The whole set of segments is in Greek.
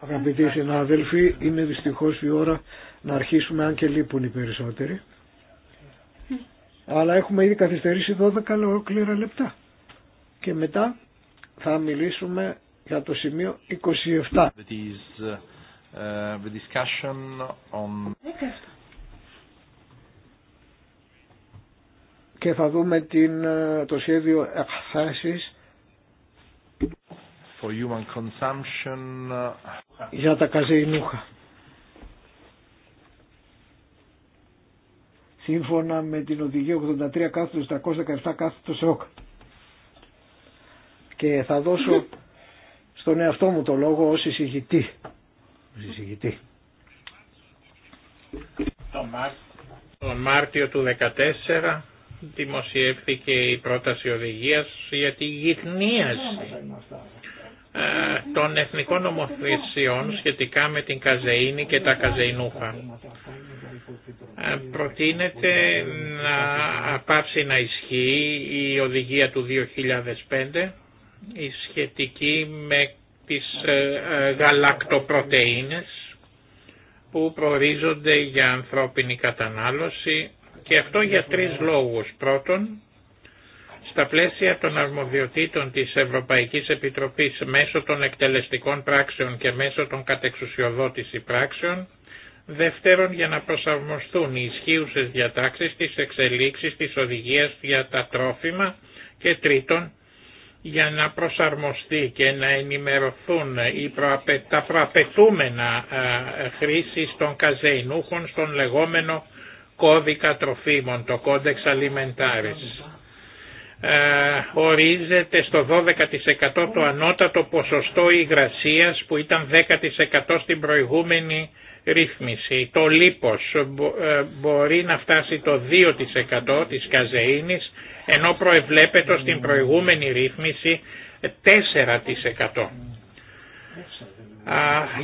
Αγαπητοί συνάδελφοι, είναι δυστυχώς η ώρα να αρχίσουμε αν και λείπουν οι περισσότεροι. Αλλά έχουμε ήδη καθυστερήσει 12 ολόκληρα λεπτά. Και μετά θα μιλήσουμε για το σημείο 27. Uh, και θα δούμε την, ε, το σχέδιο εκθέσεις Uh, για τα καζεϊνούχα. Σύμφωνα με την οδηγία 83 κάθετος 317 κάθετος ΕΟΚ. Και θα δώσω στον εαυτό μου το λόγο ως εισηγητή. Ως εισηγητή. Τον Μάρτιο του 2014 δημοσιεύθηκε η πρόταση οδηγίας για τη γυθνίαση ε, των εθνικών νομοθεσιών σχετικά με την καζεΐνη και τα καζεϊνούχα. Ε, προτείνεται να πάψει να ισχύει η οδηγία του 2005 η σχετική με τις ε, γαλακτοπρωτεΐνες που προορίζονται για ανθρώπινη κατανάλωση και αυτό για τρεις λόγους. Πρώτον, στα πλαίσια των αρμοδιοτήτων της Ευρωπαϊκής Επιτροπής μέσω των εκτελεστικών πράξεων και μέσω των κατεξουσιοδότηση πράξεων, δεύτερον για να προσαρμοστούν οι ισχύουσες διατάξεις της εξελίξεις της οδηγίας για τα τρόφιμα και τρίτον για να προσαρμοστεί και να ενημερωθούν οι τα προαπαιτούμενα χρήση των καζεϊνούχων στον λεγόμενο κώδικα τροφίμων, το κόντεξ αλιμεντάρις. Ε, ορίζεται στο 12% το ανώτατο ποσοστό υγρασίας που ήταν 10% στην προηγούμενη ρύθμιση. Το λίπος ε, μπορεί να φτάσει το 2% της καζεΐνης ενώ προεβλέπεται στην προηγούμενη ρύθμιση 4%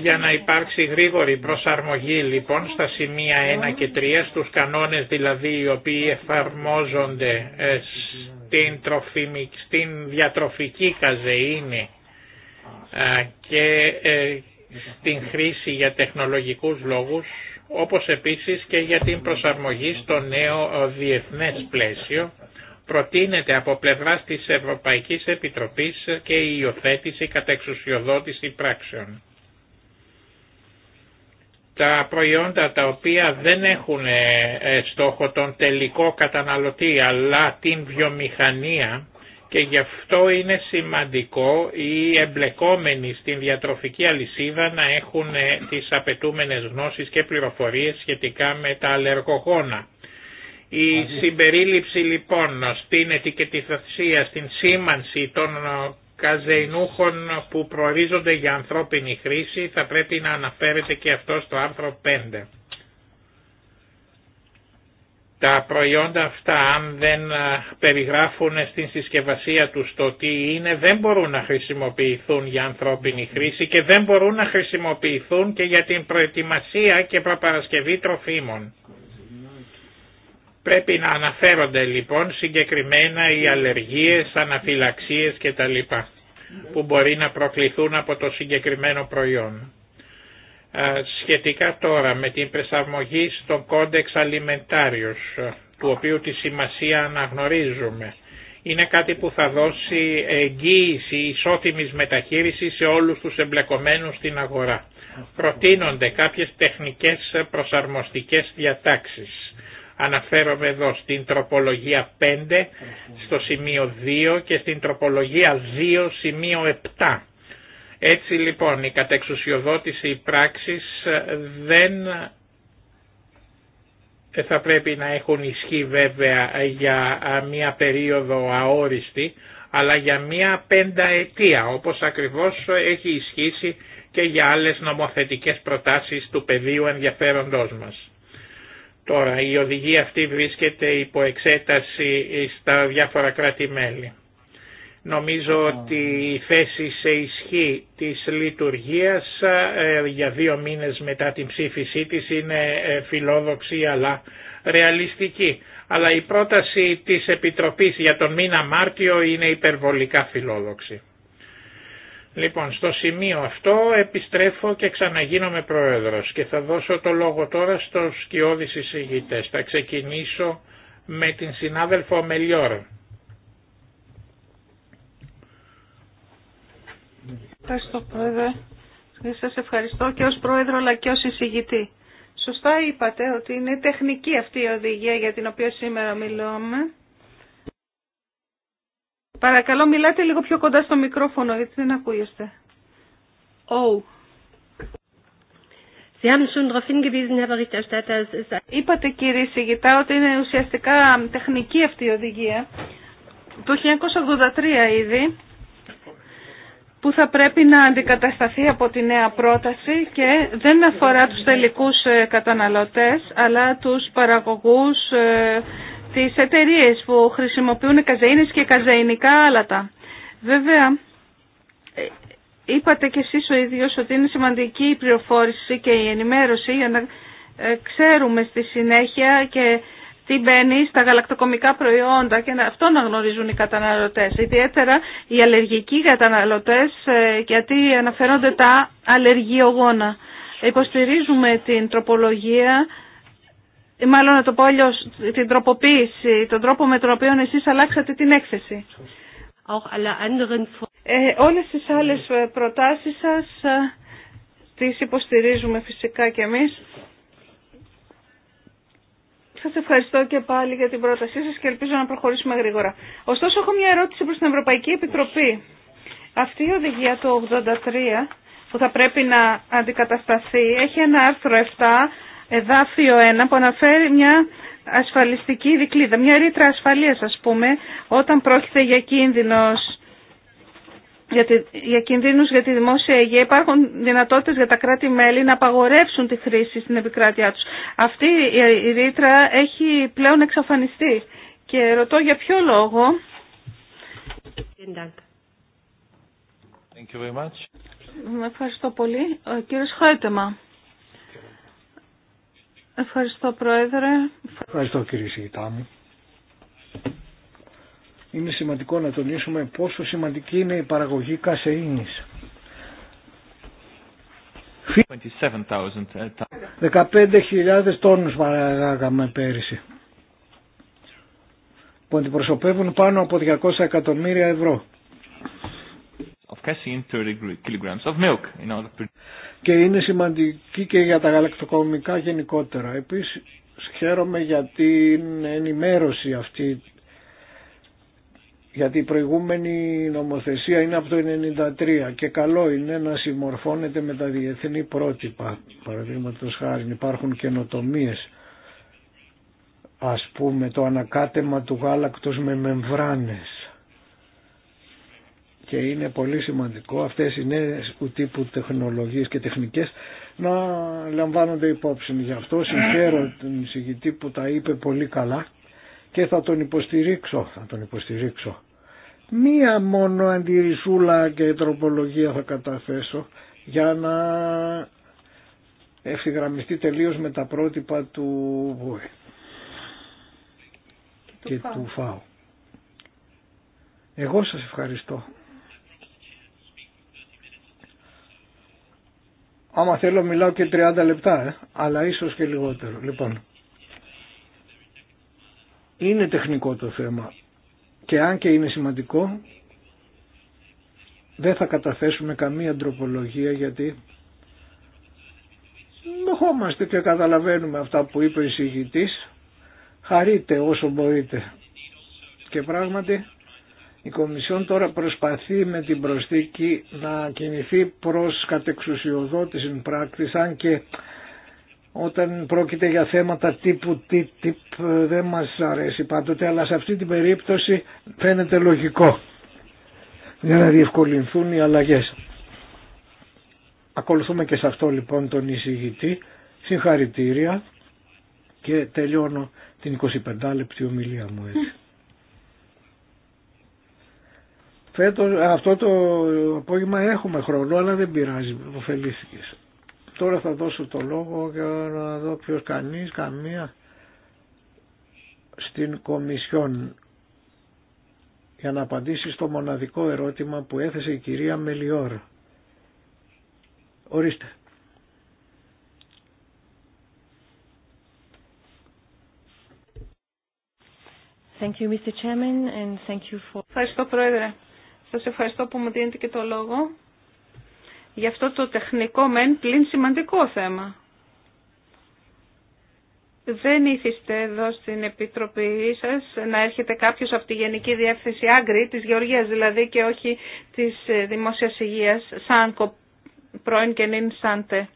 για να υπάρξει γρήγορη προσαρμογή λοιπόν στα σημεία 1 και 3 στους κανόνες δηλαδή οι οποίοι εφαρμόζονται ε, στην, στην διατροφική καζεΐνη και ε, στην χρήση για τεχνολογικούς λόγους όπως επίσης και για την προσαρμογή στο νέο ε, διεθνές πλαίσιο προτείνεται από πλευράς της Ευρωπαϊκής Επιτροπής και η υιοθέτηση κατεξουσιοδότηση πράξεων τα προϊόντα τα οποία δεν έχουν ε, ε, στόχο τον τελικό καταναλωτή αλλά την βιομηχανία και γι' αυτό είναι σημαντικό οι εμπλεκόμενοι στην διατροφική αλυσίδα να έχουν ε, τις απαιτούμενες γνώσεις και πληροφορίες σχετικά με τα αλλεργογόνα. Η συμπερίληψη λοιπόν στην ετικετιστασία, στην σήμανση των καζεϊνούχων που προορίζονται για ανθρώπινη χρήση θα πρέπει να αναφέρεται και αυτό στο άρθρο 5. Τα προϊόντα αυτά αν δεν περιγράφουν στην συσκευασία τους το τι είναι δεν μπορούν να χρησιμοποιηθούν για ανθρώπινη χρήση και δεν μπορούν να χρησιμοποιηθούν και για την προετοιμασία και προπαρασκευή τροφίμων. Πρέπει να αναφέρονται λοιπόν συγκεκριμένα οι αλλεργίες, αναφυλαξίες κτλ που μπορεί να προκληθούν από το συγκεκριμένο προϊόν. Ε, σχετικά τώρα με την προσαρμογή στον κόντεξ αλιμεντάριος, του οποίου τη σημασία αναγνωρίζουμε, είναι κάτι που θα δώσει εγγύηση ισότιμης μεταχείρισης σε όλους τους εμπλεκομένους στην αγορά. Προτείνονται κάποιες τεχνικές προσαρμοστικές διατάξεις Αναφέρομαι εδώ στην τροπολογία 5, στο σημείο 2 και στην τροπολογία 2, σημείο 7. Έτσι λοιπόν η κατεξουσιοδότηση πράξης ε, δεν ε, θα πρέπει να έχουν ισχύ βέβαια για ε, μία περίοδο αόριστη, αλλά για μία πενταετία, όπως ακριβώς έχει ισχύσει και για άλλες νομοθετικές προτάσεις του πεδίου ενδιαφέροντός μας. Τώρα η οδηγία αυτή βρίσκεται υπό εξέταση στα διάφορα κράτη-μέλη. Νομίζω ότι η θέση σε ισχύ της λειτουργίας ε, για δύο μήνες μετά την ψήφισή της είναι ε, φιλόδοξη αλλά ρεαλιστική. Αλλά η πρόταση της Επιτροπής για τον μήνα Μάρτιο είναι υπερβολικά φιλόδοξη. Λοιπόν, στο σημείο αυτό επιστρέφω και ξαναγίνομαι πρόεδρος και θα δώσω το λόγο τώρα στους σκιώδης εισηγητές. Θα ξεκινήσω με την συνάδελφο Μελιόρ. Ευχαριστώ πρόεδρε. Σας ευχαριστώ και ως πρόεδρο αλλά και ως εισηγητή. Σωστά είπατε ότι είναι τεχνική αυτή η οδηγία για την οποία σήμερα μιλούμε Παρακαλώ μιλάτε λίγο πιο κοντά στο μικρόφωνο γιατί δεν ακούγεστε. Oh. Είπατε κύριε Σιγητά ότι είναι ουσιαστικά τεχνική αυτή η οδηγία το 1983 ήδη που θα πρέπει να αντικατασταθεί από τη νέα πρόταση και δεν αφορά τους τελικούς ε, καταναλωτές αλλά τους παραγωγούς ε, τις εταιρείε που χρησιμοποιούν καζεΐνες και καζεϊνικά άλατα. Βέβαια, ε, είπατε και εσείς ο ίδιος ότι είναι σημαντική η πληροφόρηση και η ενημέρωση για να ε, ξέρουμε στη συνέχεια και τι μπαίνει στα γαλακτοκομικά προϊόντα και αυτό να γνωρίζουν οι καταναλωτές. Ιδιαίτερα οι αλλεργικοί καταναλωτές ε, γιατί αναφέρονται τα αλλεργιογόνα. Υποστηρίζουμε την τροπολογία ε, μάλλον να το πω αλλιώς, την τροποποίηση, τον τρόπο με τον οποίο εσείς αλλάξατε την έκθεση. Auch alle anderen... ε, όλες τις άλλες ε, προτάσεις σας ε, τις υποστηρίζουμε φυσικά κι εμείς. Σας ευχαριστώ και πάλι για την πρότασή σας και ελπίζω να προχωρήσουμε γρήγορα. Ωστόσο έχω μια ερώτηση προς την Ευρωπαϊκή Επιτροπή. Αυτή η οδηγία του 83 που θα πρέπει να αντικατασταθεί έχει ένα άρθρο 7 εδάφιο 1 που αναφέρει μια ασφαλιστική δικλίδα, μια ρήτρα ασφαλείας ας πούμε, όταν πρόκειται για κίνδυνος για, τη, για κινδύνους για δημόσια υγεία υπάρχουν δυνατότητες για τα κράτη-μέλη να απαγορεύσουν τη χρήση στην επικράτειά τους. Αυτή η ρήτρα έχει πλέον εξαφανιστεί και ρωτώ για ποιο λόγο. ευχαριστώ πολύ. Ο κύριος Ευχαριστώ Πρόεδρε. Ευχαριστώ κύριε Σιγητά μου. Είναι σημαντικό να τονίσουμε πόσο σημαντική είναι η παραγωγή κασεΐνης. 15.000 τόνους παραγάγαμε πέρυσι που αντιπροσωπεύουν πάνω από 200 εκατομμύρια ευρώ. Και είναι σημαντική και για τα γαλακτοκομικά γενικότερα. Επίσης χαίρομαι για την ενημέρωση αυτή γιατί η προηγούμενη νομοθεσία είναι από το 1993 και καλό είναι να συμμορφώνεται με τα διεθνή πρότυπα. Παραδείγματο χάρη υπάρχουν καινοτομίε. Ας πούμε το ανακάτεμα του γάλακτος με μεμβράνες και είναι πολύ σημαντικό αυτές οι νέες τύπου τεχνολογίες και τεχνικές να λαμβάνονται υπόψη. Γι' αυτό συγχαίρω τον εισηγητή που τα είπε πολύ καλά και θα τον υποστηρίξω, θα τον υποστηρίξω. Μία μόνο αντιρρησούλα και τροπολογία θα καταθέσω για να ευθυγραμμιστεί τελείως με τα πρότυπα του ΒΟΕ και του ΦΑΟ. Εγώ σας ευχαριστώ. Άμα θέλω μιλάω και 30 λεπτά, ε, αλλά ίσως και λιγότερο. Λοιπόν, είναι τεχνικό το θέμα και αν και είναι σημαντικό, δεν θα καταθέσουμε καμία ντροπολογία γιατί δοχόμαστε και καταλαβαίνουμε αυτά που είπε ο εισηγητής. Χαρείτε όσο μπορείτε. Και πράγματι η Κομισιόν τώρα προσπαθεί με την προσθήκη να κινηθεί προς κατεξουσιοδότηση πράξη, αν και όταν πρόκειται για θέματα τύπου TTIP ε, δεν μας αρέσει πάντοτε, αλλά σε αυτή την περίπτωση φαίνεται λογικό για να διευκολυνθούν οι αλλαγές. Ακολουθούμε και σε αυτό λοιπόν τον εισηγητή. Συγχαρητήρια και τελειώνω την 25 λεπτή ομιλία μου έτσι. Φέτος, αυτό το απόγευμα έχουμε χρόνο, αλλά δεν πειράζει, ωφελήθηκες. Τώρα θα δώσω το λόγο για να δω ποιος κανείς, καμία, στην Κομισιόν για να απαντήσει στο μοναδικό ερώτημα που έθεσε η κυρία Μελιόρ. Ορίστε. Thank you, Mr. Chairman, and Ευχαριστώ, Πρόεδρε. Σας ευχαριστώ που μου δίνετε και το λόγο για αυτό το τεχνικό μεν πλην σημαντικό θέμα. Δεν ήθιστε εδώ στην Επιτροπή σας να έρχεται κάποιος από τη Γενική Διεύθυνση Άγκρη, της Γεωργίας δηλαδή και όχι της ε, Δημόσιας Υγείας, σαν πρώην και νυν σάντε.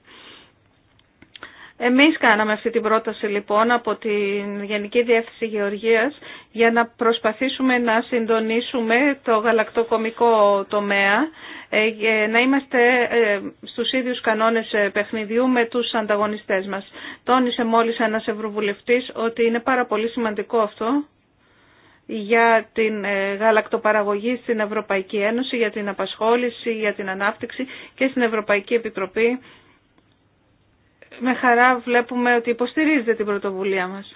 Εμείς κάναμε αυτή την πρόταση λοιπόν από την Γενική Διεύθυνση Γεωργίας για να προσπαθήσουμε να συντονίσουμε το γαλακτοκομικό τομέα, ε, να είμαστε ε, στους ίδιους κανόνες ε, παιχνιδιού με τους ανταγωνιστές μας. Τόνισε μόλις ένας ευρωβουλευτής ότι είναι πάρα πολύ σημαντικό αυτό για την γαλακτοπαραγωγή στην Ευρωπαϊκή Ένωση, για την απασχόληση, για την ανάπτυξη και στην Ευρωπαϊκή Επιτροπή με χαρά βλέπουμε ότι υποστηρίζετε την πρωτοβουλία μας.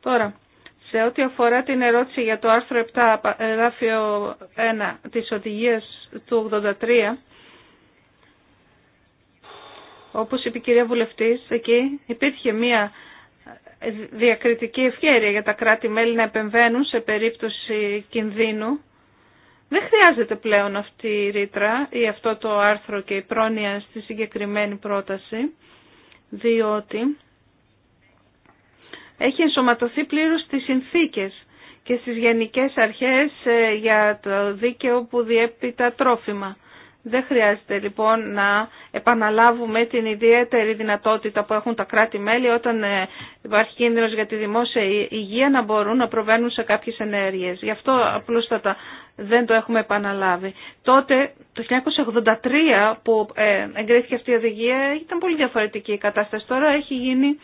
Τώρα, σε ό,τι αφορά την ερώτηση για το άρθρο 7, εδάφιο 1 της οδηγίας του 83, όπως είπε η κυρία Βουλευτής, εκεί υπήρχε μία διακριτική ευκαιρία για τα κράτη-μέλη να επεμβαίνουν σε περίπτωση κινδύνου δεν χρειάζεται πλέον αυτή η ρήτρα ή αυτό το άρθρο και η πρόνοια στη συγκεκριμένη πρόταση, διότι έχει ενσωματωθεί πλήρως στις συνθήκες και στις γενικές αρχές ε, για το δίκαιο που διέπει τα τρόφιμα. Δεν χρειάζεται λοιπόν να επαναλάβουμε την ιδιαίτερη δυνατότητα που έχουν τα κράτη-μέλη όταν ε, υπάρχει κίνδυνο για τη δημόσια υγεία να μπορούν να προβαίνουν σε κάποιες ενέργειες. Γι' αυτό απλούστατα δεν το έχουμε επαναλάβει. Τότε το 1983 που ε, εγκρίθηκε αυτή η οδηγία ήταν πολύ διαφορετική η κατάσταση. Τώρα έχει γίνει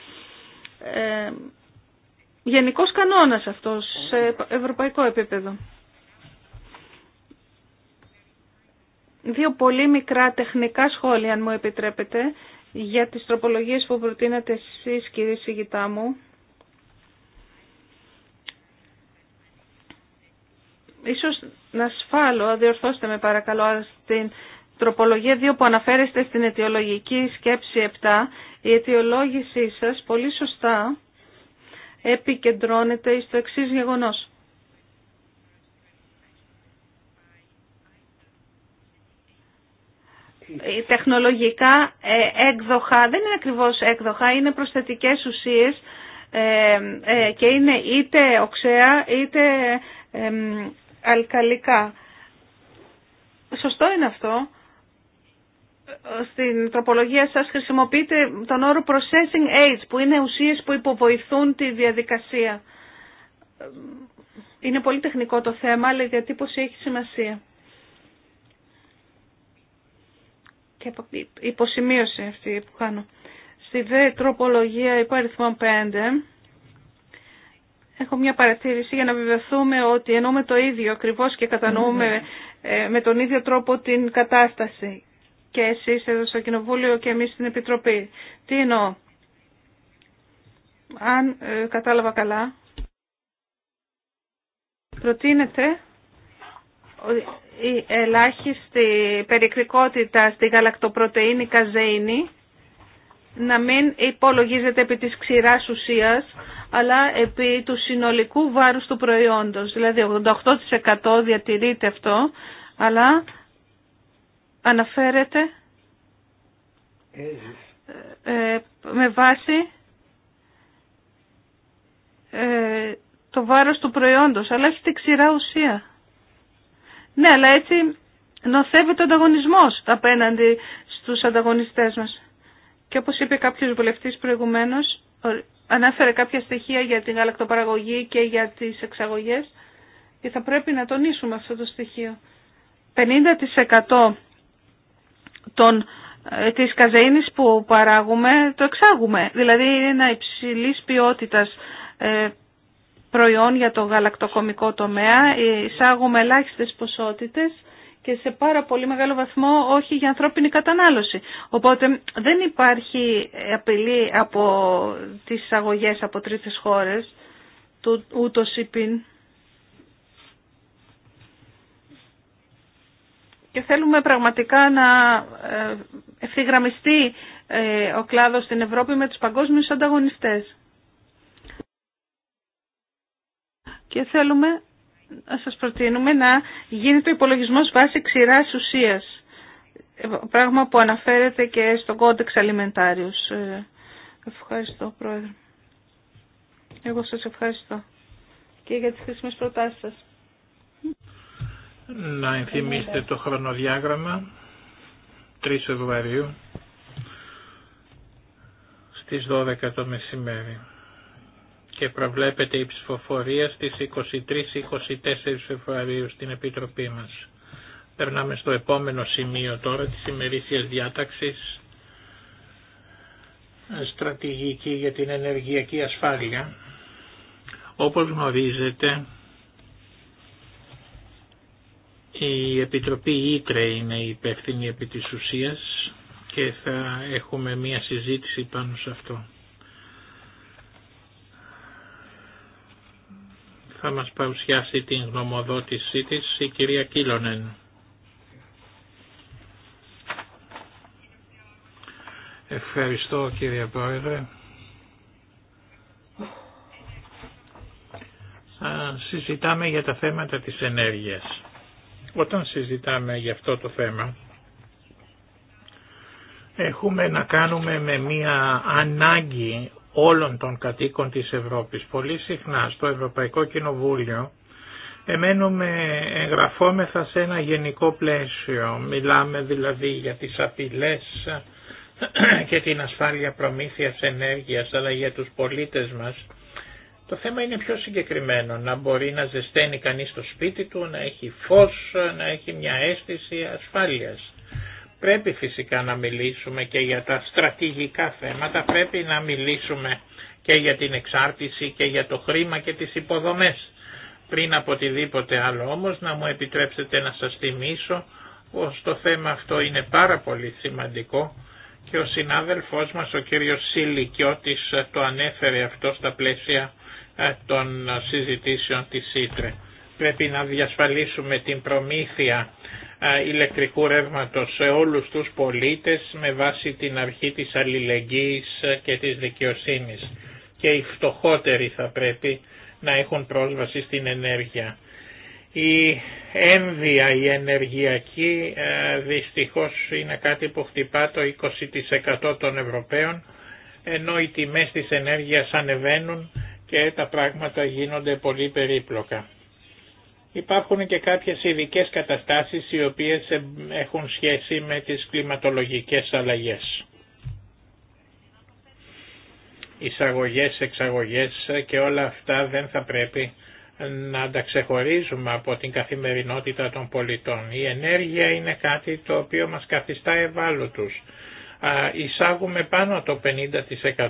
ε, γενικός κανόνας αυτός σε ευρωπαϊκό επίπεδο. δύο πολύ μικρά τεχνικά σχόλια, αν μου επιτρέπετε, για τις τροπολογίες που προτείνατε εσείς, κύριε Σιγητά μου. Ίσως να σφάλω, διορθώστε με παρακαλώ, στην τροπολογία 2 που αναφέρεστε στην αιτιολογική σκέψη 7, η αιτιολόγησή σας πολύ σωστά επικεντρώνεται στο εξής γεγονός. Ε, τεχνολογικά ε, έκδοχα, δεν είναι ακριβώς έκδοχα, είναι προσθετικές ουσίες ε, και είναι είτε οξέα είτε αλκαλικά. Σωστό είναι αυτό. Στην τροπολογία σας χρησιμοποιείτε τον όρο processing aids που είναι ουσίες που υποβοηθούν τη διαδικασία. Είναι πολύ τεχνικό το θέμα αλλά η διατύπωση έχει σημασία. και υποσημείωση αυτή που κάνω. Στη δε τροπολογία υπό αριθμό 5 έχω μια παρατήρηση για να βεβαιωθούμε ότι εννοούμε το ίδιο ακριβώς και κατανοούμε ε, με τον ίδιο τρόπο την κατάσταση και εσείς εδώ στο Κοινοβούλιο και εμείς στην Επιτροπή. Τι εννοώ. Αν ε, κατάλαβα καλά, προτείνεται η ελάχιστη περιεκτικότητα στη γαλακτοπρωτεΐνη καζέινη να μην υπολογίζεται επί της ξηράς ουσίας, αλλά επί του συνολικού βάρους του προϊόντος. Δηλαδή 88% διατηρείται αυτό, αλλά αναφέρεται ε, με βάση ε, το βάρος του προϊόντος, αλλά έχει τη ξηρά ουσία. Ναι, αλλά έτσι νοθεύεται ο ανταγωνισμό απέναντι στους ανταγωνιστές μας. Και όπω είπε κάποιο βουλευτή προηγουμένω, ανέφερε κάποια στοιχεία για την γαλακτοπαραγωγή και για τις εξαγωγές και θα πρέπει να τονίσουμε αυτό το στοιχείο. 50% των, ε, της καζεΐνης που παράγουμε το εξάγουμε. Δηλαδή είναι ένα υψηλής ποιότητας ε, προϊόν για το γαλακτοκομικό τομέα. Εισάγουμε ελάχιστες ποσότητες και σε πάρα πολύ μεγάλο βαθμό όχι για ανθρώπινη κατανάλωση. Οπότε δεν υπάρχει απειλή από τις εισαγωγέ από τρίτες χώρες του ή πιν. Και θέλουμε πραγματικά να ε, ευθυγραμμιστεί ε, ο κλάδος στην Ευρώπη με τους παγκόσμιους ανταγωνιστές. και θέλουμε να σας προτείνουμε να γίνει το υπολογισμός βάσει ξηράς ουσίας. Ε, πράγμα που αναφέρεται και στο κόντεξ αλιμεντάριου. Ευχαριστώ, Πρόεδρε. Εγώ σας ευχαριστώ και για τις χρήσιμες προτάσεις σας. Να ενθυμίσετε το χρονοδιάγραμμα 3 Φεβρουαρίου στις 12 το μεσημέρι και προβλέπεται η ψηφοφορία στις 23-24 Φεβρουαρίου στην Επιτροπή μας. Περνάμε στο επόμενο σημείο τώρα της ημερήσιας διάταξης στρατηγική για την ενεργειακή ασφάλεια. Όπως γνωρίζετε η Επιτροπή Ήτρε είναι η υπεύθυνη επί της ουσίας και θα έχουμε μία συζήτηση πάνω σε αυτό. θα μας παρουσιάσει την γνωμοδότησή της η κυρία Κίλονεν. Ευχαριστώ κύριε Πρόεδρε. Συζητάμε για τα θέματα της ενέργειας. Όταν συζητάμε για αυτό το θέμα, έχουμε να κάνουμε με μία ανάγκη όλων των κατοίκων της Ευρώπης. Πολύ συχνά στο Ευρωπαϊκό Κοινοβούλιο εμένουμε εγγραφόμεθα σε ένα γενικό πλαίσιο. Μιλάμε δηλαδή για τις απειλές και την ασφάλεια προμήθειας ενέργειας αλλά για τους πολίτες μας. Το θέμα είναι πιο συγκεκριμένο, να μπορεί να ζεσταίνει κανείς το σπίτι του, να έχει φως, να έχει μια αίσθηση ασφάλειας. Πρέπει φυσικά να μιλήσουμε και για τα στρατηγικά θέματα, πρέπει να μιλήσουμε και για την εξάρτηση και για το χρήμα και τις υποδομές. Πριν από οτιδήποτε άλλο όμως να μου επιτρέψετε να σας θυμίσω πως το θέμα αυτό είναι πάρα πολύ σημαντικό και ο συνάδελφός μας ο κύριος Σιλικιώτης το ανέφερε αυτό στα πλαίσια ε, των συζητήσεων της ΣΥΤΡΕ. Πρέπει να διασφαλίσουμε την προμήθεια ηλεκτρικού ρεύματος σε όλους τους πολίτες με βάση την αρχή της αλληλεγγύης και της δικαιοσύνης. Και οι φτωχότεροι θα πρέπει να έχουν πρόσβαση στην ενέργεια. Η έμβια η ενεργειακή δυστυχώς είναι κάτι που χτυπά το 20% των Ευρωπαίων ενώ οι τιμές της ενέργειας ανεβαίνουν και τα πράγματα γίνονται πολύ περίπλοκα. Υπάρχουν και κάποιες ειδικέ καταστάσεις οι οποίες έχουν σχέση με τις κλιματολογικές αλλαγές. Εισαγωγές, εξαγωγές και όλα αυτά δεν θα πρέπει να τα ξεχωρίζουμε από την καθημερινότητα των πολιτών. Η ενέργεια είναι κάτι το οποίο μας καθιστά ευάλωτους. Εισάγουμε πάνω το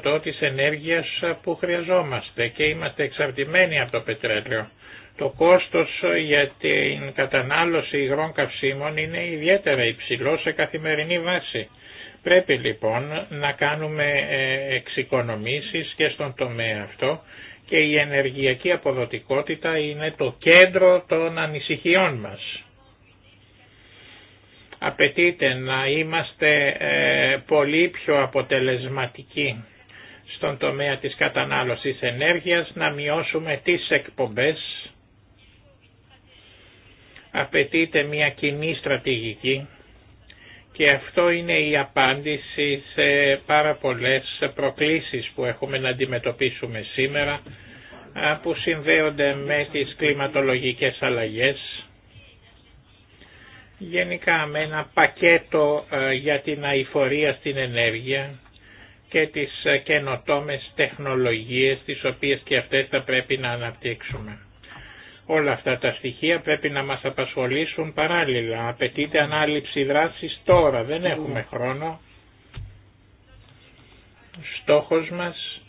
50% της ενέργειας που χρειαζόμαστε και είμαστε εξαρτημένοι από το πετρέλαιο. Το κόστος για την κατανάλωση υγρών καυσίμων είναι ιδιαίτερα υψηλό σε καθημερινή βάση. Πρέπει λοιπόν να κάνουμε ε, εξοικονομήσεις και στον τομέα αυτό και η ενεργειακή αποδοτικότητα είναι το κέντρο των ανησυχιών μας. Απαιτείται να είμαστε ε, πολύ πιο αποτελεσματικοί στον τομέα της κατανάλωσης ενέργειας, να μειώσουμε τις εκπομπές Απαιτείται μια κοινή στρατηγική και αυτό είναι η απάντηση σε πάρα πολλές προκλήσεις που έχουμε να αντιμετωπίσουμε σήμερα που συνδέονται με τις κλιματολογικές αλλαγές γενικά με ένα πακέτο για την αηφορία στην ενέργεια και τις καινοτόμες τεχνολογίες τις οποίες και αυτές θα πρέπει να αναπτύξουμε. Όλα αυτά τα στοιχεία πρέπει να μας απασχολήσουν παράλληλα. Απαιτείται ανάληψη δράσης τώρα, δεν έχουμε χρόνο. Στόχος μας,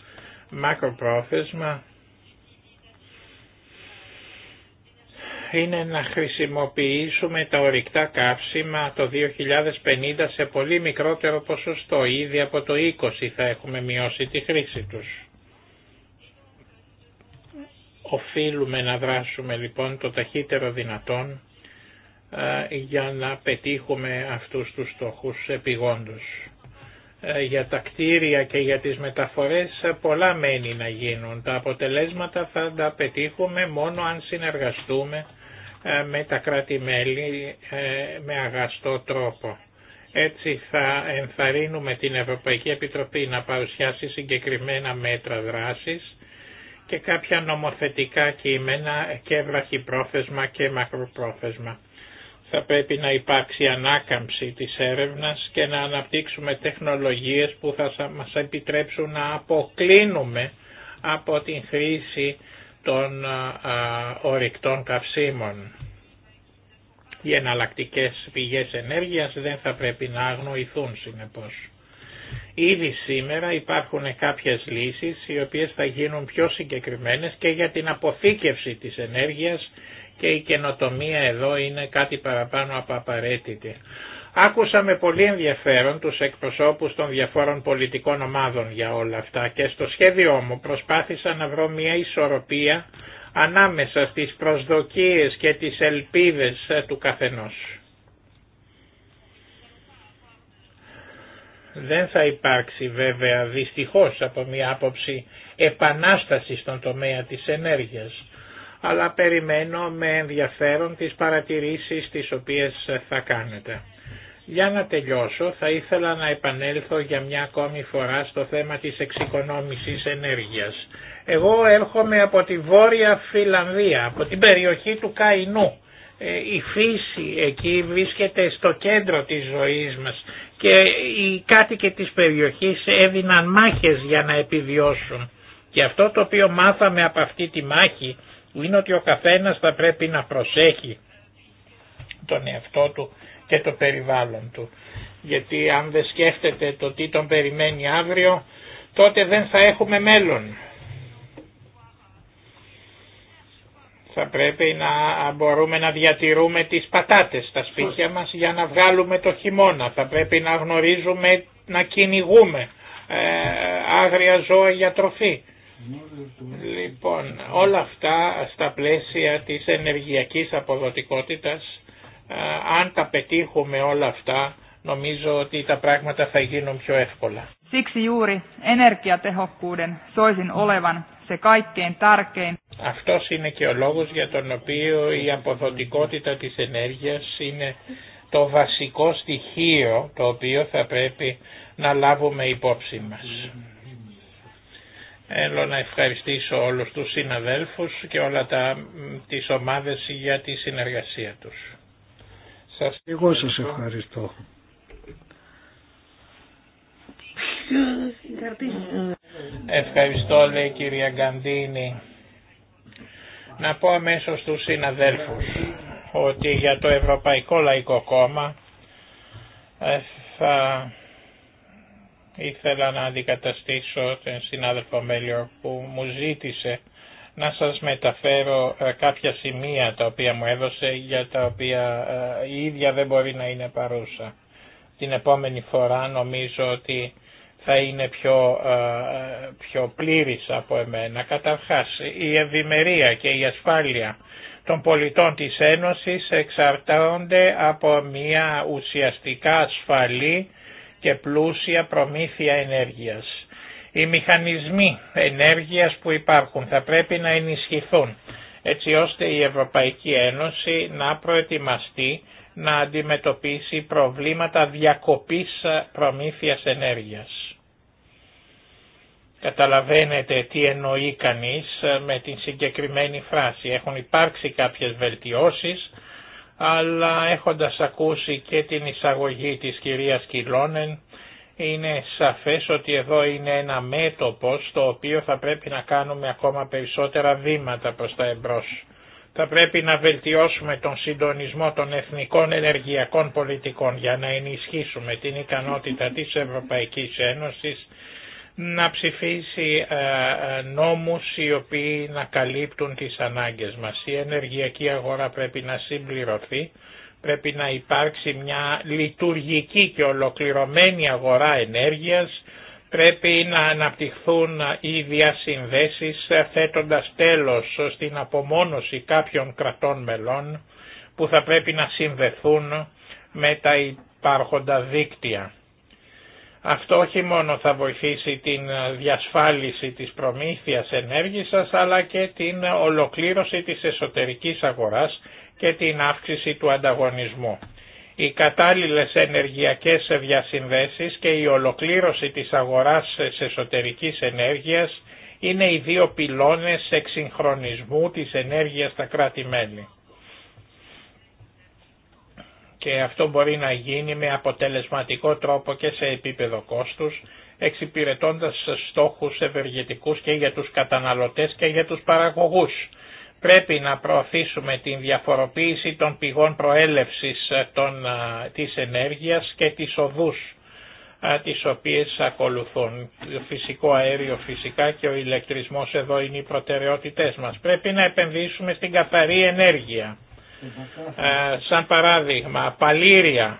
μακροπρόθεσμα, είναι να χρησιμοποιήσουμε τα ορυκτά καύσιμα το 2050 σε πολύ μικρότερο ποσοστό. Ήδη από το 20 θα έχουμε μειώσει τη χρήση τους. Οφείλουμε να δράσουμε λοιπόν το ταχύτερο δυνατόν για να πετύχουμε αυτούς τους στόχους επιγόντως. Ε, για τα κτίρια και για τις μεταφορές πολλά μένει να γίνουν. Τα αποτελέσματα θα τα πετύχουμε μόνο αν συνεργαστούμε ε, με τα κράτη-μέλη ε, με αγαστό τρόπο. Έτσι θα ενθαρρύνουμε την Ευρωπαϊκή Επιτροπή να παρουσιάσει συγκεκριμένα μέτρα δράσης και κάποια νομοθετικά κείμενα και βραχυπρόθεσμα και μακροπρόθεσμα. Θα πρέπει να υπάρξει ανάκαμψη της έρευνας και να αναπτύξουμε τεχνολογίες που θα μας επιτρέψουν να αποκλίνουμε από την χρήση των ορυκτών καυσίμων. Οι εναλλακτικές πηγές ενέργειας δεν θα πρέπει να αγνοηθούν συνεπώς. Ήδη σήμερα υπάρχουν κάποιες λύσεις οι οποίες θα γίνουν πιο συγκεκριμένες και για την αποθήκευση της ενέργειας και η καινοτομία εδώ είναι κάτι παραπάνω από απαραίτητη. Άκουσα με πολύ ενδιαφέρον τους εκπροσώπους των διαφόρων πολιτικών ομάδων για όλα αυτά και στο σχέδιό μου προσπάθησα να βρω μια ισορροπία ανάμεσα στις προσδοκίες και τις ελπίδες του καθενός. Δεν θα υπάρξει βέβαια δυστυχώς από μια άποψη επανάσταση στον τομέα της ενέργειας, αλλά περιμένω με ενδιαφέρον τις παρατηρήσεις τις οποίες θα κάνετε. Για να τελειώσω θα ήθελα να επανέλθω για μια ακόμη φορά στο θέμα της εξοικονόμησης ενέργειας. Εγώ έρχομαι από τη Βόρεια Φιλανδία, από την περιοχή του Καϊνού ε, η φύση εκεί βρίσκεται στο κέντρο της ζωής μας και οι κάτοικοι της περιοχής έδιναν μάχες για να επιβιώσουν. Και αυτό το οποίο μάθαμε από αυτή τη μάχη είναι ότι ο καθένας θα πρέπει να προσέχει τον εαυτό του και το περιβάλλον του. Γιατί αν δεν σκέφτεται το τι τον περιμένει αύριο τότε δεν θα έχουμε μέλλον. θα πρέπει να μπορούμε να διατηρούμε τις πατάτες στα σπίτια μας για να βγάλουμε το χειμώνα. Θα πρέπει να γνωρίζουμε, να κυνηγούμε ε, άγρια ζώα για τροφή. Λοιπόν, όλα αυτά στα πλαίσια της ενεργειακής αποδοτικότητας, ε, αν τα πετύχουμε όλα αυτά, νομίζω ότι τα πράγματα θα γίνουν πιο εύκολα. Siksi Αυτός είναι και ο λόγος για τον οποίο η αποδοτικότητα της ενέργειας είναι το βασικό στοιχείο το οποίο θα πρέπει να λάβουμε υπόψη μας. Θέλω να ευχαριστήσω όλους τους συναδέλφους και όλα τα, τις ομάδες για τη συνεργασία τους. Σας Εγώ σας ευχαριστώ. Ευχαριστώ λέει κυρία Γκαντίνη. Να πω αμέσω στους συναδέλφους ότι για το Ευρωπαϊκό Λαϊκό Κόμμα ε, θα ήθελα να αντικαταστήσω τον συνάδελφο Μέλιο που μου ζήτησε να σας μεταφέρω ε, κάποια σημεία τα οποία μου έδωσε για τα οποία ε, η ίδια δεν μπορεί να είναι παρούσα. Την επόμενη φορά νομίζω ότι θα είναι πιο, ε, πιο πλήρης από εμένα. Καταρχάς, η ευημερία και η ασφάλεια των πολιτών της Ένωσης εξαρτάονται από μια ουσιαστικά ασφαλή και πλούσια προμήθεια ενέργειας. Οι μηχανισμοί ενέργειας που υπάρχουν θα πρέπει να ενισχυθούν έτσι ώστε η Ευρωπαϊκή Ένωση να προετοιμαστεί να αντιμετωπίσει προβλήματα διακοπής προμήθειας ενέργειας. Καταλαβαίνετε τι εννοεί κανείς ε, με την συγκεκριμένη φράση. Έχουν υπάρξει κάποιες βελτιώσεις, αλλά έχοντας ακούσει και την εισαγωγή της κυρίας Κιλόνεν, είναι σαφές ότι εδώ είναι ένα μέτωπο στο οποίο θα πρέπει να κάνουμε ακόμα περισσότερα βήματα προς τα εμπρός. Θα πρέπει να βελτιώσουμε τον συντονισμό των εθνικών ενεργειακών πολιτικών για να ενισχύσουμε την ικανότητα της Ευρωπαϊκής Ένωσης να ψηφίσει ε, ε, νόμους οι οποίοι να καλύπτουν τις ανάγκες μας. Η ενεργειακή αγορά πρέπει να συμπληρωθεί, πρέπει να υπάρξει μια λειτουργική και ολοκληρωμένη αγορά ενέργειας, πρέπει να αναπτυχθούν οι διασυνδέσεις θέτοντας τέλος στην απομόνωση κάποιων κρατών μελών που θα πρέπει να συνδεθούν με τα υπάρχοντα δίκτυα. Αυτό όχι μόνο θα βοηθήσει την διασφάλιση της προμήθειας ενέργειας αλλά και την ολοκλήρωση της εσωτερικής αγοράς και την αύξηση του ανταγωνισμού. Οι κατάλληλες ενεργειακές διασυνδέσεις και η ολοκλήρωση της αγοράς της εσωτερικής ενέργειας είναι οι δύο πυλώνες εξυγχρονισμού της ενέργειας στα κράτη-μέλη και αυτό μπορεί να γίνει με αποτελεσματικό τρόπο και σε επίπεδο κόστους, εξυπηρετώντας στόχους ευεργετικούς και για τους καταναλωτές και για τους παραγωγούς. Πρέπει να προωθήσουμε την διαφοροποίηση των πηγών προέλευσης ε, των, ε, της ενέργειας και της οδούς ε, τις οποίες ακολουθούν. Το φυσικό αέριο φυσικά και ο ηλεκτρισμός εδώ είναι οι προτεραιότητές μας. Πρέπει να επενδύσουμε στην καθαρή ενέργεια ε, σαν παράδειγμα, παλήρια.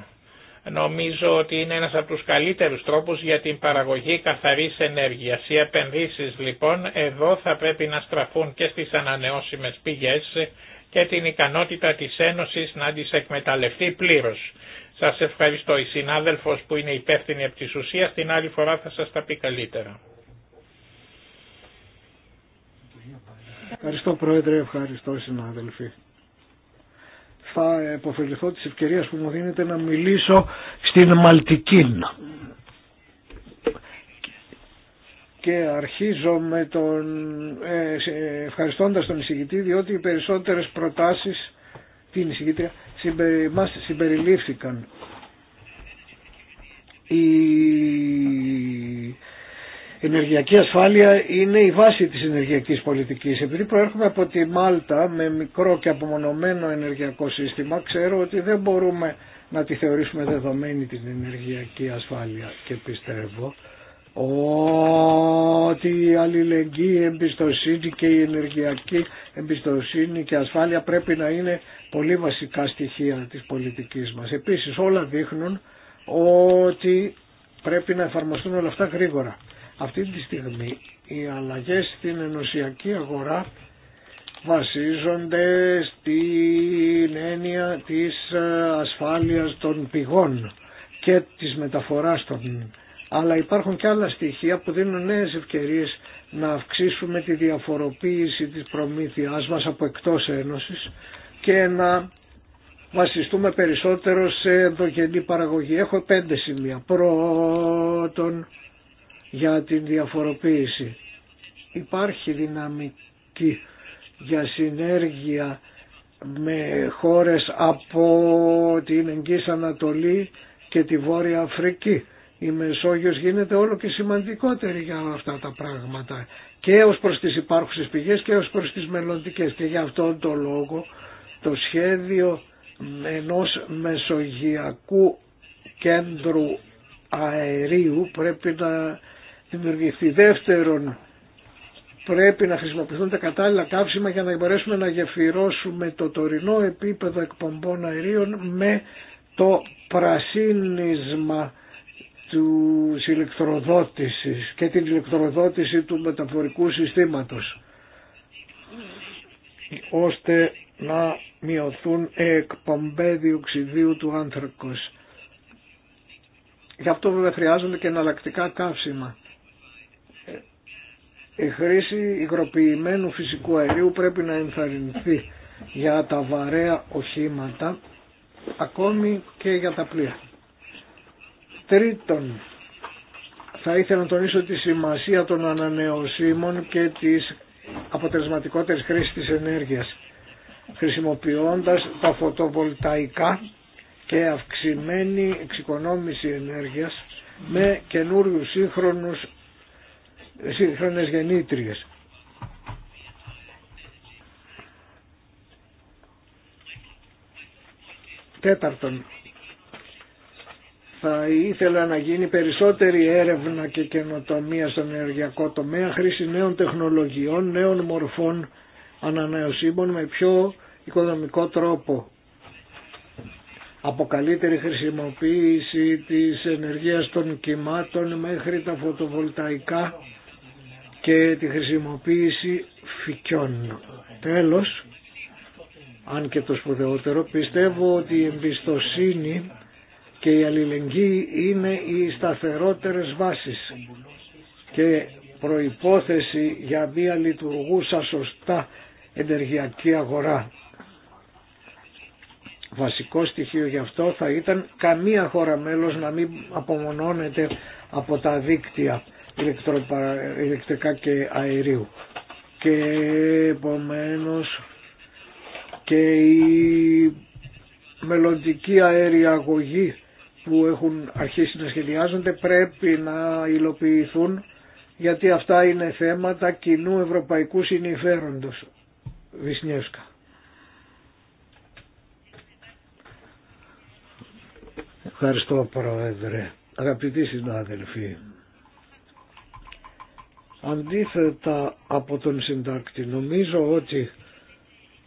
Νομίζω ότι είναι ένας από τους καλύτερους τρόπους για την παραγωγή καθαρής ενέργειας. Οι επενδύσεις λοιπόν εδώ θα πρέπει να στραφούν και στις ανανεώσιμες πηγές και την ικανότητα της Ένωσης να τις εκμεταλλευτεί πλήρως. Σας ευχαριστώ. Η συνάδελφος που είναι υπεύθυνη από της ουσίας την άλλη φορά θα σας τα πει καλύτερα. Ευχαριστώ Πρόεδρε, ευχαριστώ συνάδελφοι θα επωφεληθώ της ευκαιρίας που μου δίνεται να μιλήσω στην Μαλτική. Και αρχίζω με τον, ε, ευχαριστώντας τον εισηγητή διότι οι περισσότερες προτάσεις την εισηγήτρια μας συμπεριλήφθηκαν. Η ενεργειακή ασφάλεια είναι η βάση της ενεργειακής πολιτικής. Επειδή προέρχομαι από τη Μάλτα με μικρό και απομονωμένο ενεργειακό σύστημα, ξέρω ότι δεν μπορούμε να τη θεωρήσουμε δεδομένη την ενεργειακή ασφάλεια και πιστεύω ότι η αλληλεγγύη, εμπιστοσύνη και η ενεργειακή εμπιστοσύνη και ασφάλεια πρέπει να είναι πολύ βασικά στοιχεία της πολιτικής μας. Επίσης όλα δείχνουν ότι πρέπει να εφαρμοστούν όλα αυτά γρήγορα. Αυτή τη στιγμή οι αλλαγές στην ενωσιακή αγορά βασίζονται στην έννοια της ε, ασφάλειας των πηγών και της μεταφοράς των αλλά υπάρχουν και άλλα στοιχεία που δίνουν νέες ευκαιρίες να αυξήσουμε τη διαφοροποίηση της προμήθειάς μας από εκτός ένωσης και να βασιστούμε περισσότερο σε ενδογενή παραγωγή. Έχω πέντε σημεία. Πρώτον, για την διαφοροποίηση. Υπάρχει δυναμική για συνέργεια με χώρες από την Εγγύη Ανατολή και τη Βόρεια Αφρική. Η Μεσόγειος γίνεται όλο και σημαντικότερη για αυτά τα πράγματα και ως προς τις υπάρχουσες πηγές και ως προς τις μελλοντικές και για αυτόν τον λόγο το σχέδιο ενός μεσογειακού κέντρου αερίου πρέπει να δημιουργηθεί. Δεύτερον, πρέπει να χρησιμοποιηθούν τα κατάλληλα καύσιμα για να μπορέσουμε να γεφυρώσουμε το τωρινό επίπεδο εκπομπών αερίων με το πρασίνισμα του ηλεκτροδότησης και την ηλεκτροδότηση του μεταφορικού συστήματος ώστε να μειωθούν εκπομπέ διοξιδίου του άνθρακος. Γι' αυτό βέβαια χρειάζονται και εναλλακτικά καύσιμα η χρήση υγροποιημένου φυσικού αερίου πρέπει να ενθαρρυνθεί για τα βαρέα οχήματα ακόμη και για τα πλοία. Τρίτον, θα ήθελα να τονίσω τη σημασία των ανανεωσίμων και της αποτελεσματικότερης χρήσης της ενέργειας χρησιμοποιώντας τα φωτοβολταϊκά και αυξημένη εξοικονόμηση ενέργειας με καινούριου σύγχρονους σύγχρονες γεννήτριες. Τέταρτον, θα ήθελα να γίνει περισσότερη έρευνα και καινοτομία στον ενεργειακό τομέα, χρήση νέων τεχνολογιών, νέων μορφών ανανεωσίμων με πιο οικονομικό τρόπο. Από καλύτερη χρησιμοποίηση της ενεργείας των κυμάτων μέχρι τα φωτοβολταϊκά και τη χρησιμοποίηση φυκιών. Τέλος, αν και το σπουδαιότερο, πιστεύω ότι η εμπιστοσύνη και η αλληλεγγύη είναι οι σταθερότερες βάσεις και προϋπόθεση για μια λειτουργούσα σωστά ενεργειακή αγορά. Βασικό στοιχείο γι' αυτό θα ήταν καμία χώρα μέλος να μην απομονώνεται από τα δίκτυα ηλεκτρικά και αερίου. Και επομένως και η μελλοντική αεριαγωγή που έχουν αρχίσει να σχεδιάζονται πρέπει να υλοποιηθούν γιατί αυτά είναι θέματα κοινού ευρωπαϊκού συνειφέροντος. Βυσνιέσκα. Ευχαριστώ Πρόεδρε. Αγαπητοί συνάδελφοι, αντίθετα από τον συντάκτη. Νομίζω ότι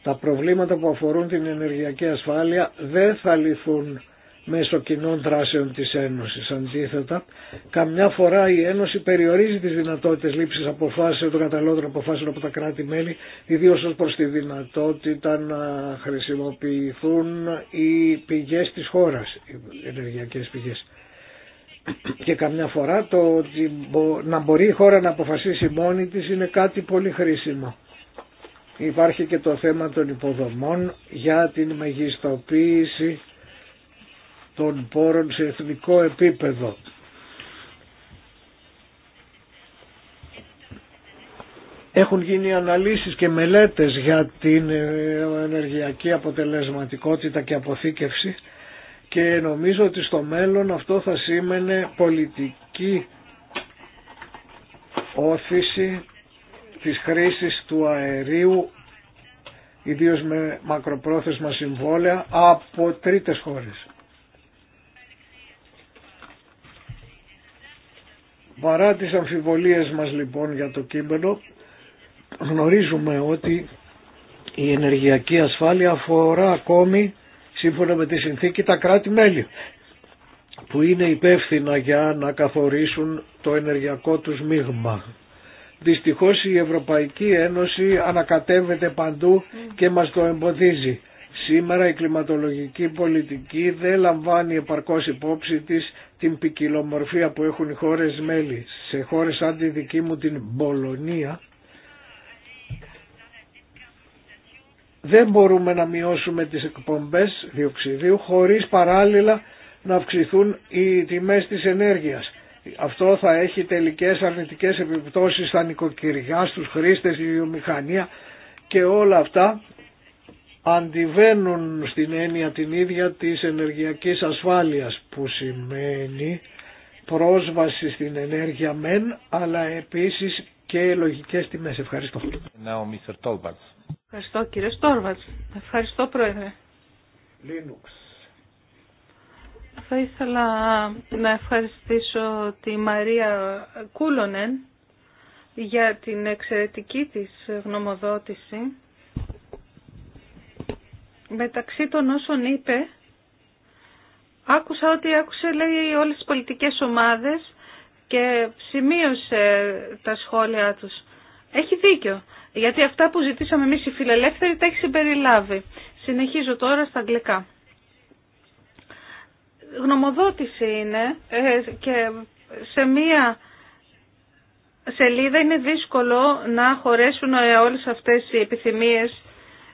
τα προβλήματα που αφορούν την ενεργειακή ασφάλεια δεν θα λυθούν μέσω κοινών δράσεων της Ένωσης. Αντίθετα, καμιά φορά η Ένωση περιορίζει τις δυνατότητες λήψης αποφάσεων, των καταλληλότερων αποφάσεων από τα κράτη-μέλη, ιδίω ως προς τη δυνατότητα να χρησιμοποιηθούν οι πηγές της χώρας, οι ενεργειακές πηγές και καμιά φορά το ότι να μπορεί η χώρα να αποφασίσει μόνη της είναι κάτι πολύ χρήσιμο. Υπάρχει και το θέμα των υποδομών για την μεγιστοποίηση των πόρων σε εθνικό επίπεδο. Έχουν γίνει αναλύσεις και μελέτες για την ε, ενεργειακή αποτελεσματικότητα και αποθήκευση και νομίζω ότι στο μέλλον αυτό θα σήμαινε πολιτική όθηση της χρήσης του αερίου ιδίως με μακροπρόθεσμα συμβόλαια από τρίτες χώρες. Παρά τις αμφιβολίες μας λοιπόν για το κείμενο γνωρίζουμε ότι η ενεργειακή ασφάλεια αφορά ακόμη σύμφωνα με τη συνθήκη τα κράτη-μέλη που είναι υπεύθυνα για να καθορίσουν το ενεργειακό τους μείγμα. Δυστυχώς η Ευρωπαϊκή Ένωση ανακατεύεται παντού και μας το εμποδίζει. Σήμερα η κλιματολογική πολιτική δεν λαμβάνει επαρκώς υπόψη της την ποικιλομορφία που έχουν οι χώρες μέλη. Σε χώρες σαν τη δική μου την Πολωνία... δεν μπορούμε να μειώσουμε τις εκπομπές διοξιδίου χωρίς παράλληλα να αυξηθούν οι τιμές της ενέργειας. Αυτό θα έχει τελικές αρνητικές επιπτώσεις στα νοικοκυριά, στους χρήστες, στη βιομηχανία και όλα αυτά αντιβαίνουν στην έννοια την ίδια της ενεργειακής ασφάλειας που σημαίνει πρόσβαση στην ενέργεια μεν αλλά επίσης και λογικές τιμές. Ευχαριστώ. Ευχαριστώ κύριε Στόρβατς. Ευχαριστώ πρόεδρε. Linux. Θα ήθελα να ευχαριστήσω τη Μαρία Κούλονεν για την εξαιρετική της γνωμοδότηση. Μεταξύ των όσων είπε, άκουσα ότι άκουσε λέει όλες τις πολιτικές ομάδες και σημείωσε τα σχόλια τους. Έχει δίκιο. Γιατί αυτά που ζητήσαμε εμείς οι φιλελεύθεροι τα έχει συμπεριλάβει. Συνεχίζω τώρα στα αγγλικά. Γνωμοδότηση είναι ε, και σε μία σελίδα είναι δύσκολο να χωρέσουν ε, όλες αυτές οι επιθυμίες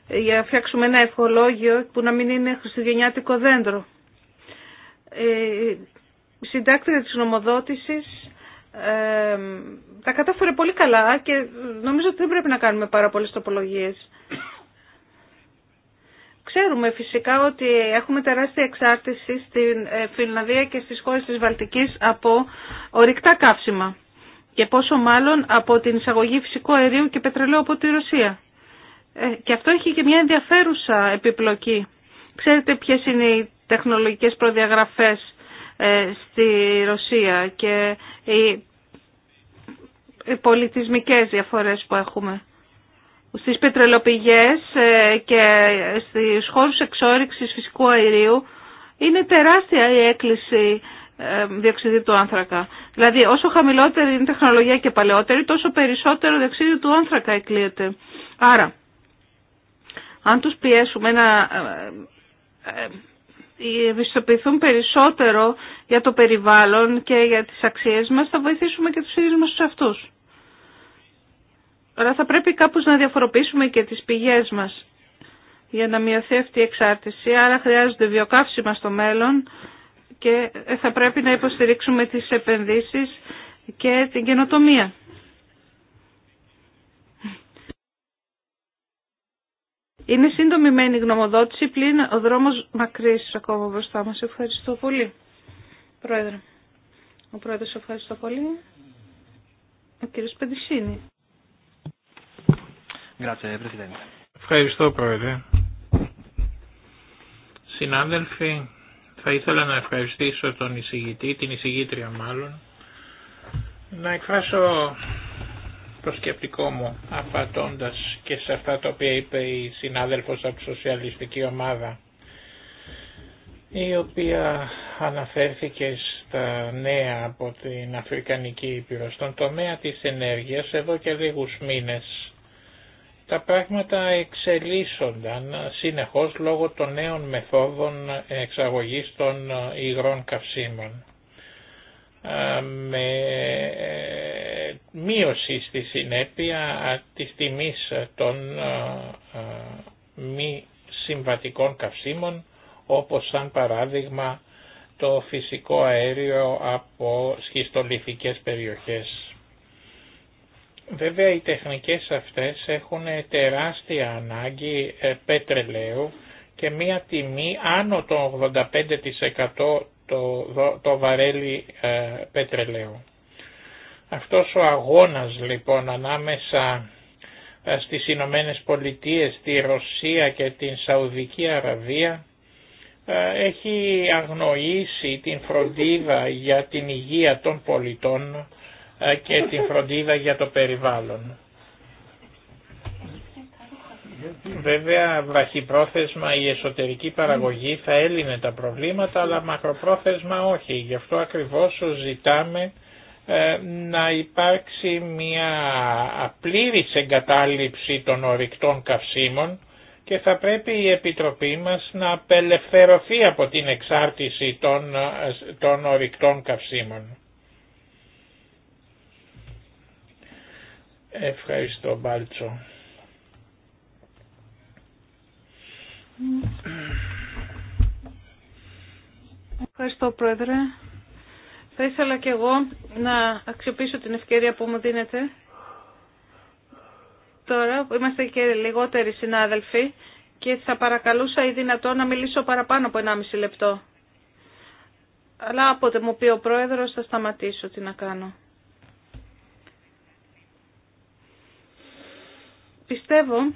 για να φτιάξουμε ένα ευχολόγιο που να μην είναι χριστουγεννιάτικο δέντρο. Ε, τη της νομοδότησης ε, τα κατάφερε πολύ καλά και νομίζω ότι δεν πρέπει να κάνουμε πάρα πολλές τοπολογίες. Ξέρουμε φυσικά ότι έχουμε τεράστια εξάρτηση στην ε, Φιλανδία και στις χώρες της Βαλτικής από ορυκτά καύσιμα και πόσο μάλλον από την εισαγωγή φυσικού αερίου και πετρελαίου από τη Ρωσία. Ε, και αυτό έχει και μια ενδιαφέρουσα επιπλοκή. Ξέρετε ποιες είναι οι τεχνολογικές προδιαγραφές ε, στη Ρωσία και οι πολιτισμικές διαφορές που έχουμε. Στις πετρελοπηγές ε, και στις χώρους εξόριξης φυσικού αερίου είναι τεράστια η έκκληση ε, διοξιδίου του άνθρακα. Δηλαδή όσο χαμηλότερη είναι η τεχνολογία και παλαιότερη τόσο περισσότερο διοξιδίου του άνθρακα εκλείεται. Άρα αν τους πιέσουμε να ε, ευαισθητοποιηθούν περισσότερο για το περιβάλλον και για τις αξίες μας, θα βοηθήσουμε και τους ίδιους μας τους αυτούς. Αλλά θα πρέπει κάπως να διαφοροποιήσουμε και τις πηγές μας για να μειωθεί αυτή η εξάρτηση. Άρα χρειάζονται βιοκαύσιμα στο μέλλον και θα πρέπει να υποστηρίξουμε τις επενδύσεις και την καινοτομία. Είναι σύντομη μεν η γνωμοδότηση, πλην ο δρόμο μακρύς ακόμα μπροστά μα. Ευχαριστώ πολύ, Πρόεδρε. Ο Πρόεδρος, ευχαριστώ πολύ. Ο κύριο Πεντησίνη. Ευχαριστώ, Πρόεδρε. Συνάδελφοι, θα ήθελα να ευχαριστήσω τον εισηγητή, την εισηγήτρια μάλλον, να εκφράσω το σκεπτικό μου και σε αυτά τα οποία είπε η συνάδελφος από τη σοσιαλιστική ομάδα η οποία αναφέρθηκε στα νέα από την Αφρικανική Ήπειρο στον τομέα της ενέργειας εδώ και λίγους μήνες. Τα πράγματα εξελίσσονταν συνεχώς λόγω των νέων μεθόδων εξαγωγής των υγρών καυσίμων με ε, μείωση στη συνέπεια της τιμής των μη συμβατικών καυσίμων όπως σαν παράδειγμα το φυσικό αέριο από σχιστολιθικές περιοχές. Βέβαια οι τεχνικές αυτές έχουν τεράστια ανάγκη ε, πετρελαίου και μία τιμή άνω των 85% το, το βαρέλι ε, πετρελαίου. Αυτός ο αγώνας λοιπόν ανάμεσα ε, στις Ηνωμένε Πολιτείες, τη Ρωσία και την Σαουδική Αραβία ε, έχει αγνοήσει την φροντίδα για την υγεία των πολιτών ε, και την φροντίδα για το περιβάλλον. Βέβαια βραχυπρόθεσμα η εσωτερική παραγωγή θα έλυνε τα προβλήματα αλλά μακροπρόθεσμα όχι. Γι' αυτό ακριβώς ζητάμε ε, να υπάρξει μια απλήρης εγκατάλειψη των ορυκτών καυσίμων και θα πρέπει η Επιτροπή μας να απελευθερωθεί από την εξάρτηση των, ε, των ορυκτών καυσίμων. Ευχαριστώ Μπάλτσο. Ευχαριστώ, Πρόεδρε. Θα ήθελα και εγώ να αξιοποιήσω την ευκαιρία που μου δίνετε. Τώρα που είμαστε και λιγότεροι συνάδελφοι και θα παρακαλούσα ή δυνατό να μιλήσω παραπάνω από 1,5 λεπτό. Αλλά απότε μου πει ο Πρόεδρος θα σταματήσω τι να κάνω. Πιστεύω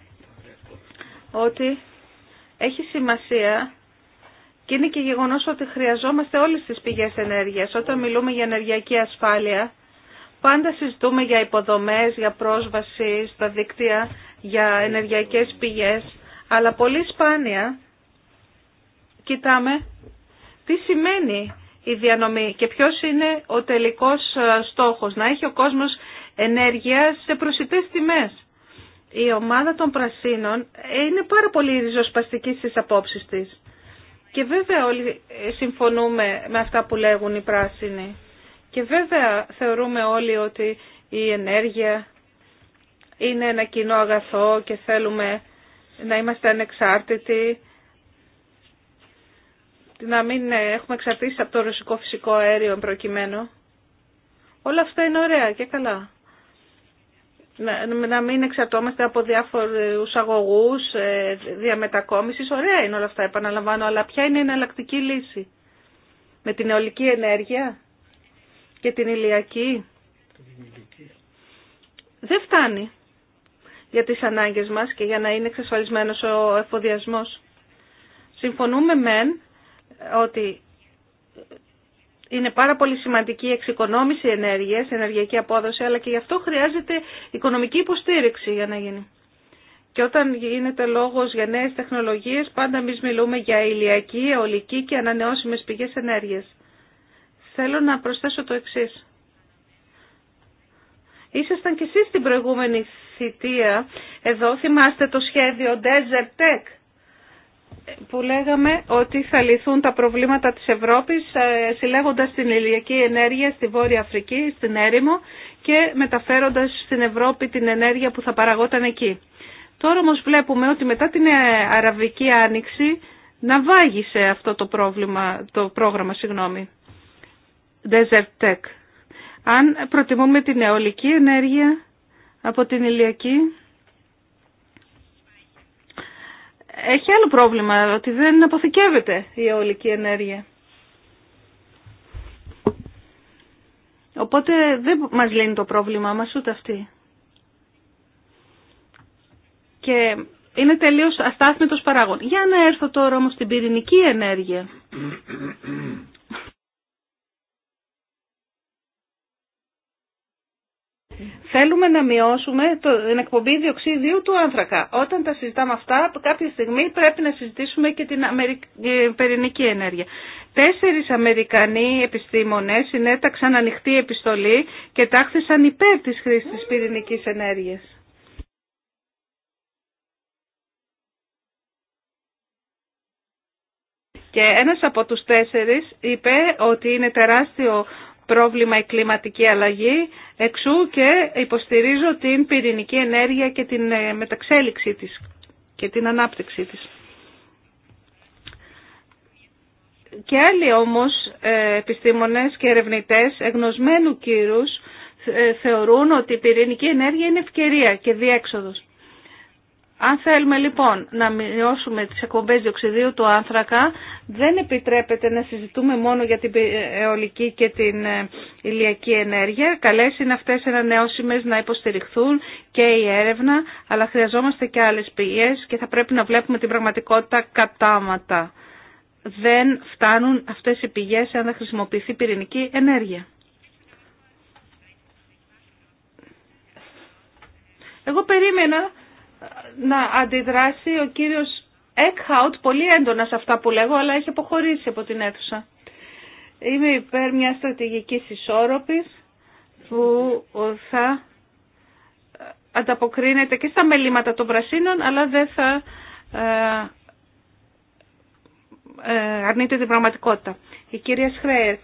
ότι έχει σημασία και είναι και γεγονός ότι χρειαζόμαστε όλες τις πηγές ενέργειας. Όταν μιλούμε για ενεργειακή ασφάλεια, πάντα συζητούμε για υποδομές, για πρόσβαση στα δίκτυα, για ενεργειακές πηγές, αλλά πολύ σπάνια κοιτάμε τι σημαίνει η διανομή και ποιος είναι ο τελικός ε, στόχος. Να έχει ο κόσμος ενέργεια σε προσιτές τιμές η ομάδα των Πρασίνων είναι πάρα πολύ ριζοσπαστική στις απόψεις της. Και βέβαια όλοι ε, συμφωνούμε με αυτά που λέγουν οι Πράσινοι. Και βέβαια θεωρούμε όλοι ότι η ενέργεια είναι ένα κοινό αγαθό και θέλουμε να είμαστε ανεξάρτητοι, να μην ε, έχουμε εξαρτήσει από το ρωσικό φυσικό αέριο προκειμένου. Όλα αυτά είναι ωραία και καλά να μην εξαρτώμαστε από διάφορους αγωγούς ε, διαμετακόμισης. Ωραία είναι όλα αυτά, επαναλαμβάνω, αλλά ποια είναι η εναλλακτική λύση. Με την αιωλική ενέργεια και την ηλιακή. Δεν φτάνει για τις ανάγκες μας και για να είναι εξασφαλισμένος ο εφοδιασμός. Συμφωνούμε μεν ότι είναι πάρα πολύ σημαντική η εξοικονόμηση ενέργειας, η ενεργειακή απόδοση, αλλά και γι' αυτό χρειάζεται οικονομική υποστήριξη για να γίνει. Και όταν γίνεται λόγος για νέες τεχνολογίες, πάντα εμεί μιλούμε για ηλιακή, αιωλική και ανανεώσιμες πηγές ενέργειας. Θέλω να προσθέσω το εξή. Ήσασταν κι εσείς την προηγούμενη θητεία, εδώ θυμάστε το σχέδιο Desert Tech, που λέγαμε ότι θα λυθούν τα προβλήματα της Ευρώπης ε, συλλέγοντας την ηλιακή ενέργεια στη Βόρεια Αφρική, στην έρημο και μεταφέροντας στην Ευρώπη την ενέργεια που θα παραγόταν εκεί. Τώρα όμως βλέπουμε ότι μετά την ε, Αραβική Άνοιξη να βάγισε αυτό το, πρόβλημα, το πρόγραμμα, συγγνώμη, Desert Tech. Αν προτιμούμε την αιωλική ενέργεια από την ηλιακή, έχει άλλο πρόβλημα, ότι δεν αποθηκεύεται η αιωλική ενέργεια. Οπότε δεν μας λύνει το πρόβλημά μας ούτε αυτή. Και είναι τελείως αστάθμητος παράγον. Για να έρθω τώρα όμως στην πυρηνική ενέργεια. Θέλουμε να μειώσουμε το, την εκπομπή διοξίδιου του άνθρακα. Όταν τα συζητάμε αυτά, κάποια στιγμή πρέπει να συζητήσουμε και την αμερικ... Ε, ενέργεια. Τέσσερις Αμερικανοί επιστήμονες συνέταξαν ανοιχτή επιστολή και τάχθησαν υπέρ της χρήσης της πυρηνικής ενέργειας. Και ένας από τους τέσσερις είπε ότι είναι τεράστιο πρόβλημα η κλιματική αλλαγή, εξού και υποστηρίζω την πυρηνική ενέργεια και την ε, μεταξέλιξή της και την ανάπτυξή της. Και άλλοι όμως ε, επιστήμονες και ερευνητές εγνωσμένου κύρους ε, θεωρούν ότι η πυρηνική ενέργεια είναι ευκαιρία και διέξοδος. Αν θέλουμε λοιπόν να μειώσουμε τις εκπομπές διοξιδίου του άνθρακα, δεν επιτρέπεται να συζητούμε μόνο για την αιωλική και την ε, ηλιακή ενέργεια. Καλές είναι αυτές ανανεώσιμες να υποστηριχθούν και η έρευνα, αλλά χρειαζόμαστε και άλλες πηγές και θα πρέπει να βλέπουμε την πραγματικότητα κατάματα. Δεν φτάνουν αυτές οι πηγές αν δεν χρησιμοποιηθεί πυρηνική ενέργεια. Εγώ περίμενα να αντιδράσει ο κύριος Έκχαουτ πολύ έντονα σε αυτά που λέγω, αλλά έχει αποχωρήσει από την αίθουσα. Είμαι υπέρ μια στρατηγική ισόρροπης που θα ανταποκρίνεται και στα μελήματα των πρασίνων, αλλά δεν θα ε, ε, αρνείται την πραγματικότητα. Η κυρία Σχρέερ.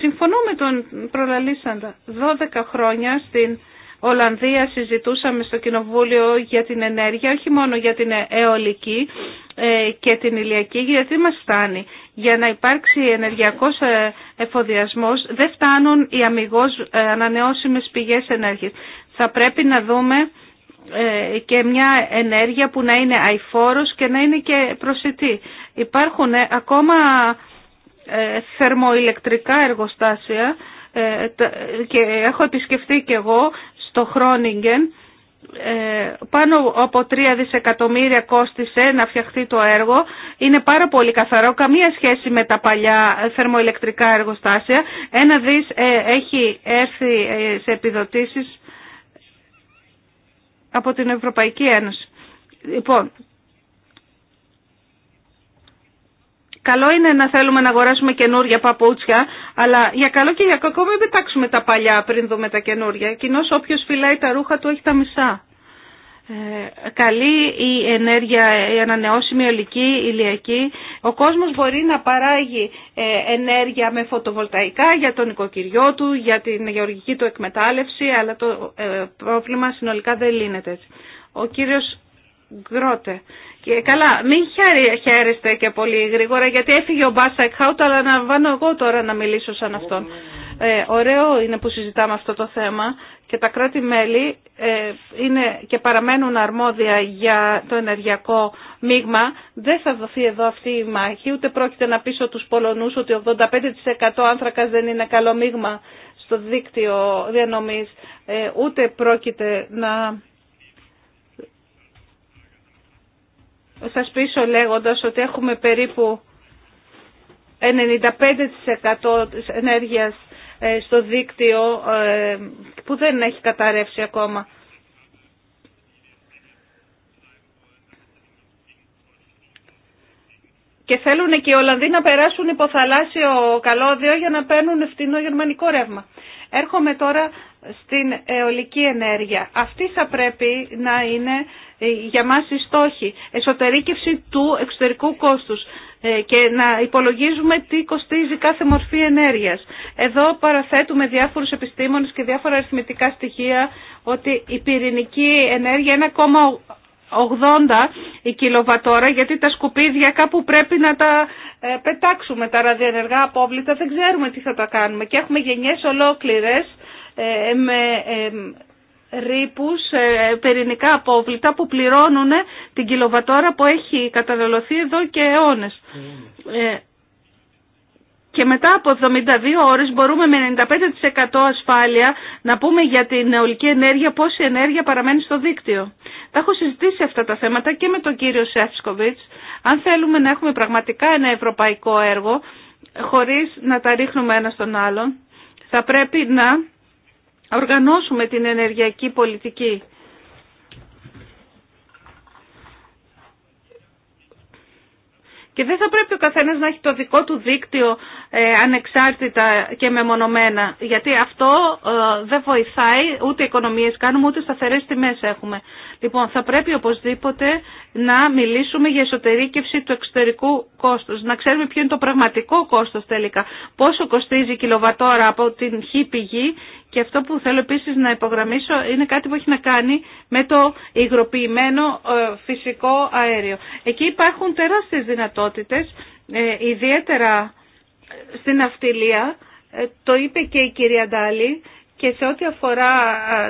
Συμφωνώ με τον προλαλήσαντα. 12 χρόνια στην Ολλανδία συζητούσαμε στο Κοινοβούλιο για την ενέργεια, όχι μόνο για την αιωλική ε, και την ηλιακή, γιατί μας φτάνει. Για να υπάρξει ενεργειακός ε, εφοδιασμός δεν φτάνουν οι αμυγός ε, ανανεώσιμες πηγές ενέργειας. Θα πρέπει να δούμε και μια ενέργεια που να είναι αηφόρος και να είναι και προσιτή. Υπάρχουν ακόμα θερμοηλεκτρικά εργοστάσια και έχω επισκεφτεί και εγώ στο Χρόνιγκεν. Ε, πάνω από 3 δισεκατομμύρια κόστησε να φτιαχτεί το έργο. Είναι πάρα πολύ καθαρό, καμία σχέση με τα παλιά θερμοηλεκτρικά εργοστάσια. Ένα δις ε, έχει έρθει ε, σε επιδοτήσεις από την Ευρωπαϊκή Ένωση. Λοιπόν, Καλό είναι να θέλουμε να αγοράσουμε καινούρια παπούτσια, αλλά για καλό και για κακό μην πετάξουμε τα παλιά πριν δούμε τα καινούρια. Κοινώς όποιος φυλάει τα ρούχα του έχει τα μισά. Ε, καλή η ενέργεια, η ανανεώσιμη ολική, ηλιακή. Ο κόσμος μπορεί να παράγει ε, ενέργεια με φωτοβολταϊκά για τον οικοκυριό του, για την γεωργική του εκμετάλλευση, αλλά το ε, πρόβλημα συνολικά δεν λύνεται Ο κύριος Γκρότε, και καλά, μην χαίρεστε και πολύ γρήγορα γιατί έφυγε ο Μπάσα Εκχάουτ, αλλά βάνω εγώ τώρα να μιλήσω σαν αυτόν. Ε, ωραίο είναι που συζητάμε αυτό το θέμα και τα κράτη-μέλη ε, είναι και παραμένουν αρμόδια για το ενεργειακό μείγμα. Δεν θα δοθεί εδώ αυτή η μάχη, ούτε πρόκειται να πείσω τους Πολωνούς ότι 85% άνθρακας δεν είναι καλό μείγμα στο δίκτυο διανομής, ε, ούτε πρόκειται να σας πείσω λέγοντας ότι έχουμε περίπου 95% της ενέργειας ε, στο δίκτυο ε, που δεν έχει καταρρεύσει ακόμα. Και θέλουν και οι Ολλανδοί να περάσουν υποθαλάσσιο καλώδιο για να παίρνουν φτηνό γερμανικό ρεύμα. Έρχομαι τώρα στην αιωλική ενέργεια. Αυτή θα πρέπει να είναι ε, για μας η στόχη. Εσωτερήκευση του εξωτερικού κόστους ε, και να υπολογίζουμε τι κοστίζει κάθε μορφή ενέργειας. Εδώ παραθέτουμε διάφορους επιστήμονες και διάφορα αριθμητικά στοιχεία ότι η πυρηνική ενέργεια 1,80 η κιλοβατόρα γιατί τα σκουπίδια κάπου πρέπει να τα ε, πετάξουμε τα ραδιενεργά απόβλητα δεν ξέρουμε τι θα τα κάνουμε και έχουμε γενιές ολόκληρες ε, με ε, ρήπους, ε, πυρηνικά απόβλητα που πληρώνουν την κιλοβατόρα που έχει καταναλωθεί εδώ και αιώνες. Και μετά από 72 ώρες μπορούμε με 95% ασφάλεια να πούμε για την νεολική ενέργεια πόση ενέργεια παραμένει στο δίκτυο. Τα έχω συζητήσει αυτά τα θέματα και με τον κύριο Σεφσκοβιτς. Αν θέλουμε να έχουμε πραγματικά ένα ευρωπαϊκό έργο χωρίς να τα ρίχνουμε ένα στον άλλον θα πρέπει να οργανώσουμε την ενεργειακή πολιτική. Και δεν θα πρέπει ο καθένας να έχει το δικό του δίκτυο ε, ανεξάρτητα και μεμονωμένα. Γιατί αυτό ε, δεν βοηθάει, ούτε οικονομίες κάνουμε, ούτε σταθερές τιμές έχουμε. Λοιπόν, θα πρέπει οπωσδήποτε να μιλήσουμε για εσωτερήκευση του εξωτερικού κόστους, να ξέρουμε ποιο είναι το πραγματικό κόστος τελικά, πόσο κοστίζει η κιλοβατόρα από την χή πηγή και αυτό που θέλω επίσης να υπογραμμίσω είναι κάτι που έχει να κάνει με το υγροποιημένο ε, φυσικό αέριο. Εκεί υπάρχουν τεράστιες δυνατότητες, ε, ιδιαίτερα στην αυτιλία, ε, το είπε και η κυρία Ντάλη, και σε ό,τι αφορά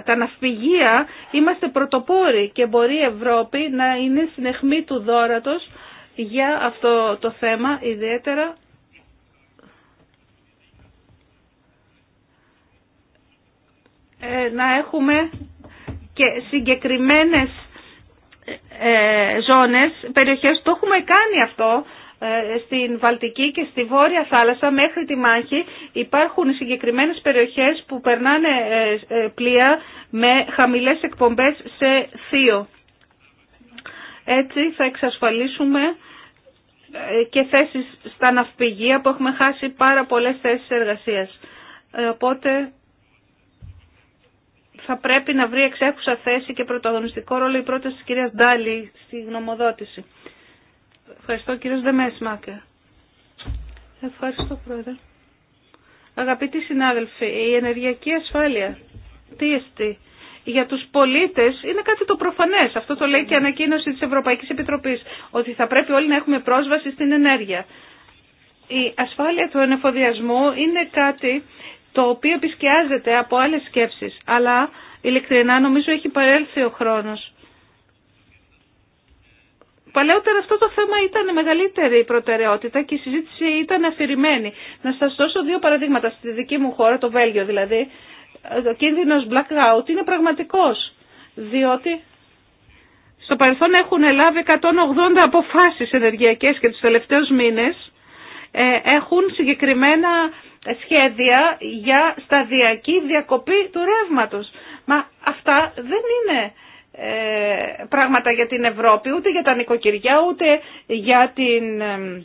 τα ναυπηγεία είμαστε πρωτοπόροι και μπορεί η Ευρώπη να είναι στην αιχμή του δόρατος για αυτό το θέμα ιδιαίτερα ε, να έχουμε και συγκεκριμένες ε, ε, ζώνες, περιοχές, το έχουμε κάνει αυτό ε, στην Βαλτική και στη Βόρεια Θάλασσα μέχρι τη Μάχη υπάρχουν συγκεκριμένες περιοχές που περνάνε ε, ε, πλοία με χαμηλές εκπομπές σε θείο. Έτσι θα εξασφαλίσουμε και θέσεις στα ναυπηγεία που έχουμε χάσει πάρα πολλές θέσεις εργασίας. Οπότε θα πρέπει να βρει εξέχουσα θέση και πρωταγωνιστικό ρόλο η πρόταση της κυρίας Ντάλη στη γνωμοδότηση. Ευχαριστώ Κύριε Δεμέσμακα. Ευχαριστώ πρόεδρε. Αγαπητοί συνάδελφοι, η ενεργειακή ασφάλεια, τι εστί, για τους πολίτες είναι κάτι το προφανές. Αυτό το λέει και η ανακοίνωση της Ευρωπαϊκής Επιτροπής, ότι θα πρέπει όλοι να έχουμε πρόσβαση στην ενέργεια. Η ασφάλεια του ενεφοδιασμού είναι κάτι το οποίο επισκιάζεται από άλλες σκέψεις, αλλά ειλικρινά νομίζω έχει παρέλθει ο χρόνος. Παλαιότερα αυτό το θέμα ήταν μεγαλύτερη προτεραιότητα και η συζήτηση ήταν αφηρημένη. Να σας δώσω δύο παραδείγματα στη δική μου χώρα, το Βέλγιο δηλαδή. Ο κίνδυνος blackout είναι πραγματικός, διότι στο παρελθόν έχουν λάβει 180 αποφάσεις ενεργειακές και τους τελευταίους μήνες ε, έχουν συγκεκριμένα σχέδια για σταδιακή διακοπή του ρεύματος. Μα αυτά δεν είναι ε, πράγματα για την Ευρώπη, ούτε για τα νοικοκυριά, ούτε για την ε,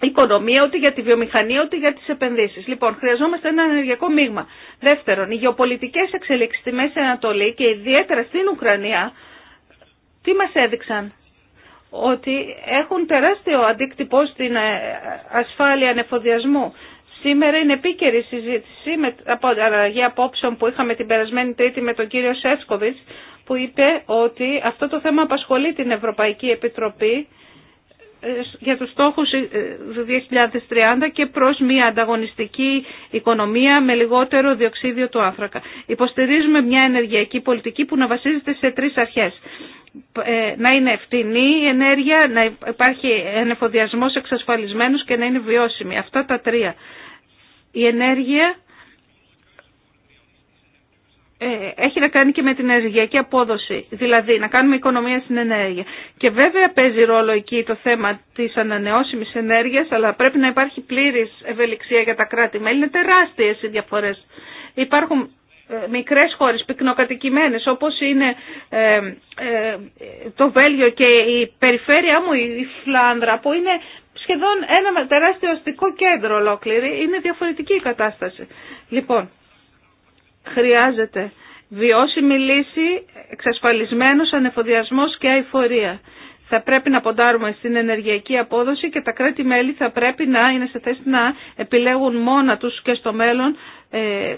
οικονομία, ούτε για τη βιομηχανία, ούτε για τις επενδύσεις. Λοιπόν, χρειαζόμαστε ένα ενεργειακό μείγμα. Δεύτερον, οι γεωπολιτικές εξελίξεις στη Μέση Ανατολή και ιδιαίτερα στην Ουκρανία, τι μας έδειξαν. Ότι έχουν τεράστιο αντίκτυπο στην ε, ασφάλεια ανεφοδιασμού. Σήμερα είναι επίκαιρη συζήτηση με, από αλλαγή απόψεων που είχαμε την περασμένη Τρίτη με τον κύριο Σέσκοβιτ, που είπε ότι αυτό το θέμα απασχολεί την Ευρωπαϊκή Επιτροπή ε, για τους στόχους ε, του 2030 και προς μια ανταγωνιστική οικονομία με λιγότερο διοξίδιο του άνθρακα. Υποστηρίζουμε μια ενεργειακή πολιτική που να βασίζεται σε τρεις αρχές. Ε, να είναι ευθυνή η ενέργεια, να υπάρχει ενεφοδιασμός εξασφαλισμένος και να είναι βιώσιμη. Αυτά τα τρία. Η ενέργεια ε, έχει να κάνει και με την ενεργειακή απόδοση, δηλαδή να κάνουμε οικονομία στην ενέργεια. Και βέβαια παίζει ρόλο εκεί το θέμα της ανανεώσιμης ενέργειας, αλλά πρέπει να υπάρχει πλήρης ευελιξία για τα κράτη-μέλη. Είναι τεράστιες οι διαφορές. Υπάρχουν ε, μικρές χώρες πυκνοκατοικημένες όπως είναι ε, το Βέλγιο και η περιφέρεια μου, η Φλάνδρα, που είναι σχεδόν ένα τεράστιο αστικό κέντρο ολόκληρη, είναι διαφορετική η κατάσταση. Λοιπόν, χρειάζεται βιώσιμη λύση, εξασφαλισμένος ανεφοδιασμός και αηφορία. Θα πρέπει να ποντάρουμε στην ενεργειακή απόδοση και τα κράτη-μέλη θα πρέπει να είναι σε θέση να επιλέγουν μόνα τους και στο μέλλον ε,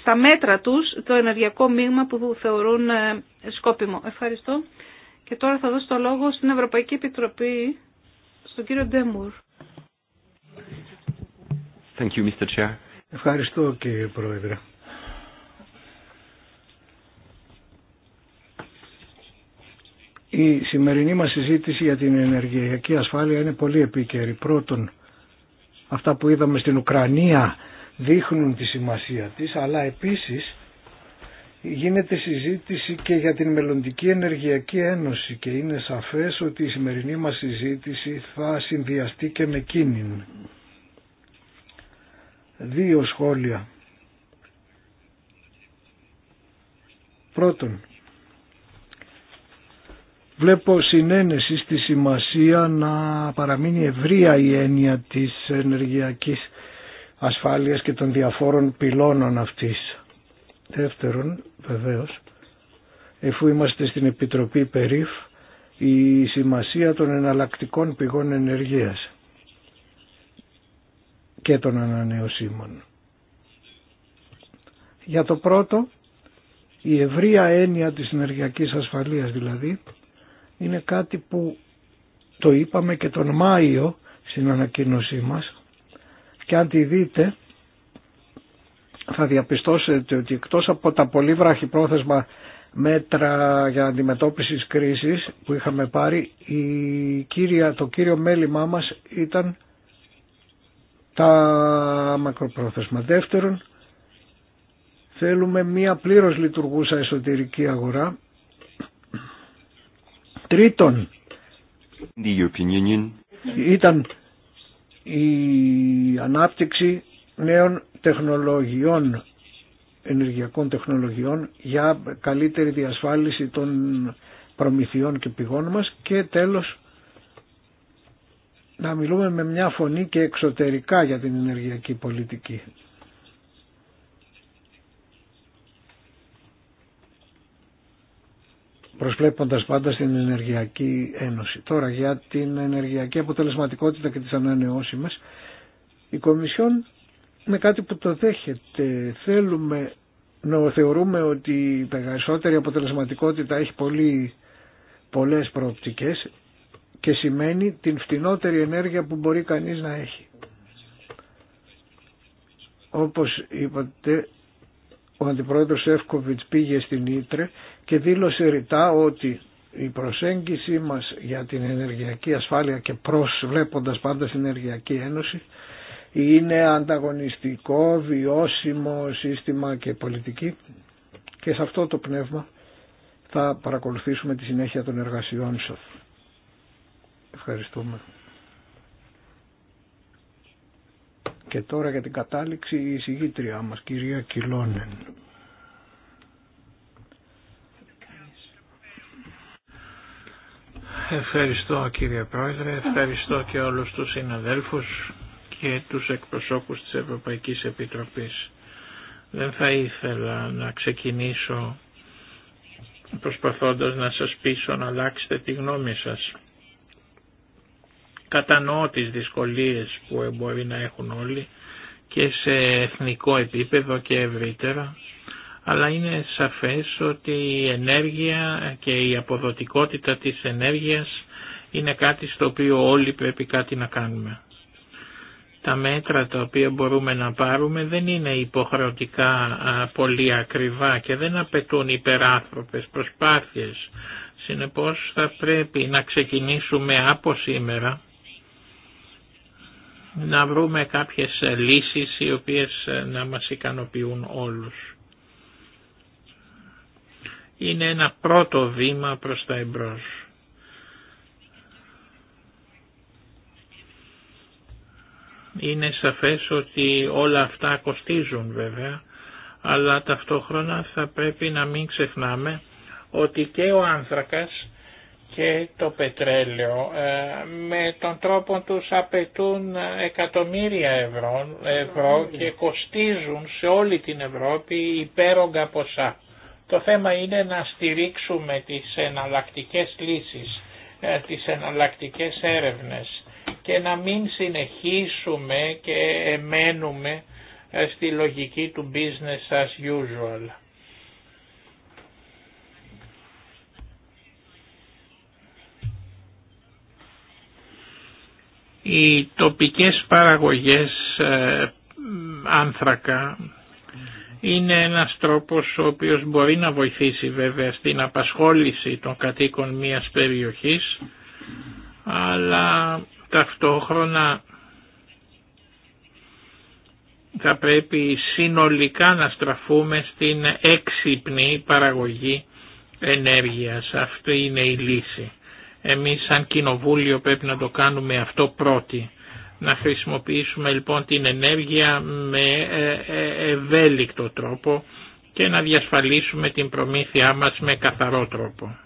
στα μέτρα τους το ενεργειακό μείγμα που θεωρούν ε, σκόπιμο. Ευχαριστώ. Και τώρα θα δώσω το λόγο στην Ευρωπαϊκή Επιτροπή, στον κύριο Ντέμουρ. Ευχαριστώ κύριε Πρόεδρε. Η σημερινή μας συζήτηση για την ενεργειακή ασφάλεια είναι πολύ επίκαιρη. Πρώτον, αυτά που είδαμε στην Ουκρανία δείχνουν τη σημασία της, αλλά επίσης γίνεται συζήτηση και για την μελλοντική ενεργειακή ένωση και είναι σαφές ότι η σημερινή μας συζήτηση θα συνδυαστεί και με εκείνη. Δύο σχόλια. Πρώτον, Βλέπω συνένεση στη σημασία να παραμείνει ευρεία η έννοια της ενεργειακής ασφάλειας και των διαφόρων πυλώνων αυτής. Δεύτερον, βεβαίως, εφού είμαστε στην Επιτροπή Περίφ, η σημασία των εναλλακτικών πηγών ενεργείας και των ανανεωσίμων. Για το πρώτο, η ευρεία έννοια της ενεργειακής ασφαλείας δηλαδή, είναι κάτι που το είπαμε και τον Μάιο στην ανακοίνωσή μας και αν τη δείτε θα διαπιστώσετε ότι εκτός από τα πολύ βραχυπρόθεσμα μέτρα για αντιμετώπιση της κρίσης που είχαμε πάρει η κύρια, το κύριο μέλημά μας ήταν τα μακροπρόθεσμα. Δεύτερον θέλουμε μία πλήρως λειτουργούσα εσωτερική αγορά Τρίτον, ήταν η ανάπτυξη νέων τεχνολογιών, ενεργειακών τεχνολογιών για καλύτερη διασφάλιση των προμηθειών και πηγών μας και τέλος να μιλούμε με μια φωνή και εξωτερικά για την ενεργειακή πολιτική. προσβλέποντας πάντα στην Ενεργειακή Ένωση. Τώρα για την ενεργειακή αποτελεσματικότητα και τις ανανεώσιμες, η Κομισιόν με κάτι που το δέχεται. Θέλουμε να θεωρούμε ότι η περισσότερη αποτελεσματικότητα έχει πολύ, πολλές προοπτικές και σημαίνει την φτηνότερη ενέργεια που μπορεί κανείς να έχει. Όπως είπατε, ο αντιπρόεδρος Εύκοβιτς πήγε στην Ήτρε και δήλωσε ρητά ότι η προσέγγιση μας για την ενεργειακή ασφάλεια και προσβλέποντας πάντα στην Ενεργειακή Ένωση είναι ανταγωνιστικό, βιώσιμο σύστημα και πολιτική και σε αυτό το πνεύμα θα παρακολουθήσουμε τη συνέχεια των εργασιών σας. Ευχαριστούμε. Και τώρα για την κατάληξη η συγγήτριά μας, κυρία Κιλόνεν. Ευχαριστώ κύριε Πρόεδρε, ευχαριστώ και όλους τους συναδέλφους και τους εκπροσώπους της Ευρωπαϊκής Επιτροπής. Δεν θα ήθελα να ξεκινήσω προσπαθώντας να σας πείσω να αλλάξετε τη γνώμη σας. Κατανοώ τις δυσκολίες που μπορεί να έχουν όλοι και σε εθνικό επίπεδο και ευρύτερα, αλλά είναι σαφές ότι η ενέργεια και η αποδοτικότητα της ενέργειας είναι κάτι στο οποίο όλοι πρέπει κάτι να κάνουμε. Τα μέτρα τα οποία μπορούμε να πάρουμε δεν είναι υποχρεωτικά πολύ ακριβά και δεν απαιτούν υπεράθρωπες προσπάθειες. Συνεπώς θα πρέπει να ξεκινήσουμε από σήμερα να βρούμε κάποιες λύσεις οι οποίες ε, να μας ικανοποιούν όλους. Είναι ένα πρώτο βήμα προς τα εμπρός. Είναι σαφές ότι όλα αυτά κοστίζουν βέβαια, αλλά ταυτόχρονα θα πρέπει να μην ξεχνάμε ότι και ο άνθρακας και το πετρέλαιο ε, με τον τρόπο τους απαιτούν εκατομμύρια ευρώ, ευρώ και κοστίζουν σε όλη την Ευρώπη υπέρογκα ποσά. Το θέμα είναι να στηρίξουμε τις εναλλακτικές λύσεις, ε, τις εναλλακτικές έρευνες και να μην συνεχίσουμε και εμένουμε ε, στη λογική του business as usual. Οι τοπικές παραγωγές ε, άνθρακα είναι ένας τρόπος ο οποίος μπορεί να βοηθήσει βέβαια στην απασχόληση των κατοίκων μιας περιοχής αλλά ταυτόχρονα θα πρέπει συνολικά να στραφούμε στην έξυπνη παραγωγή ενέργειας. Αυτή είναι η λύση. Εμείς σαν κοινοβούλιο πρέπει να το κάνουμε αυτό πρώτοι. Να χρησιμοποιήσουμε λοιπόν την ενέργεια με ε, ε, ευέλικτο τρόπο και να διασφαλίσουμε την προμήθειά μας με καθαρό τρόπο.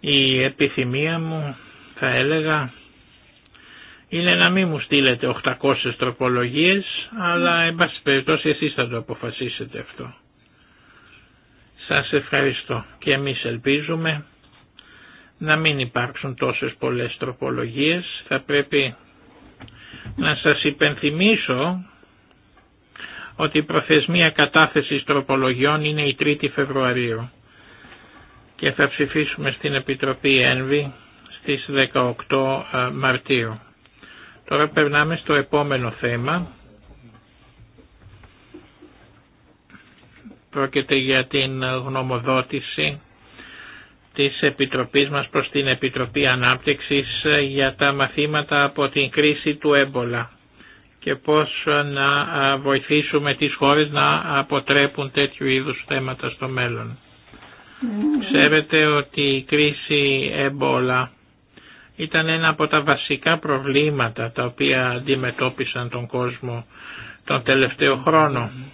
Η επιθυμία μου θα έλεγα είναι να μην μου στείλετε 800 τροπολογίες αλλά εν πάση περιπτώσει εσείς θα το αποφασίσετε αυτό. Σας ευχαριστώ και εμείς ελπίζουμε να μην υπάρξουν τόσες πολλές τροπολογίες. Θα πρέπει να σας υπενθυμίσω ότι η προθεσμία κατάθεσης τροπολογιών είναι η 3η Φεβρουαρίου και θα ψηφίσουμε στην Επιτροπή ΕΝΒΗ στις 18 ε, Μαρτίου. Τώρα περνάμε στο επόμενο θέμα Πρόκειται για την γνωμοδότηση της Επιτροπής μας προς την Επιτροπή Ανάπτυξης για τα μαθήματα από την κρίση του έμπολα και πώς να βοηθήσουμε τις χώρες να αποτρέπουν τέτοιου είδους θέματα στο μέλλον. Ναι. Ξέρετε ότι η κρίση έμπολα ήταν ένα από τα βασικά προβλήματα τα οποία αντιμετώπισαν τον κόσμο τον τελευταίο χρόνο ναι.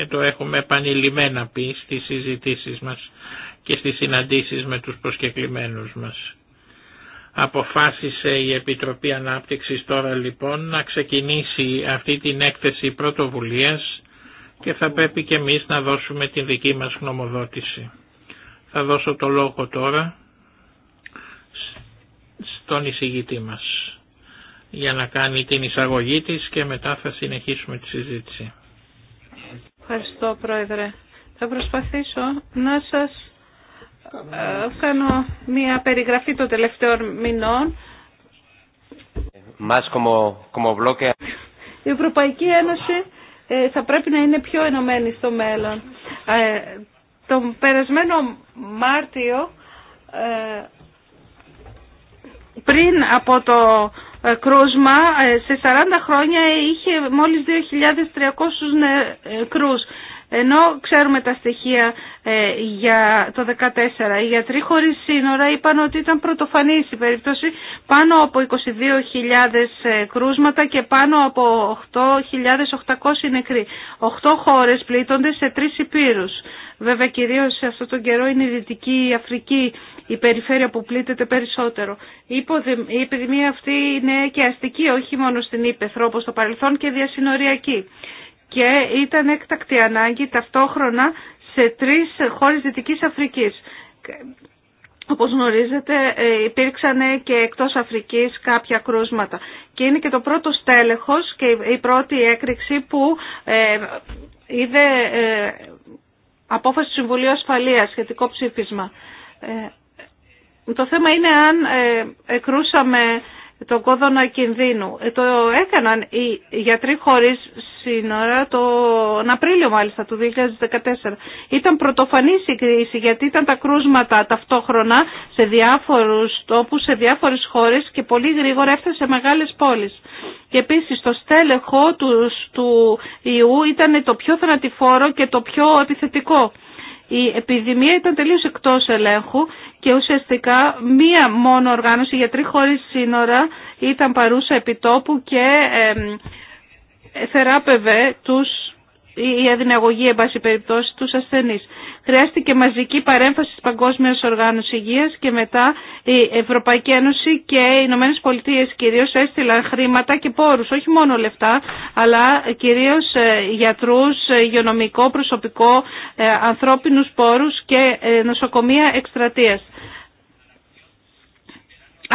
και το έχουμε επανειλημμένα πει στις συζητήσεις μας και στις συναντήσεις με τους προσκεκλημένους μας. Αποφάσισε η Επιτροπή Ανάπτυξης τώρα λοιπόν να ξεκινήσει αυτή την έκθεση πρωτοβουλίας και θα πρέπει και εμείς να δώσουμε την δική μας γνωμοδότηση. Θα δώσω το λόγο τώρα στον εισηγητή μας για να κάνει την εισαγωγή της και μετά θα συνεχίσουμε τη συζήτηση. Ευχαριστώ, Πρόεδρε. Θα προσπαθήσω να σας ε, κάνω μία περιγραφή των τελευταίων μηνών. Μας Η Ευρωπαϊκή Ένωση ε, θα πρέπει να είναι πιο ενωμένη στο μέλλον. Ε, το περασμένο Μάρτιο πριν από το ε, κρούσμα ε, σε 40 χρόνια είχε μόλις 2.300 νεκρούς. Ε, ενώ ξέρουμε τα στοιχεία ε, για το 2014, οι γιατροί χωρίς σύνορα είπαν ότι ήταν πρωτοφανή η περίπτωση πάνω από 22.000 ε, κρούσματα και πάνω από 8.800 νεκροί. 8 χώρες πλήττονται σε τρεις υπήρους. Βέβαια κυρίως σε αυτόν τον καιρό είναι η Δυτική Αφρική η περιφέρεια που πλήττεται περισσότερο. Η επιδημία αυτή είναι και αστική, όχι μόνο στην Ήπεθρο όπως το παρελθόν και διασυνοριακή και ήταν έκτακτη ανάγκη ταυτόχρονα σε τρεις χώρες Δυτικής Αφρικής. Όπως γνωρίζετε ε, υπήρξαν και εκτός Αφρικής κάποια κρούσματα και είναι και το πρώτο στέλεχος και η πρώτη έκρηξη που ε, είδε ε, απόφαση του Συμβουλίου Ασφαλείας σχετικό ψήφισμα. Το θέμα είναι αν εκρούσαμε το κόδωνα κινδύνου. Ε, το έκαναν οι γιατροί χωρίς σύνορα τον Απρίλιο μάλιστα του 2014. Ήταν πρωτοφανής η κρίση γιατί ήταν τα κρούσματα ταυτόχρονα σε διάφορους τόπους, σε διάφορες χώρες και πολύ γρήγορα έφτασε σε μεγάλες πόλεις. Και επίσης το στέλεχο του, ιού ήταν το πιο θανατηφόρο και το πιο επιθετικό η επιδημία ήταν τελείως εκτός ελέγχου και ουσιαστικά μία μόνο οργάνωση για τρεις χώρες σύνορα ήταν παρούσα επιτόπου και θεράπευε τους η αδυναγωγή εν πάση περιπτώσει τους ασθενείς. Χρειάστηκε μαζική παρέμφαση της Παγκόσμιας οργάνωση Υγείας και μετά η Ευρωπαϊκή Ένωση και οι Ηνωμένε Πολιτείε κυρίως έστειλαν χρήματα και πόρους, όχι μόνο λεφτά, αλλά κυρίως ε, γιατρούς, υγειονομικό, προσωπικό, ε, ανθρώπινους πόρους και ε, νοσοκομεία εκστρατείας.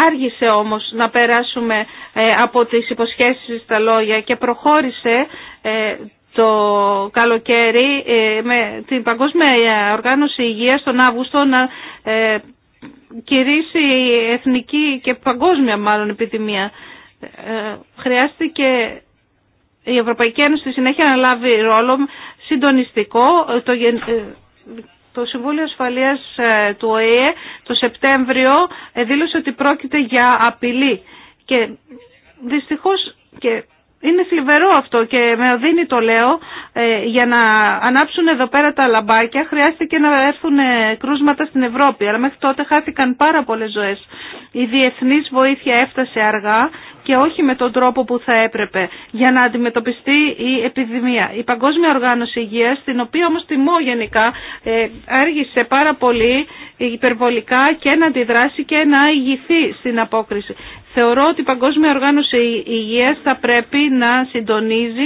Άργησε όμως να περάσουμε από τις υποσχέσεις στα λόγια και προχώρησε το καλοκαίρι ε, με την Παγκόσμια Οργάνωση Υγείας τον Αύγουστο να ε, κηρύσει εθνική και παγκόσμια μάλλον επιδημία. Ε, χρειάστηκε η Ευρωπαϊκή Ένωση στη συνέχεια να λάβει ρόλο συντονιστικό. Το, το Συμβούλιο Ασφαλείας του ΟΗΕ το Σεπτέμβριο δήλωσε ότι πρόκειται για απειλή. Και δυστυχώς και είναι θλιβερό αυτό και με οδύνει το λέω. Ε, για να ανάψουν εδώ πέρα τα λαμπάκια χρειάστηκε να έρθουν ε, κρούσματα στην Ευρώπη. Αλλά μέχρι τότε χάθηκαν πάρα πολλές ζωές. Η διεθνής βοήθεια έφτασε αργά και όχι με τον τρόπο που θα έπρεπε για να αντιμετωπιστεί η επιδημία. Η Παγκόσμια Οργάνωση Υγείας, την οποία όμως τιμώ γενικά, ε, άργησε πάρα πολύ υπερβολικά και να αντιδράσει και να ηγηθεί στην απόκριση. Θεωρώ ότι η Παγκόσμια Οργάνωση Υγείας θα πρέπει να συντονίζει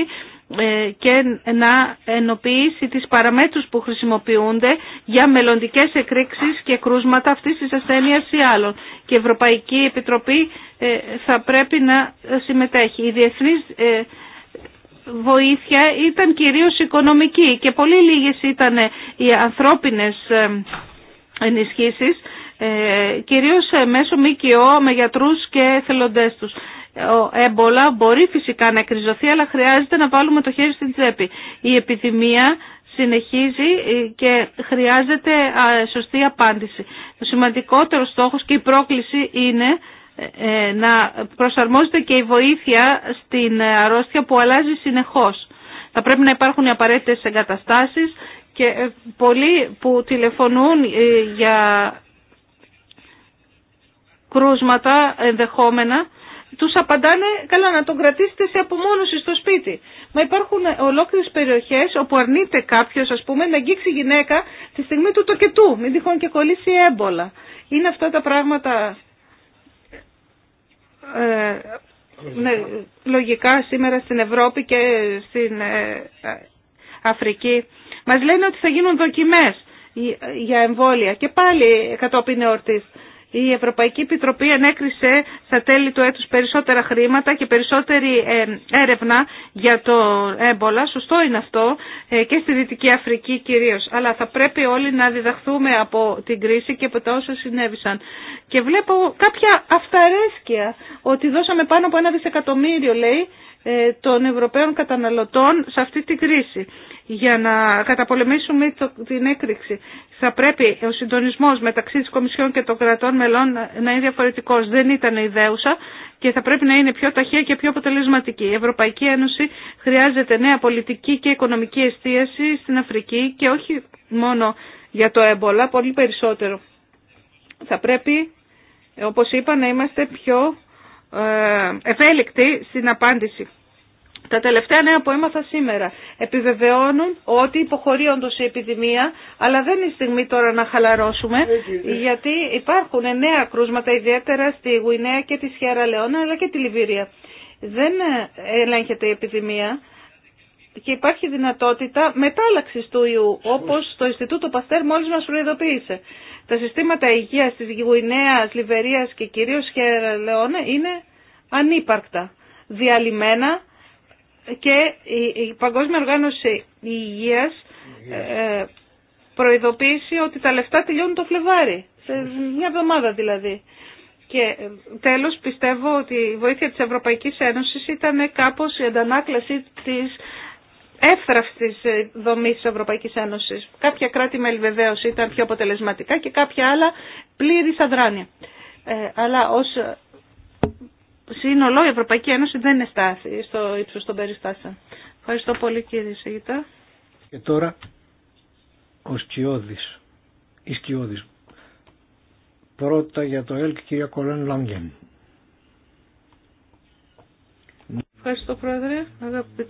ε, και να ενοποιήσει τις παραμέτρους που χρησιμοποιούνται για μελλοντικές εκρήξεις και κρούσματα αυτής της ασθένειας ή άλλων. Και η Ευρωπαϊκή Επιτροπή ε, θα πρέπει να συμμετέχει. Η διεθνής ε, βοήθεια ήταν κυρίως οικονομική και πολύ λίγες ήταν οι ανθρώπινες ενισχύσεις ε, κυρίως ε, μέσω ΜΚΟ με γιατρούς και θελοντές τους. Ο έμπολα μπορεί φυσικά να εκριζωθεί, αλλά χρειάζεται να βάλουμε το χέρι στην τσέπη. Η επιδημία συνεχίζει ε, και χρειάζεται σωστή απάντηση. Το σημαντικότερο στόχος και η πρόκληση είναι ε, να προσαρμόζεται και η βοήθεια στην αρρώστια που αλλάζει συνεχώς. Θα πρέπει να υπάρχουν οι απαραίτητες εγκαταστάσεις και πολλοί που τηλεφωνούν για κρούσματα ενδεχόμενα, τους απαντάνε καλά να τον κρατήσετε σε απομόνωση στο σπίτι. Μα υπάρχουν ολόκληρες περιοχές όπου αρνείται κάποιος ας πούμε να αγγίξει γυναίκα τη στιγμή του τοκετού, μην τυχόν και κολλήσει έμπολα. Είναι αυτά τα πράγματα ε, ναι, λογικά σήμερα στην Ευρώπη και στην ε, Αφρική. Μας λένε ότι θα γίνουν δοκιμές για εμβόλια και πάλι κατόπιν εορτής. Η Ευρωπαϊκή Επιτροπή ανέκρισε στα τέλη του έτους περισσότερα χρήματα και περισσότερη ε, έρευνα για το έμπολα. Σωστό είναι αυτό ε, και στη Δυτική Αφρική κυρίως. Αλλά θα πρέπει όλοι να διδαχθούμε από την κρίση και από τα όσα συνέβησαν. Και βλέπω κάποια αυταρέσκεια ότι δώσαμε πάνω από ένα δισεκατομμύριο λέει ε, των Ευρωπαίων καταναλωτών σε αυτή την κρίση για να καταπολεμήσουμε την έκρηξη. Θα πρέπει ο συντονισμός μεταξύ της Κομισιόν και των κρατών μελών να είναι διαφορετικό. Δεν ήταν ιδέουσα και θα πρέπει να είναι πιο ταχεία και πιο αποτελεσματική. Η Ευρωπαϊκή Ένωση χρειάζεται νέα πολιτική και οικονομική εστίαση στην Αφρική και όχι μόνο για το έμπολα, πολύ περισσότερο. Θα πρέπει, όπως είπα, να είμαστε πιο ε, ευέλικτοι στην απάντηση. Τα τελευταία νέα που έμαθα σήμερα επιβεβαιώνουν ότι υποχωρεί όντως η επιδημία, αλλά δεν είναι η στιγμή τώρα να χαλαρώσουμε, γιατί υπάρχουν νέα κρούσματα, ιδιαίτερα στη Γουινέα και τη Σιέρα Λεώνα, αλλά και τη Λιβυρία. Δεν ε, ελέγχεται η επιδημία και υπάρχει δυνατότητα μετάλλαξης του ιού, όπως το Ινστιτούτο Παστέρ μόλις μας προειδοποίησε. Τα συστήματα υγείας της Γουινέας, Λιβερία και κυρίως Σιέρα Λεώνα είναι ανύπαρκτα, διαλυμένα, και η Παγκόσμια Οργάνωση Υγείας ε, προειδοποίησε ότι τα λεφτά τελειώνουν το Φλεβάρι, σε μια εβδομάδα δηλαδή. Και ε, τέλος πιστεύω ότι η βοήθεια της Ευρωπαϊκής Ένωσης ήταν κάπως η αντανάκλαση της εύθραυστης ε, δομής της Ευρωπαϊκής Ένωσης. Κάποια κράτη-μέλη βεβαίω ήταν πιο αποτελεσματικά και κάποια άλλα πλήρης αδράνεια. αλλά ως σύνολο η Ευρωπαϊκή Ένωση δεν είναι στάθη στο ύψος των περιστάσεων. Ευχαριστώ πολύ κύριε Σεγητά. Και τώρα ο Σκιώδης, η Σκιώδης. Πρώτα για το ΕΛΚ κυρία Κολέν Λάγκεν. Ευχαριστώ Πρόεδρε, αγαπητοί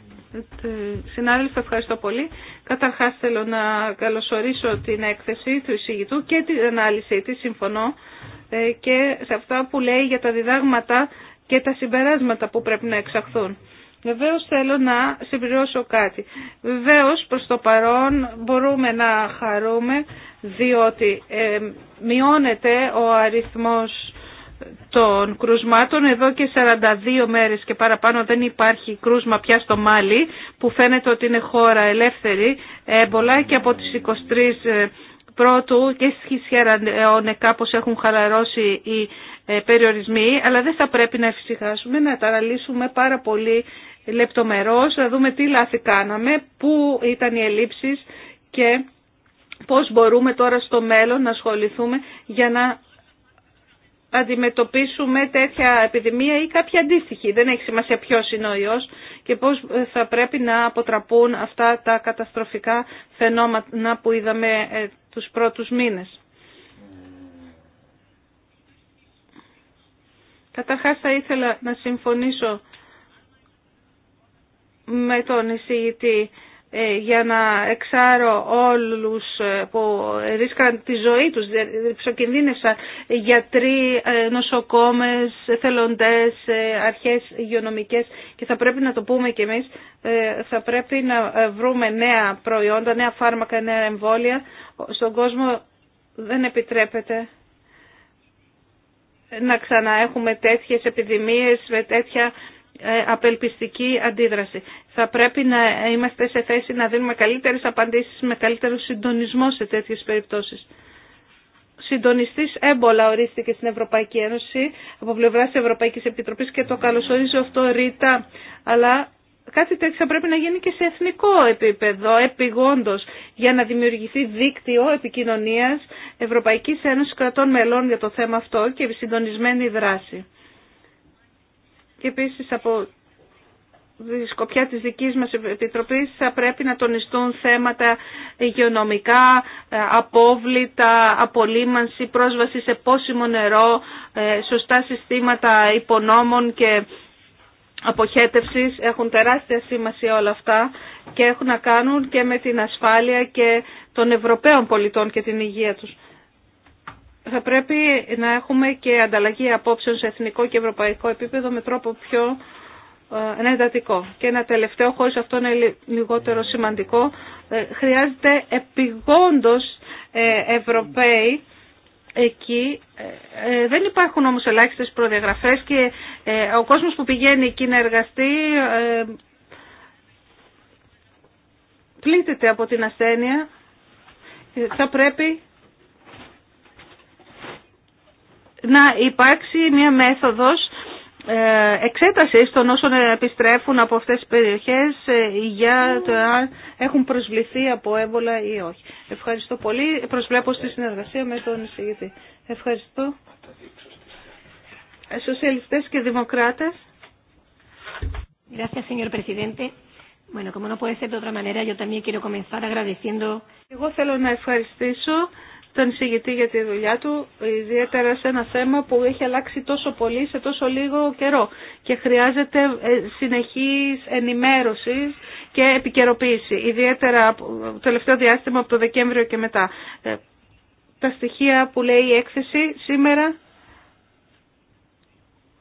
συνάδελφοι, ευχαριστώ πολύ. Καταρχάς θέλω να καλωσορίσω την έκθεση του εισηγητού και την ανάλυση της, συμφωνώ, ε, και σε αυτά που λέει για τα διδάγματα και τα συμπεράσματα που πρέπει να εξαχθούν. Βεβαίω θέλω να συμπληρώσω κάτι. Βεβαίω προς το παρόν μπορούμε να χαρούμε διότι ε, μειώνεται ο αριθμός των κρουσμάτων. Εδώ και 42 μέρες και παραπάνω δεν υπάρχει κρούσμα πια στο Μάλι που φαίνεται ότι είναι χώρα ελεύθερη έμπολα και από τις 23 ε, πρώτου και στις Χισιαρανεώνε κάπως έχουν χαλαρώσει οι ε, περιορισμοί, αλλά δεν θα πρέπει να εφησυχάσουμε, να τα αναλύσουμε πάρα πολύ λεπτομερώς, να δούμε τι λάθη κάναμε, πού ήταν οι ελλείψεις και πώς μπορούμε τώρα στο μέλλον να ασχοληθούμε για να αντιμετωπίσουμε τέτοια επιδημία ή κάποια αντίστοιχη. Δεν έχει σημασία ποιος είναι ο ιός και πώς θα πρέπει να αποτραπούν αυτά τα καταστροφικά φαινόμενα που είδαμε ε, τους πρώτους μήνες. Καταρχάς θα ήθελα να συμφωνήσω με τον εισηγητή ε, για να εξάρω όλους ε, που ρίσκαν τη ζωή τους, ψοκινδύνευσαν γιατροί, ε, νοσοκόμες, θελοντές, αρχές υγειονομικές και θα πρέπει να το πούμε κι εμείς, θα πρέπει να βρούμε νέα προϊόντα, νέα φάρμακα, νέα εμβόλια. Στον κόσμο δεν επιτρέπεται να ξαναέχουμε τέτοιες επιδημίες με τέτοια ε, απελπιστική αντίδραση. Θα πρέπει να είμαστε σε θέση να δίνουμε καλύτερες απαντήσεις με καλύτερο συντονισμό σε τέτοιες περιπτώσεις. Συντονιστή έμπολα ορίστηκε στην Ευρωπαϊκή Ένωση από πλευρά τη Ευρωπαϊκή Επιτροπή και το καλωσορίζω αυτό ρίτα, αλλά κάτι τέτοιο θα πρέπει να γίνει και σε εθνικό επίπεδο, επιγόντως, για να δημιουργηθεί δίκτυο επικοινωνίας Ευρωπαϊκής Ένωσης Κρατών Μελών για το θέμα αυτό και συντονισμένη δράση. Και επίσης από τη σκοπιά της δικής μας Επιτροπής θα πρέπει να τονιστούν θέματα υγειονομικά, απόβλητα, απολύμανση, πρόσβαση σε πόσιμο νερό, ε, σωστά συστήματα υπονόμων και αποχέτευσης έχουν τεράστια σημασία όλα αυτά και έχουν να κάνουν και με την ασφάλεια και των Ευρωπαίων πολιτών και την υγεία τους. Θα πρέπει να έχουμε και ανταλλαγή απόψεων σε εθνικό και ευρωπαϊκό επίπεδο με τρόπο πιο εντατικό. Και ένα τελευταίο, χωρίς αυτό είναι λιγότερο σημαντικό, ε, χρειάζεται επιγόντως ε, Ευρωπαίοι Εκεί ε, ε, δεν υπάρχουν όμως ελάχιστες προδιαγραφές και ε, ο κόσμος που πηγαίνει εκεί να εργαστεί πλήττεται από την ασθένεια. Θα πρέπει να υπάρξει μια μέθοδος ε, εξέταση των όσων επιστρέφουν από αυτές τις περιοχές ε, για το αν έχουν προσβληθεί από έβολα ή όχι. Ευχαριστώ πολύ. Προσβλέπω στη συνεργασία με τον εισηγητή. Ευχαριστώ. Ε, σοσιαλιστές και Δημοκράτες. Gracias, señor presidente. Bueno, como no puede ser de otra manera, yo también quiero comenzar agradeciendo. Εγώ θέλω να ευχαριστήσω τον εισηγητή για τη δουλειά του, ιδιαίτερα σε ένα θέμα που έχει αλλάξει τόσο πολύ σε τόσο λίγο καιρό και χρειάζεται ε, συνεχής ενημέρωσης και επικαιροποίηση, ιδιαίτερα το τελευταίο διάστημα από το Δεκέμβριο και μετά. Ε, τα στοιχεία που λέει η έκθεση σήμερα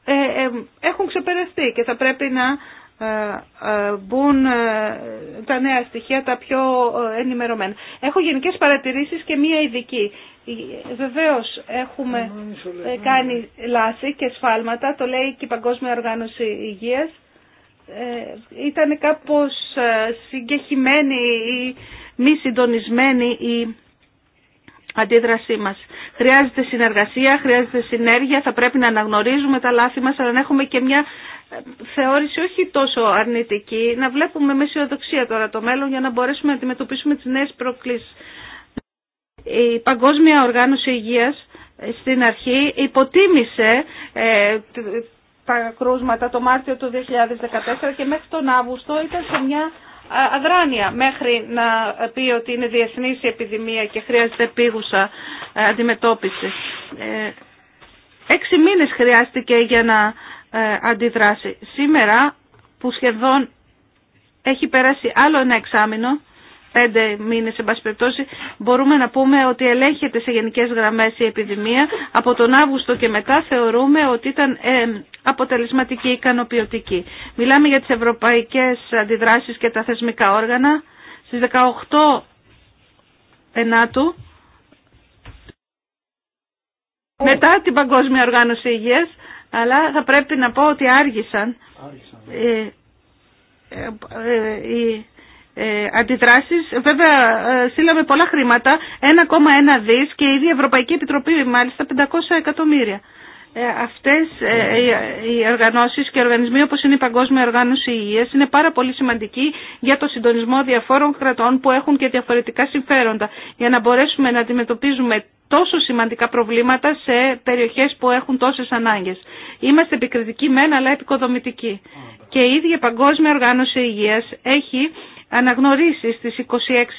ε, έχουν ξεπεραστεί και θα πρέπει να μπουν ε, τα νέα στοιχεία, τα πιο ε, ενημερωμένα. Έχω γενικές παρατηρήσεις και μία ειδική. Βεβαίως έχουμε ε, κάνει λάση και σφάλματα, το λέει και η Παγκόσμια Οργάνωση Υγείας. Ήταν κάπως συγκεχημένη ή μη συντονισμένη η αντίδρασή μας. Χρειάζεται συνεργασία, χρειάζεται συνέργεια, θα πρέπει να αναγνωρίζουμε τα λάθη μας, αλλά να έχουμε και μια ε, θεώρηση όχι τόσο αρνητική, να βλέπουμε με αισιοδοξία τώρα το μέλλον για να μπορέσουμε να αντιμετωπίσουμε τις νέες προκλήσεις. Η Παγκόσμια Οργάνωση Υγείας ε, στην αρχή υποτίμησε ε, τα κρούσματα το Μάρτιο του 2014 και μέχρι τον Αύγουστο ήταν σε μια αδράνεια μέχρι να πει ότι είναι διεθνής η επιδημία και χρειάζεται επίγουσα ε, αντιμετώπιση. Ε, έξι μήνες χρειάστηκε για να ε, αντιδράσει. Σήμερα που σχεδόν έχει περάσει άλλο ένα εξάμεινο, πέντε μήνες, σε μπορούμε να πούμε ότι ελέγχεται σε γενικές γραμμές η επιδημία. Από τον Αύγουστο και μετά θεωρούμε ότι ήταν ε, αποτελεσματική, ικανοποιητική. Μιλάμε για τις ευρωπαϊκές αντιδράσεις και τα θεσμικά όργανα. Στις 18 Ενάτου, μετά την Παγκόσμια Οργάνωση Υγείας, αλλά θα πρέπει να πω ότι άργησαν, άργησαν. Ναι. Ε, ε, οι ε, αντιδράσεις. Βέβαια, ε, στείλαμε πολλά χρήματα, 1,1 δις και η ίδια Ευρωπαϊκή Επιτροπή μάλιστα 500 εκατομμύρια. Ε, αυτές οι οργανώσεις και οργανισμοί όπως είναι η Παγκόσμια Οργάνωση Υγείας είναι πάρα πολύ σημαντικοί για το συντονισμό διαφόρων κρατών που έχουν και διαφορετικά συμφέροντα για να μπορέσουμε να αντιμετωπίζουμε τόσο σημαντικά προβλήματα σε περιοχές που έχουν τόσες ανάγκες. Είμαστε επικριτικοί μεν αλλά επικοδομητικοί. Και η ίδια Παγκόσμια Οργάνωση Υγείας έχει αναγνωρίσει στις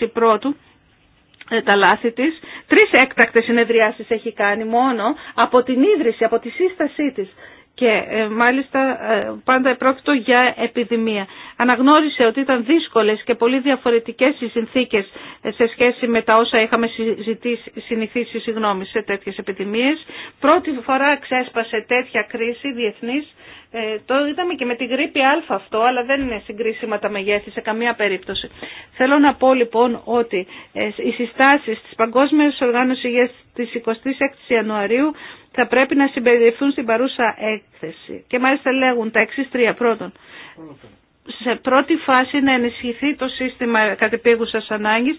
26 πρώτου ε, τα λάθη της. Τρεις έκτακτες συνεδριάσεις έχει κάνει μόνο από την ίδρυση, από τη σύστασή της. Και ε, μάλιστα ε, πάντα επρόκειτο για επιδημία. Αναγνώρισε ότι ήταν δύσκολες και πολύ διαφορετικές οι συνθήκες σε σχέση με τα όσα είχαμε συζητήσει, συνηθίσει συγγνώμη, σε τέτοιες επιδημίες. Πρώτη φορά ξέσπασε τέτοια κρίση διεθνής ε, το είδαμε και με την γρήπη α αυτό, αλλά δεν είναι συγκρίσιμα τα μεγέθη σε καμία περίπτωση. Θέλω να πω λοιπόν ότι ε, οι συστάσει, της Παγκόσμια οργάνωση Υγεία τη 26 Ιανουαρίου θα πρέπει να συμπεριληφθούν στην παρούσα έκθεση. Και μάλιστα λέγουν τα εξή τρία. Πρώτον, σε πρώτη φάση να ενισχυθεί το σύστημα κατεπίγουσα ανάγκης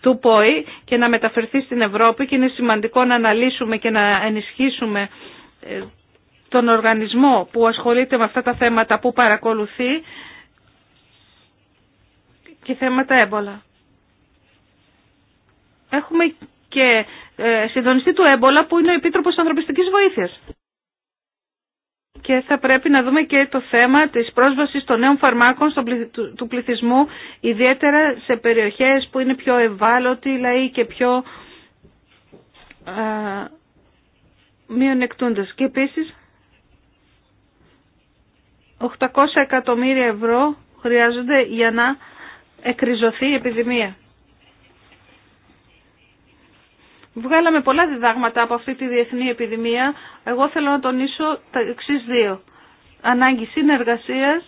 του ΠΟΗ και να μεταφερθεί στην Ευρώπη και είναι σημαντικό να αναλύσουμε και να ενισχύσουμε ε, τον οργανισμό που ασχολείται με αυτά τα θέματα που παρακολουθεί και θέματα έμπολα. Έχουμε και ε, συντονιστή του έμπολα που είναι ο Επίτροπος Ανθρωπιστικής Βοήθειας. Και θα πρέπει να δούμε και το θέμα της πρόσβασης των νέων φαρμάκων του πληθυσμού, ιδιαίτερα σε περιοχές που είναι πιο ευάλωτοι λαοί και πιο ε, μειονεκτούντες. Και επίσης 800 εκατομμύρια ευρώ χρειάζονται για να εκριζωθεί η επιδημία. Βγάλαμε πολλά διδάγματα από αυτή τη διεθνή επιδημία. Εγώ θέλω να τονίσω τα εξή δύο. Ανάγκη συνεργασίας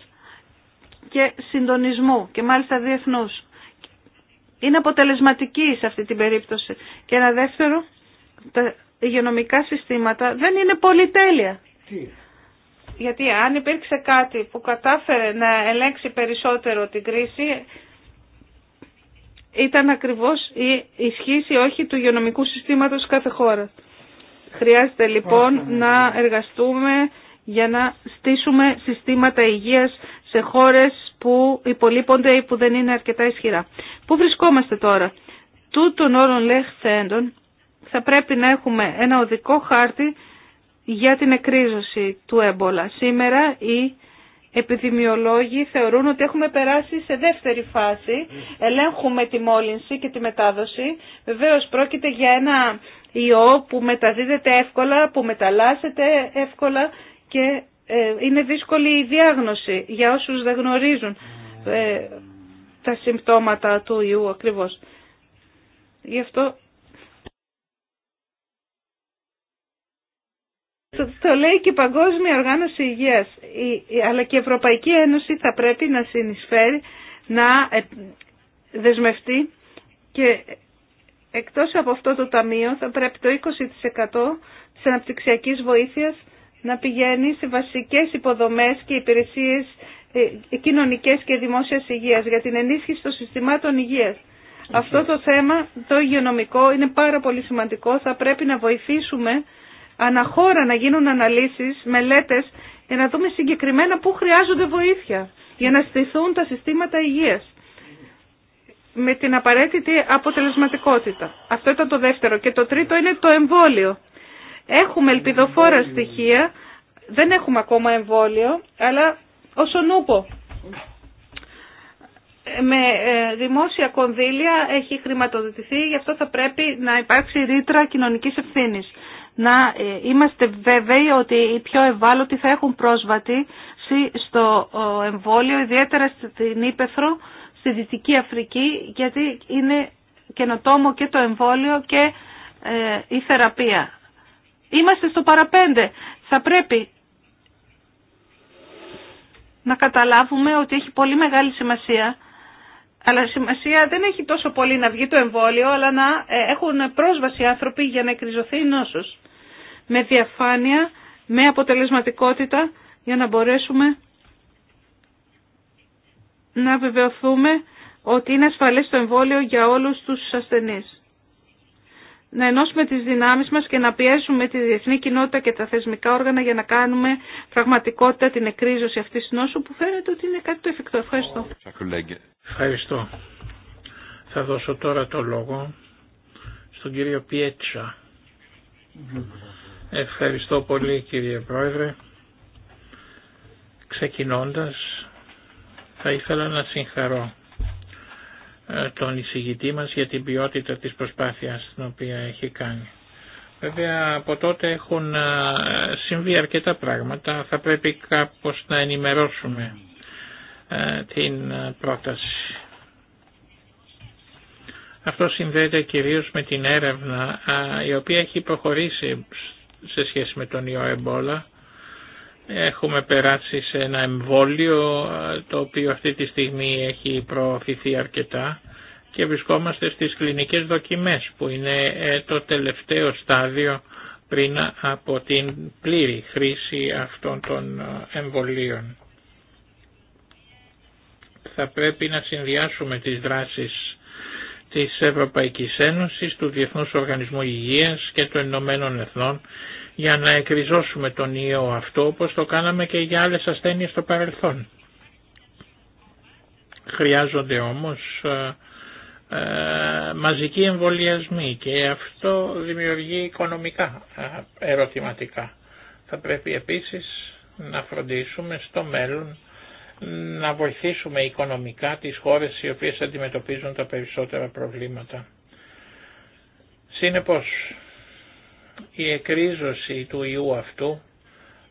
και συντονισμού και μάλιστα διεθνούς. Είναι αποτελεσματική σε αυτή την περίπτωση. Και ένα δεύτερο, τα υγειονομικά συστήματα δεν είναι πολυτέλεια. Γιατί αν υπήρξε κάτι που κατάφερε να ελέγξει περισσότερο την κρίση, ήταν ακριβώς η ισχύση όχι του υγειονομικού συστήματος κάθε χώρα. Χρειάζεται λοιπόν να εργαστούμε για να στήσουμε συστήματα υγείας σε χώρες που υπολείπονται ή που δεν είναι αρκετά ισχυρά. Πού βρισκόμαστε τώρα. Τούτων όρων λέχθεντων θα πρέπει να έχουμε ένα οδικό χάρτη για την εκρίζωση του έμπολα. Σήμερα οι επιδημιολόγοι θεωρούν ότι έχουμε περάσει σε δεύτερη φάση, ελέγχουμε τη μόλυνση και τη μετάδοση. Βεβαίως πρόκειται για ένα ιό που μεταδίδεται εύκολα, που μεταλλάσσεται εύκολα και ε, είναι δύσκολη η διάγνωση για όσους δεν γνωρίζουν ε, τα συμπτώματα του ιού ακριβώς. Γι' αυτό Το λέει και η Παγκόσμια Οργάνωση Υγείας, αλλά και η Ευρωπαϊκή Ένωση θα πρέπει να συνεισφέρει, να ε, δεσμευτεί και εκτός από αυτό το ταμείο θα πρέπει το 20% της αναπτυξιακής βοήθειας να πηγαίνει σε βασικές υποδομές και υπηρεσίες ε, ε, κοινωνικές και δημόσιας υγείας για την ενίσχυση των συστημάτων υγείας. Αυτό το θέμα, το υγειονομικό, είναι πάρα πολύ σημαντικό. Θα πρέπει να βοηθήσουμε αναχώρα να γίνουν αναλύσεις, μελέτες για να δούμε συγκεκριμένα πού χρειάζονται βοήθεια για να στηθούν τα συστήματα υγείας με την απαραίτητη αποτελεσματικότητα. Αυτό ήταν το δεύτερο. Και το τρίτο είναι το εμβόλιο. Έχουμε ελπιδοφόρα στοιχεία, δεν έχουμε ακόμα εμβόλιο, αλλά όσο ούπο. Με ε, δημόσια κονδύλια έχει χρηματοδοτηθεί, γι' αυτό θα πρέπει να υπάρξει ρήτρα κοινωνικής ευθύνης να ε, είμαστε βέβαιοι ότι οι πιο ευάλωτοι θα έχουν πρόσβατη στο εμβόλιο, ιδιαίτερα στην Ήπεθρο, στη Δυτική Αφρική, γιατί είναι καινοτόμο και το εμβόλιο και ε, η θεραπεία. Είμαστε στο παραπέντε. Θα πρέπει να καταλάβουμε ότι έχει πολύ μεγάλη σημασία αλλά σημασία δεν έχει τόσο πολύ να βγει το εμβόλιο, αλλά να ε, έχουν πρόσβαση άνθρωποι για να εκριζωθεί η νόσος. Με διαφάνεια, με αποτελεσματικότητα, για να μπορέσουμε να βεβαιωθούμε ότι είναι ασφαλές το εμβόλιο για όλους τους ασθενείς. Να ενώσουμε τις δυνάμεις μας και να πιέσουμε τη διεθνή κοινότητα και τα θεσμικά όργανα για να κάνουμε πραγματικότητα την εκρίζωση αυτής της νόσου που φαίνεται ότι είναι κάτι το εφικτό. Ευχαριστώ. Ευχαριστώ. Θα δώσω τώρα το λόγο στον κύριο Πιέτσα. Ευχαριστώ πολύ κύριε Πρόεδρε. Ξεκινώντας θα ήθελα να συγχαρώ ε, τον εισηγητή μας για την ποιότητα της προσπάθειας την οποία έχει κάνει. Βέβαια από τότε έχουν ε, συμβεί αρκετά πράγματα, θα πρέπει κάπως να ενημερώσουμε ε, την ε, πρόταση. Αυτό συνδέεται κυρίως με την έρευνα ε, η οποία έχει προχωρήσει σε σχέση με τον ιό εμπόλα. Έχουμε περάσει σε ένα εμβόλιο το οποίο αυτή τη στιγμή έχει προωθηθεί αρκετά και βρισκόμαστε στις κλινικές δοκιμές που είναι το τελευταίο στάδιο πριν από την πλήρη χρήση αυτών των εμβολίων θα πρέπει να συνδυάσουμε τις δράσεις της Ευρωπαϊκής Ένωσης, του Διεθνούς Οργανισμού Υγείας και των Ηνωμένων Εθνών για να εκριζώσουμε τον ιό αυτό όπως το κάναμε και για άλλες ασθένειες στο παρελθόν. Χρειάζονται όμως ε, ε, μαζικοί εμβολιασμοί και αυτό δημιουργεί οικονομικά ε, ερωτηματικά. Θα πρέπει επίσης να φροντίσουμε στο μέλλον να βοηθήσουμε οικονομικά τις χώρες οι οποίες αντιμετωπίζουν τα περισσότερα προβλήματα. Σύνεπως, η εκρίζωση του ιού αυτού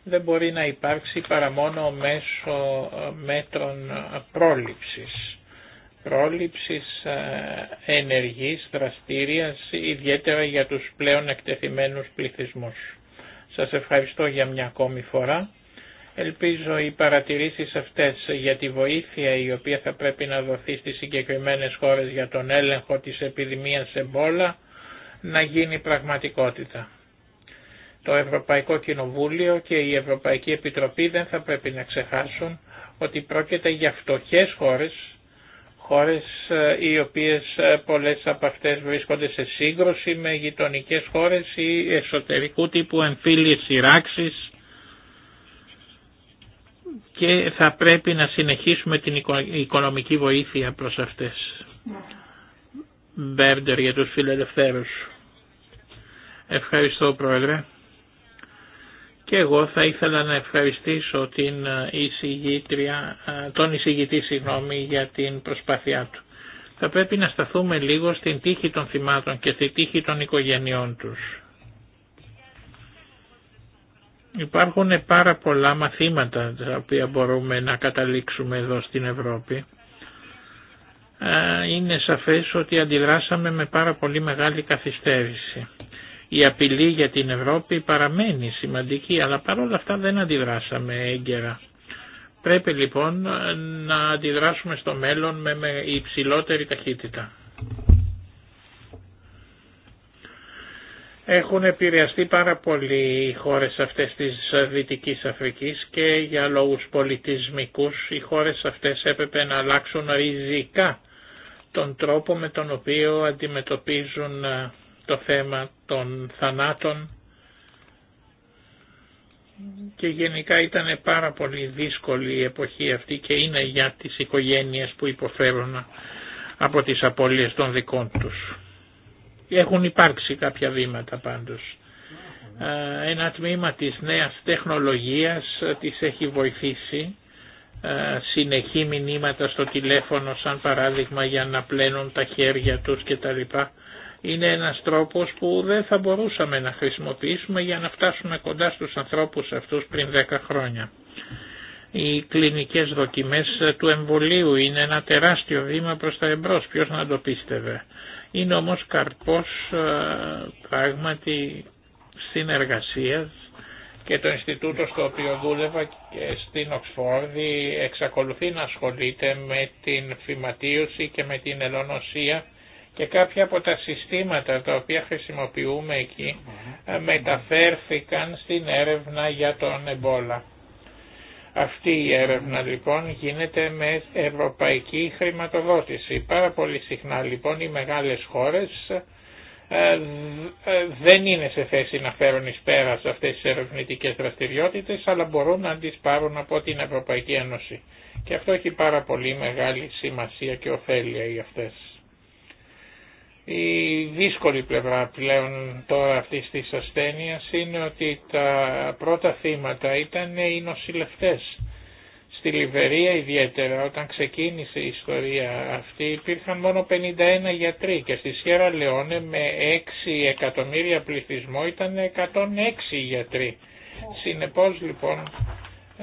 δεν μπορεί να υπάρξει παρά μόνο μέσω ε, μέτρων ε, πρόληψης. Πρόληψης ε, ενεργής, δραστήριας, ιδιαίτερα για τους πλέον εκτεθειμένους πληθυσμούς. Σας ευχαριστώ για μια ακόμη φορά Ελπίζω οι παρατηρήσεις αυτές για τη βοήθεια η οποία θα πρέπει να δοθεί στις συγκεκριμένες χώρες για τον έλεγχο της επιδημίας εμπόλα να γίνει πραγματικότητα. Το Ευρωπαϊκό Κοινοβούλιο και η Ευρωπαϊκή Επιτροπή δεν θα πρέπει να ξεχάσουν ότι πρόκειται για φτωχές χώρες, χώρες ε, οι οποίες ε, πολλές από αυτές βρίσκονται σε σύγκρουση με γειτονικές χώρες ή εσωτερικού τύπου εμφύλιες σειράξεις και θα πρέπει να συνεχίσουμε την οικονομική βοήθεια προς αυτές. Μπέρντερ για τους φιλελευθέρους. Ευχαριστώ Πρόεδρε. Και εγώ θα ήθελα να ευχαριστήσω την ε, εισηγήτρια, ε, τον εισηγητή συγγνώμη, για την προσπάθειά του. Θα πρέπει να σταθούμε λίγο στην τύχη των θυμάτων και στη τύχη των οικογενειών τους. Υπάρχουν πάρα πολλά μαθήματα τα οποία μπορούμε να καταλήξουμε εδώ στην Ευρώπη. Ε, είναι σαφές ότι αντιδράσαμε με πάρα πολύ μεγάλη καθυστέρηση. Η απειλή για την Ευρώπη παραμένει σημαντική, αλλά παρόλα αυτά δεν αντιδράσαμε έγκαιρα. Πρέπει λοιπόν να αντιδράσουμε στο μέλλον με υψηλότερη ταχύτητα. Έχουν επηρεαστεί πάρα πολύ οι χώρες αυτές της Δυτικής Αφρικής και για λόγους πολιτισμικούς οι χώρες αυτές έπρεπε να αλλάξουν ριζικά τον τρόπο με τον οποίο αντιμετωπίζουν ε, το θέμα των θανάτων και γενικά ήταν πάρα πολύ δύσκολη η εποχή αυτή και είναι για τις οικογένειες που υποφέρουν από τις απώλειες των δικών τους. Έχουν υπάρξει κάποια βήματα πάντως. Ε, ένα τμήμα της νέας τεχνολογίας ε, της έχει βοηθήσει ε, συνεχή μηνύματα στο τηλέφωνο σαν παράδειγμα για να πλένουν τα χέρια τους κτλ. Είναι ένας τρόπος που δεν θα μπορούσαμε να χρησιμοποιήσουμε για να φτάσουμε κοντά στους ανθρώπους αυτούς πριν 10 χρόνια. Οι κλινικές δοκιμές του εμβολίου είναι ένα τεράστιο βήμα προς τα εμπρός, ποιος να το πίστευε. Είναι όμως καρπός ε, πράγματι συνεργασίας και το Ινστιτούτο στο οποίο δούλευα και στην Οξφόρδη εξακολουθεί να ασχολείται με την φυματίωση και με την ελονοσία και κάποια από τα συστήματα τα οποία χρησιμοποιούμε εκεί ε, μεταφέρθηκαν στην έρευνα για τον εμπόλα. Αυτή η έρευνα λοιπόν γίνεται με ευρωπαϊκή χρηματοδότηση. Πάρα πολύ συχνά λοιπόν οι μεγάλες χώρες ε, ε, δεν είναι σε θέση να φέρουν εις πέρα σε αυτές τις ερευνητικές δραστηριότητες αλλά μπορούν να τις πάρουν από την Ευρωπαϊκή Ένωση. Και αυτό έχει πάρα πολύ μεγάλη σημασία και ωφέλεια για αυτές. Η δύσκολη πλευρά πλέον τώρα αυτής της ασθένειας είναι ότι τα πρώτα θύματα ήταν οι νοσηλευτές. Στη Λιβερία ιδιαίτερα όταν ξεκίνησε η ιστορία αυτή υπήρχαν μόνο 51 γιατροί και στη Σιέρα Λεόνε με 6 εκατομμύρια πληθυσμό ήταν 106 γιατροί. Συνεπώς λοιπόν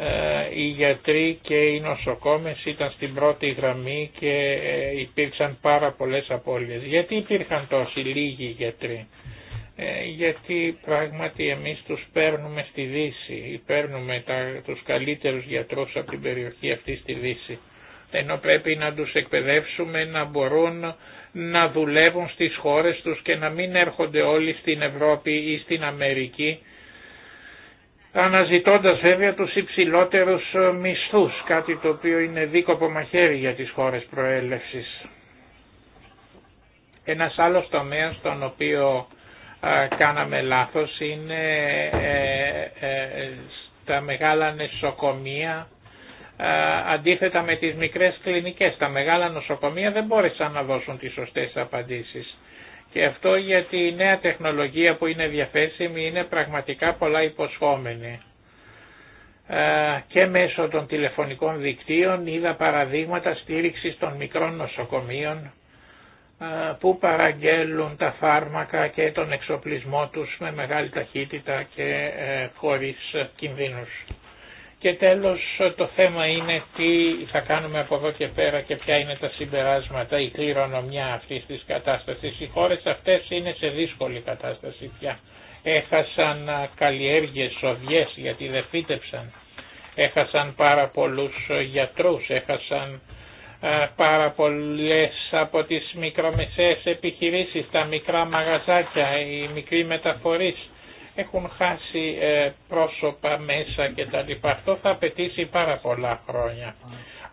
ε, οι γιατροί και οι νοσοκόμες ήταν στην πρώτη γραμμή και ε, υπήρξαν πάρα πολλές απώλειες. Γιατί υπήρχαν τόσοι λίγοι γιατροί. Ε, γιατί πράγματι εμείς τους παίρνουμε στη Δύση, παίρνουμε τα, τους καλύτερους γιατρούς από την περιοχή αυτή στη Δύση. Ενώ πρέπει να τους εκπαιδεύσουμε να μπορούν να δουλεύουν στις χώρες τους και να μην έρχονται όλοι στην Ευρώπη ή στην Αμερική αναζητώντας βέβαια τους υψηλότερους ε, μισθούς, κάτι το οποίο είναι δίκοπο μαχαίρι για τις χώρες προέλευσης. Ένας άλλος τομέας στον οποίο ε, κάναμε λάθος είναι ε, τα μεγάλα νοσοκομεία αντίθετα με τις μικρές κλινικές. Τα μεγάλα νοσοκομεία δεν μπόρεσαν να δώσουν τις σωστές απαντήσεις. Και αυτό γιατί η νέα τεχνολογία που είναι διαθέσιμη είναι πραγματικά πολλά υποσχόμενη. Ε, και μέσω των τηλεφωνικών δικτύων είδα παραδείγματα στήριξης των μικρών νοσοκομείων ε, που παραγγέλουν τα φάρμακα και τον εξοπλισμό τους με μεγάλη ταχύτητα και ε, χωρίς κινδύνους. Και τέλος το θέμα είναι τι θα κάνουμε από εδώ και πέρα και ποια είναι τα συμπεράσματα, η κληρονομιά αυτής της κατάστασης. Οι χώρες αυτές είναι σε δύσκολη κατάσταση πια. Έχασαν καλλιέργειες, σοβιές γιατί δεν φύτεψαν. Έχασαν πάρα πολλούς γιατρούς, έχασαν πάρα πολλές από τις μικρομεσαίες επιχειρήσεις, τα μικρά μαγαζάκια, οι μικροί μεταφορείς έχουν χάσει ε, πρόσωπα μέσα κτλ. Αυτό θα απαιτήσει πάρα πολλά χρόνια.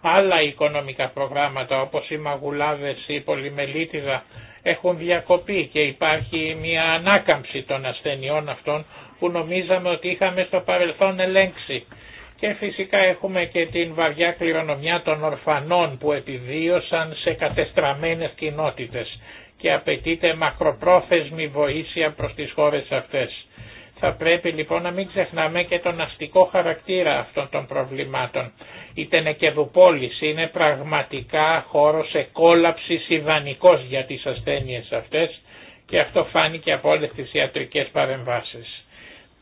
Άλλα οικονομικά προγράμματα όπως οι μαγουλάδες ή η πολυμελίτιδα έχουν διακοπεί και υπάρχει μια ανάκαμψη των ασθενειών αυτών που νομίζαμε ότι είχαμε στο παρελθόν ελέγξει. Και φυσικά έχουμε και την βαριά κληρονομιά των ορφανών που επιβίωσαν σε κατεστραμμένες κοινότητες και απαιτείται μακροπρόθεσμη βοήθεια προς τις χώρες αυτές. Θα πρέπει λοιπόν να μην ξεχνάμε και τον αστικό χαρακτήρα αυτών των προβλημάτων. Η Τενεκεδουπόλης είναι πραγματικά χώρος εκόλαψης ιδανικός για τις ασθένειες αυτές και αυτό φάνηκε από όλες τις ιατρικές παρεμβάσεις.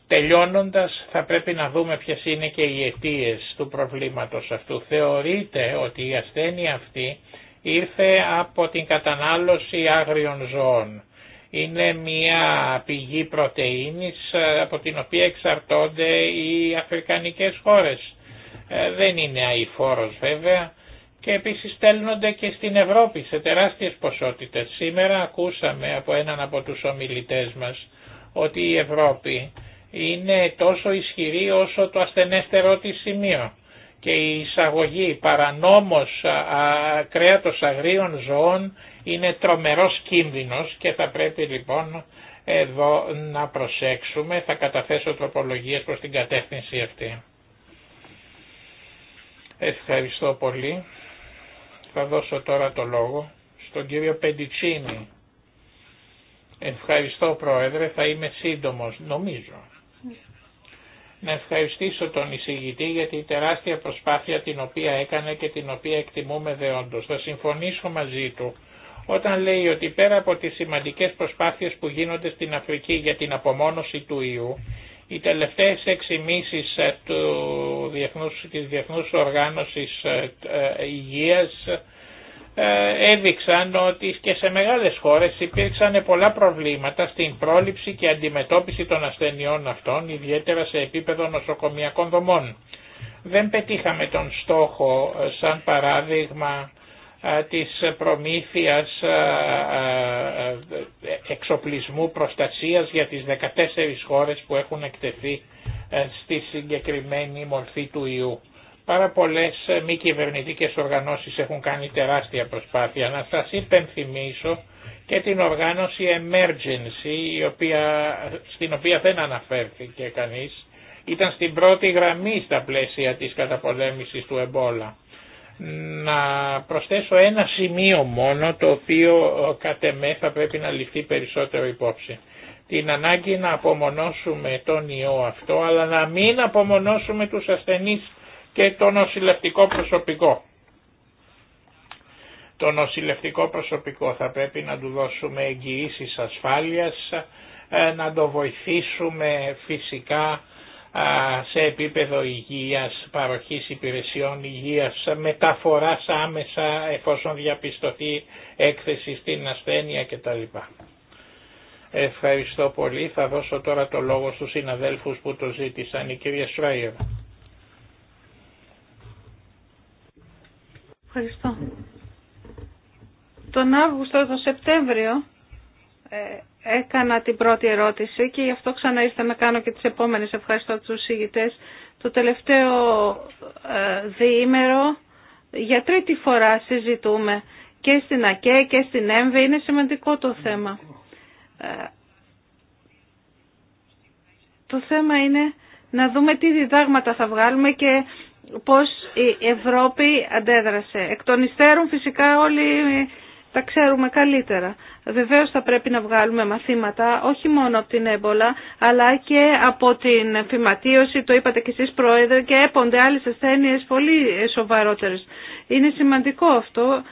Τελειώνοντας θα πρέπει να δούμε ποιες είναι και οι αιτίες του προβλήματος αυτού. Θεωρείται ότι η ασθένεια αυτή ήρθε από την κατανάλωση άγριων ζώων. Είναι μια πηγή πρωτεΐνης ε, από την οποία εξαρτώνται οι αφρικανικές χώρες. Ε, δεν είναι αηφόρος βέβαια και επίσης στέλνονται και στην Ευρώπη σε τεράστιες ποσότητες. Σήμερα ακούσαμε από έναν από τους ομιλητές μας ότι η Ευρώπη είναι τόσο ισχυρή όσο το ασθενέστερό της σημείο και η εισαγωγή παρανόμως κρέατος αγρίων ζώων είναι τρομερός κίνδυνος και θα πρέπει λοιπόν εδώ να προσέξουμε. Θα καταθέσω τροπολογίες προς την κατεύθυνση αυτή. Ευχαριστώ πολύ. Θα δώσω τώρα το λόγο στον κύριο Πεντιτσίνη. Ευχαριστώ Πρόεδρε, θα είμαι σύντομος νομίζω να ευχαριστήσω τον εισηγητή για τη τεράστια προσπάθεια την οποία έκανε και την οποία εκτιμούμε δεόντως. Θα συμφωνήσω μαζί του όταν λέει ότι πέρα από τις σημαντικές προσπάθειες που γίνονται στην Αφρική για την απομόνωση του ιού, οι τελευταίες εξημίσεις ε, του διεθνούς, της Διεθνούς Οργάνωσης ε, ε, Υγείας ε, έδειξαν ότι και σε μεγάλες χώρες υπήρξαν πολλά προβλήματα στην πρόληψη και αντιμετώπιση των ασθενειών αυτών, ιδιαίτερα σε επίπεδο νοσοκομιακών δομών. Δεν πετύχαμε τον στόχο, ε, σαν παράδειγμα, ε, της προμήθειας εξοπλισμού προστασίας για τις 14 χώρες που έχουν εκτεθεί στη συγκεκριμένη μορφή του ιού. Πάρα πολλέ ε, μη κυβερνητικέ οργανώσεις έχουν κάνει τεράστια προσπάθεια. Να σα υπενθυμίσω και την οργάνωση Emergency, η οποία, στην οποία δεν αναφέρθηκε κανείς, ήταν στην πρώτη γραμμή στα πλαίσια της καταπολέμησης του εμπόλα. Να προσθέσω ένα σημείο μόνο το οποίο ε, κατ' εμέ θα πρέπει να ληφθεί περισσότερο υπόψη. Την ανάγκη να απομονώσουμε τον ιό αυτό αλλά να μην απομονώσουμε τους ασθενείς και το νοσηλευτικό προσωπικό. Το νοσηλευτικό προσωπικό θα πρέπει να του δώσουμε εγγυήσεις ασφάλειας, ε, να το βοηθήσουμε φυσικά σε επίπεδο υγείας, παροχής υπηρεσιών υγείας, μεταφοράς άμεσα εφόσον διαπιστωθεί έκθεση στην ασθένεια κτλ. Ευχαριστώ πολύ. Θα δώσω τώρα το λόγο στους συναδέλφους που το ζήτησαν. Η κυρία σραιερ Ευχαριστώ. Τον Αύγουστο, τον Σεπτέμβριο, ε, έκανα την πρώτη ερώτηση και γι' αυτό ξανά να κάνω και τις επόμενες. Ευχαριστώ τους συγητές. Το τελευταίο ε, διήμερο για τρίτη φορά συζητούμε και στην ΑΚΕ και στην ΕΜΒΕ. Είναι σημαντικό το θέμα. Ε, το θέμα είναι να δούμε τι διδάγματα θα βγάλουμε και πώς η Ευρώπη αντέδρασε. Εκ των υστέρων φυσικά όλοι τα ξέρουμε καλύτερα. Βεβαίως θα πρέπει να βγάλουμε μαθήματα όχι μόνο από την έμπολα αλλά και από την φυματίωση, το είπατε και εσείς πρόεδρε και έπονται άλλες ασθένειες πολύ σοβαρότερες. Είναι σημαντικό αυτό.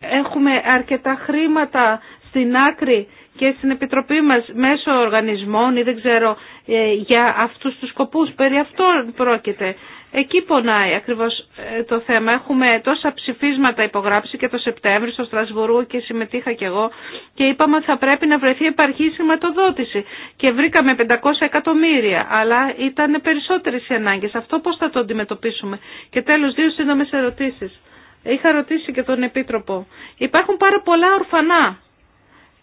Έχουμε αρκετά χρήματα στην άκρη και στην Επιτροπή μας μέσω οργανισμών ή δεν ξέρω ε, για αυτούς τους σκοπούς. Περί αυτών πρόκειται. Εκεί πονάει ακριβώς ε, το θέμα. Έχουμε τόσα ψηφίσματα υπογράψει και το Σεπτέμβριο στο Στρασβουρού και συμμετείχα κι εγώ και είπαμε ότι θα πρέπει να βρεθεί επαρχή σηματοδότηση και βρήκαμε 500 εκατομμύρια, αλλά ήταν περισσότερες οι ανάγκες. Αυτό πώς θα το αντιμετωπίσουμε. Και τέλος δύο σύντομες ερωτήσεις. Είχα ρωτήσει και τον Επίτροπο. Υπάρχουν πάρα πολλά ορφανά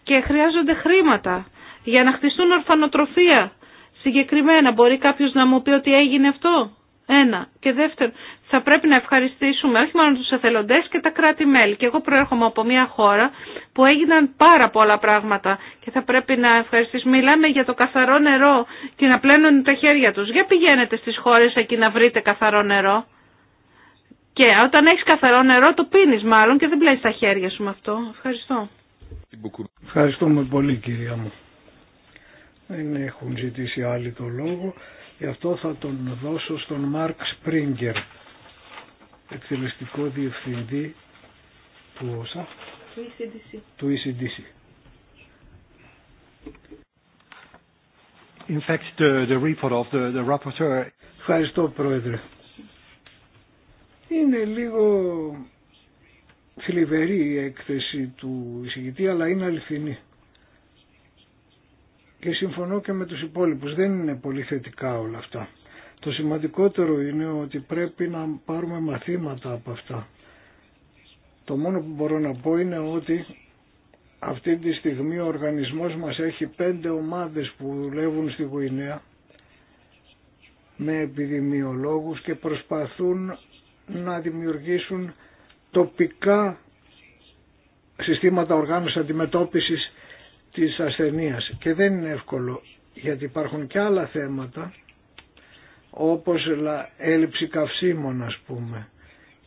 και χρειάζονται χρήματα για να χτιστούν ορφανοτροφία. Συγκεκριμένα μπορεί κάποιο να μου πει ότι έγινε αυτό. Ένα. Και δεύτερον, θα πρέπει να ευχαριστήσουμε όχι μόνο τους εθελοντές και τα κράτη-μέλη. Και εγώ προέρχομαι από μια χώρα που έγιναν πάρα πολλά πράγματα και θα πρέπει να ευχαριστήσουμε. Μιλάμε για το καθαρό νερό και να πλένουν τα χέρια τους. Για πηγαίνετε στις χώρες εκεί να βρείτε καθαρό νερό. Και όταν έχεις καθαρό νερό το πίνεις μάλλον και δεν πλένεις τα χέρια σου με αυτό. Ευχαριστώ. Ευχαριστούμε πολύ κυρία μου. Δεν έχουν ζητήσει άλλοι το λόγο. Γι' αυτό θα τον δώσω στον Μάρκ Σπρίγκερ, εκτελεστικό διευθυντή του ΩΣΑ, ECDC. E In fact, the, the report of the, the rapporteur... Ευχαριστώ, Πρόεδρε. Είναι λίγο θλιβερή η έκθεση του εισηγητή, αλλά είναι αληθινή και συμφωνώ και με τους υπόλοιπους. Δεν είναι πολύ θετικά όλα αυτά. Το σημαντικότερο είναι ότι πρέπει να πάρουμε μαθήματα από αυτά. Το μόνο που μπορώ να πω είναι ότι αυτή τη στιγμή ο οργανισμός μας έχει πέντε ομάδες που δουλεύουν στη Γουινέα με επιδημιολόγους και προσπαθούν να δημιουργήσουν τοπικά συστήματα οργάνωσης αντιμετώπισης της ασθενείας και δεν είναι εύκολο γιατί υπάρχουν και άλλα θέματα όπως έλλειψη καυσίμων ας πούμε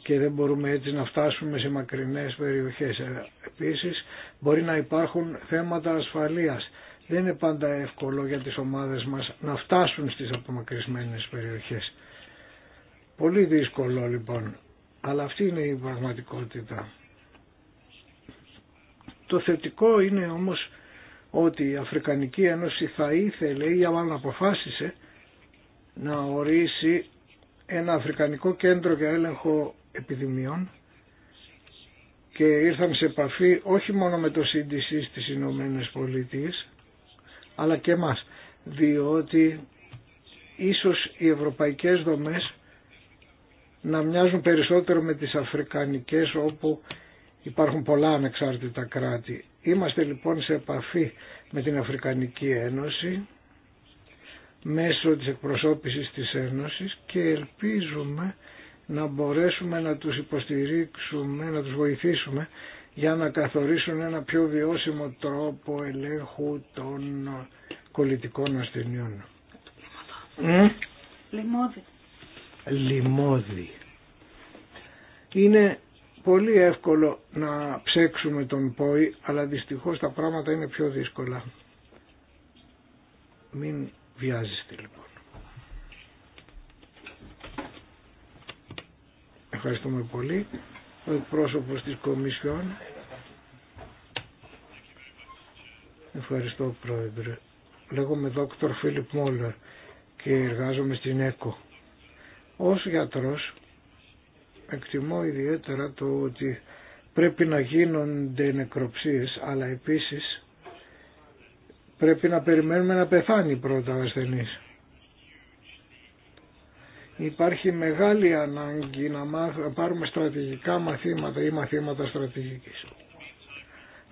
και δεν μπορούμε έτσι να φτάσουμε σε μακρινές περιοχές. Ε, επίσης μπορεί να υπάρχουν θέματα ασφαλείας. Δεν είναι πάντα εύκολο για τις ομάδες μας να φτάσουν στις απομακρυσμένες περιοχές. Πολύ δύσκολο λοιπόν, αλλά αυτή είναι η πραγματικότητα. Το θετικό είναι όμως ότι η Αφρικανική Ένωση θα ήθελε ή μάλλον αποφάσισε να ορίσει ένα Αφρικανικό κέντρο για έλεγχο επιδημιών και ήρθαμε σε επαφή όχι μόνο με το Σύντηση στις Ηνωμένε Πολιτείες αλλά και μας διότι ίσως οι ευρωπαϊκές δομές να μοιάζουν περισσότερο με τις αφρικανικές όπου Υπάρχουν πολλά ανεξάρτητα κράτη. Είμαστε λοιπόν σε επαφή με την Αφρικανική Ένωση μέσω της εκπροσώπησης της Ένωσης και ελπίζουμε να μπορέσουμε να τους υποστηρίξουμε, να τους βοηθήσουμε για να καθορίσουν ένα πιο βιώσιμο τρόπο ελέγχου των κολλητικών ασθενειών. Λιμόδι. Λιμόδι. Είναι πολύ εύκολο να ψέξουμε τον ΠΟΗ, αλλά δυστυχώς τα πράγματα είναι πιο δύσκολα. Μην βιάζεστε λοιπόν. Ευχαριστούμε πολύ. Ο εκπρόσωπος της Κομισιόν. Ευχαριστώ Πρόεδρε. Λέγομαι Δόκτωρ Φίλιπ Μόλλερ και εργάζομαι στην ΕΚΟ. Ως γιατρός εκτιμώ ιδιαίτερα το ότι πρέπει να γίνονται νεκροψίες αλλά επίσης πρέπει να περιμένουμε να πεθάνει πρώτα ο ασθενής. Υπάρχει μεγάλη ανάγκη να πάρουμε στρατηγικά μαθήματα ή μαθήματα στρατηγικής.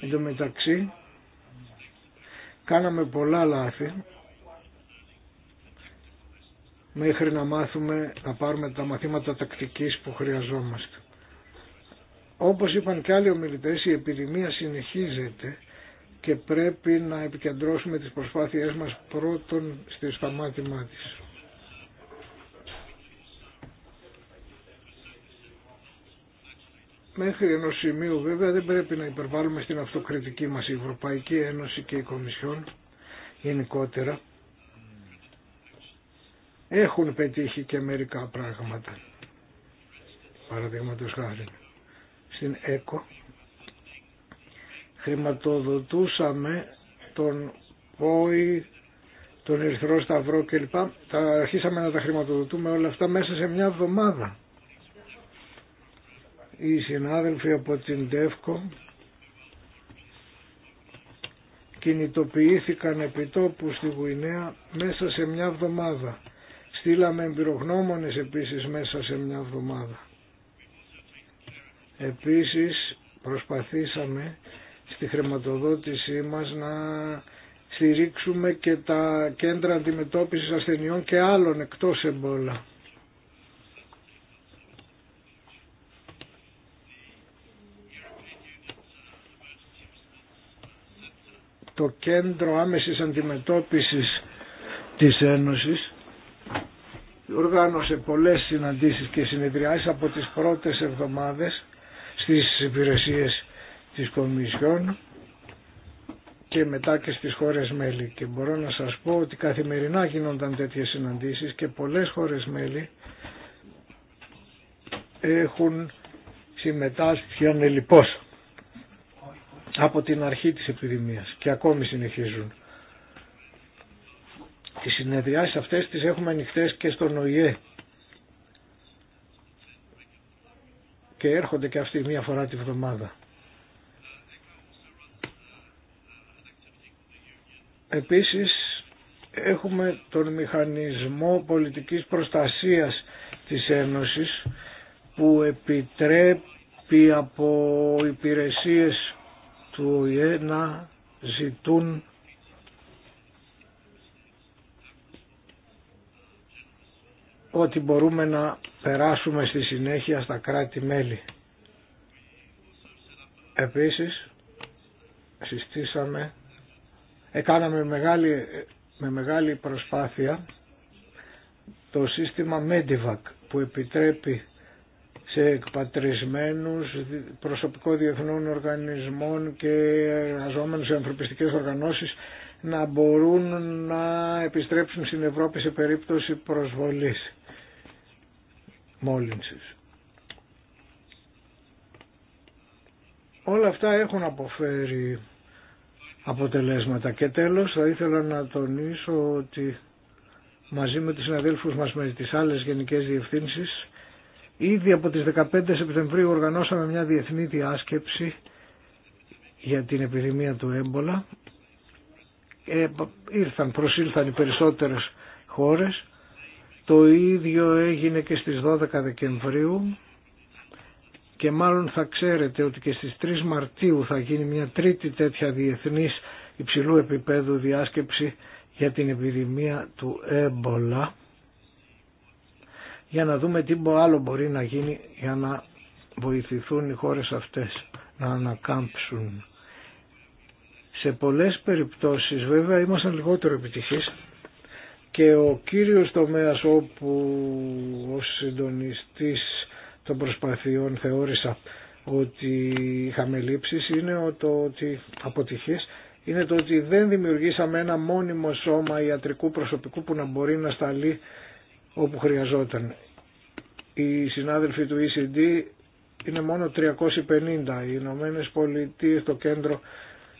Εν τω μεταξύ κάναμε πολλά λάθη μέχρι να μάθουμε να πάρουμε τα μαθήματα τακτικής που χρειαζόμαστε. Όπως είπαν και άλλοι ομιλητές, η επιδημία συνεχίζεται και πρέπει να επικεντρώσουμε τις προσπάθειές μας πρώτον στη σταμάτημά της. Μέχρι ενός σημείου βέβαια δεν πρέπει να υπερβάλλουμε στην αυτοκριτική μας η Ευρωπαϊκή Ένωση και η Κομισιόν γενικότερα έχουν πετύχει και μερικά πράγματα. Παραδείγματος χάρη. Στην ΕΚΟ χρηματοδοτούσαμε τον ΠΟΗ, τον Ερυθρό Σταυρό κλπ. Τα αρχίσαμε να τα χρηματοδοτούμε όλα αυτά μέσα σε μια εβδομάδα. Οι συνάδελφοι από την ΤΕΦΚΟ κινητοποιήθηκαν επιτόπου στη Γουινέα μέσα σε μια εβδομάδα Στείλαμε εμπειρογνώμονες επίσης μέσα σε μια εβδομάδα. Επίσης προσπαθήσαμε στη χρηματοδότησή μας να στηρίξουμε και τα κέντρα αντιμετώπισης ασθενειών και άλλων εκτός εμπόλα. Το κέντρο άμεσης αντιμετώπισης της Ένωσης οργάνωσε πολλές συναντήσεις και συνεδριάσεις από τις πρώτες εβδομάδες στις υπηρεσίες της Κομισιόν και μετά και στις χώρες μέλη και μπορώ να σας πω ότι καθημερινά γίνονταν τέτοιες συναντήσεις και πολλές χώρες μέλη έχουν συμμετάσχει ανελιπώς από την αρχή της επιδημίας και ακόμη συνεχίζουν. Τις συνεδριάσεις αυτές τις έχουμε ανοιχτέ και στον ΟΗΕ. Και έρχονται και αυτοί μία φορά τη βδομάδα. Επίσης έχουμε τον μηχανισμό πολιτικής προστασίας της Ένωσης που επιτρέπει από υπηρεσίες του ΟΗΕ να ζητούν ότι μπορούμε να περάσουμε στη συνέχεια στα κράτη-μέλη. Επίσης, συστήσαμε, έκαναμε μεγάλη, με μεγάλη προσπάθεια το σύστημα Medivac που επιτρέπει σε εκπατρισμένους προσωπικό διεθνών οργανισμών και εργαζόμενους σε ανθρωπιστικές οργανώσεις να μπορούν να επιστρέψουν στην Ευρώπη σε περίπτωση προσβολής μόλυνσης. Όλα αυτά έχουν αποφέρει αποτελέσματα και τέλος θα ήθελα να τονίσω ότι μαζί με τους συναδέλφους μας με τις άλλες γενικές διευθύνσεις ήδη από τις 15 Σεπτεμβρίου οργανώσαμε μια διεθνή διάσκεψη για την επιδημία του έμπολα ε, ήρθαν, προσήλθαν οι περισσότερες χώρες το ίδιο έγινε και στις 12 Δεκεμβρίου και μάλλον θα ξέρετε ότι και στις 3 Μαρτίου θα γίνει μια τρίτη τέτοια διεθνής υψηλού επίπεδου διάσκεψη για την επιδημία του έμπολα για να δούμε τι άλλο μπορεί να γίνει για να βοηθηθούν οι χώρες αυτές να ανακάμψουν. Σε πολλές περιπτώσεις βέβαια ήμασταν λιγότερο επιτυχείς και ο κύριος τομέας όπου ως συντονιστής των προσπαθειών θεώρησα ότι είχαμε λήψεις είναι το ότι αποτυχίες είναι το ότι δεν δημιουργήσαμε ένα μόνιμο σώμα ιατρικού προσωπικού που να μπορεί να σταλεί όπου χρειαζόταν. Οι συνάδελφοι του ECD είναι μόνο 350. Οι Ηνωμένε Πολιτείε, το κέντρο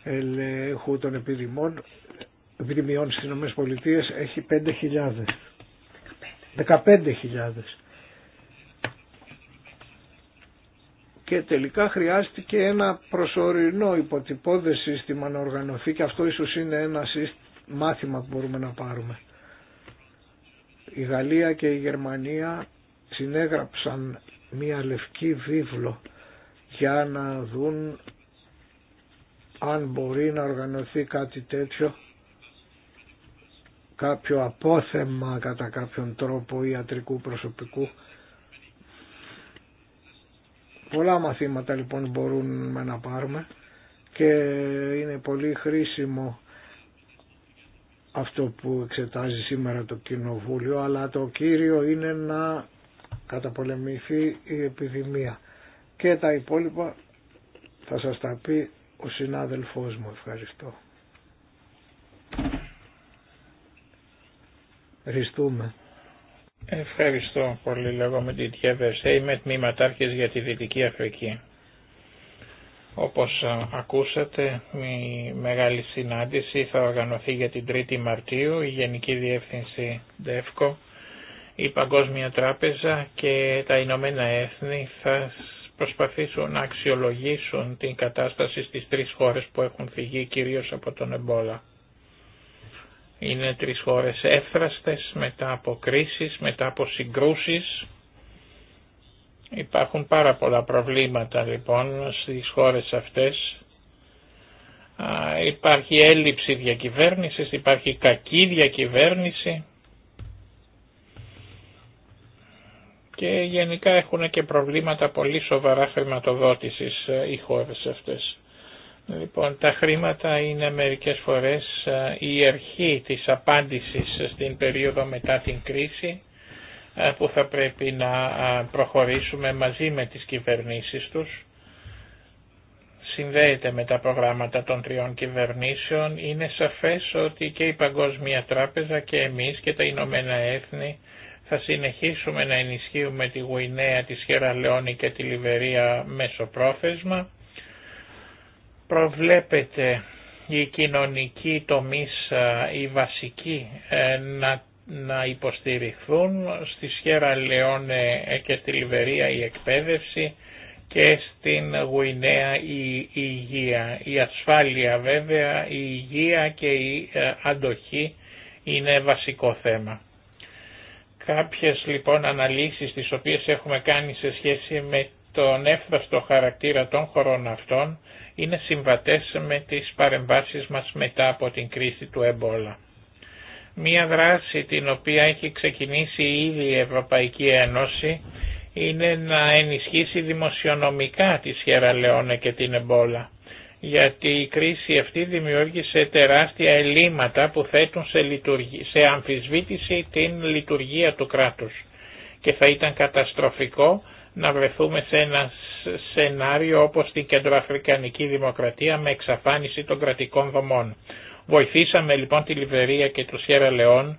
ελέγχου των επιδημών δρυμιών στι ΗΠΑ Πολιτείες έχει 5.000. 15.000. Και τελικά χρειάστηκε ένα προσωρινό υποτυπώδες σύστημα να οργανωθεί και αυτό ίσως είναι ένα μάθημα που μπορούμε να πάρουμε. Η Γαλλία και η Γερμανία συνέγραψαν μία λευκή βίβλο για να δουν αν μπορεί να οργανωθεί κάτι τέτοιο κάποιο απόθεμα κατά κάποιον τρόπο ιατρικού προσωπικού. Πολλά μαθήματα λοιπόν μπορούμε να πάρουμε και είναι πολύ χρήσιμο αυτό που εξετάζει σήμερα το Κοινοβούλιο, αλλά το κύριο είναι να καταπολεμηθεί η επιδημία. Και τα υπόλοιπα θα σας τα πει ο συνάδελφός μου. Ευχαριστώ. Ευχαριστούμε. Ευχαριστώ πολύ. Λέγομαι την Τιέβερσε. Είμαι τμήματάρχη για τη Δυτική Αφρική. Όπως ακούσατε, η μεγάλη συνάντηση θα οργανωθεί για την 3η Μαρτίου, η Γενική Διεύθυνση ΔΕΦΚΟ, η Παγκόσμια Τράπεζα και τα Ηνωμένα Έθνη θα προσπαθήσουν να αξιολογήσουν την κατάσταση στις τρεις χώρες που έχουν φυγεί κυρίως από τον Εμπόλα. Είναι τρεις χώρες έφραστες μετά από κρίσεις, μετά από συγκρούσεις. Υπάρχουν πάρα πολλά προβλήματα λοιπόν στις χώρες αυτές. Υπάρχει έλλειψη διακυβέρνησης, υπάρχει κακή διακυβέρνηση και γενικά έχουν και προβλήματα πολύ σοβαρά χρηματοδότησης ε, οι χώρες αυτές. Λοιπόν, τα χρήματα είναι μερικές φορές η αρχή της απάντησης στην περίοδο μετά την κρίση που θα πρέπει να προχωρήσουμε μαζί με τις κυβερνήσεις τους. Συνδέεται με τα προγράμματα των τριών κυβερνήσεων. Είναι σαφές ότι και η Παγκόσμια Τράπεζα και εμείς και τα Ηνωμένα Έθνη θα συνεχίσουμε να ενισχύουμε τη Γουινέα, τη Σχέρα και τη Λιβερία μέσω πρόθεσμα προβλέπεται η κοινωνική τομής, η βασική, ε, να, να υποστηριχθούν στη Σιέρα Λεόνε και στη Λιβερία η εκπαίδευση και στην Γουινέα η υγεία. Η ασφάλεια βέβαια, η υγεία και η ε, αντοχή είναι βασικό θέμα. Κάποιες λοιπόν αναλύσεις τις οποίες έχουμε κάνει σε σχέση με τον εύπαστο χαρακτήρα των χωρών αυτών είναι συμβατές με τις παρεμβάσεις μας μετά από την κρίση του εμπόλα. Μία δράση την οποία έχει ξεκινήσει ήδη η Ευρωπαϊκή Ένωση είναι να ενισχύσει δημοσιονομικά τη Σιέρα Λεόνε και την εμπόλα γιατί η κρίση αυτή δημιούργησε τεράστια ελλείμματα που θέτουν σε, λειτουργή, αμφισβήτηση την λειτουργία του κράτους και θα ήταν καταστροφικό να βρεθούμε σε ένα σενάριο όπως την κεντροαφρικανική δημοκρατία με εξαφάνιση των κρατικών δομών. Βοηθήσαμε λοιπόν τη Λιβερία και του Σιέρα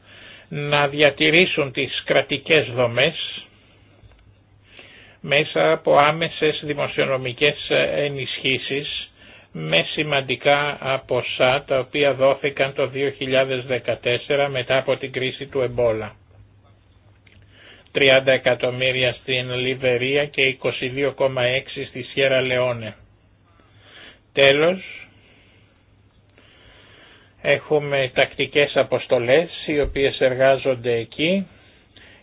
να διατηρήσουν τις κρατικές δομές μέσα από άμεσες δημοσιονομικές ενισχύσεις με σημαντικά ποσά τα οποία δόθηκαν το 2014 μετά από την κρίση του εμπόλα. 30 εκατομμύρια στην Λιβερία και 22,6 στη Σιέρα Λεόνε. Τέλος, έχουμε τακτικές αποστολές οι οποίες εργάζονται εκεί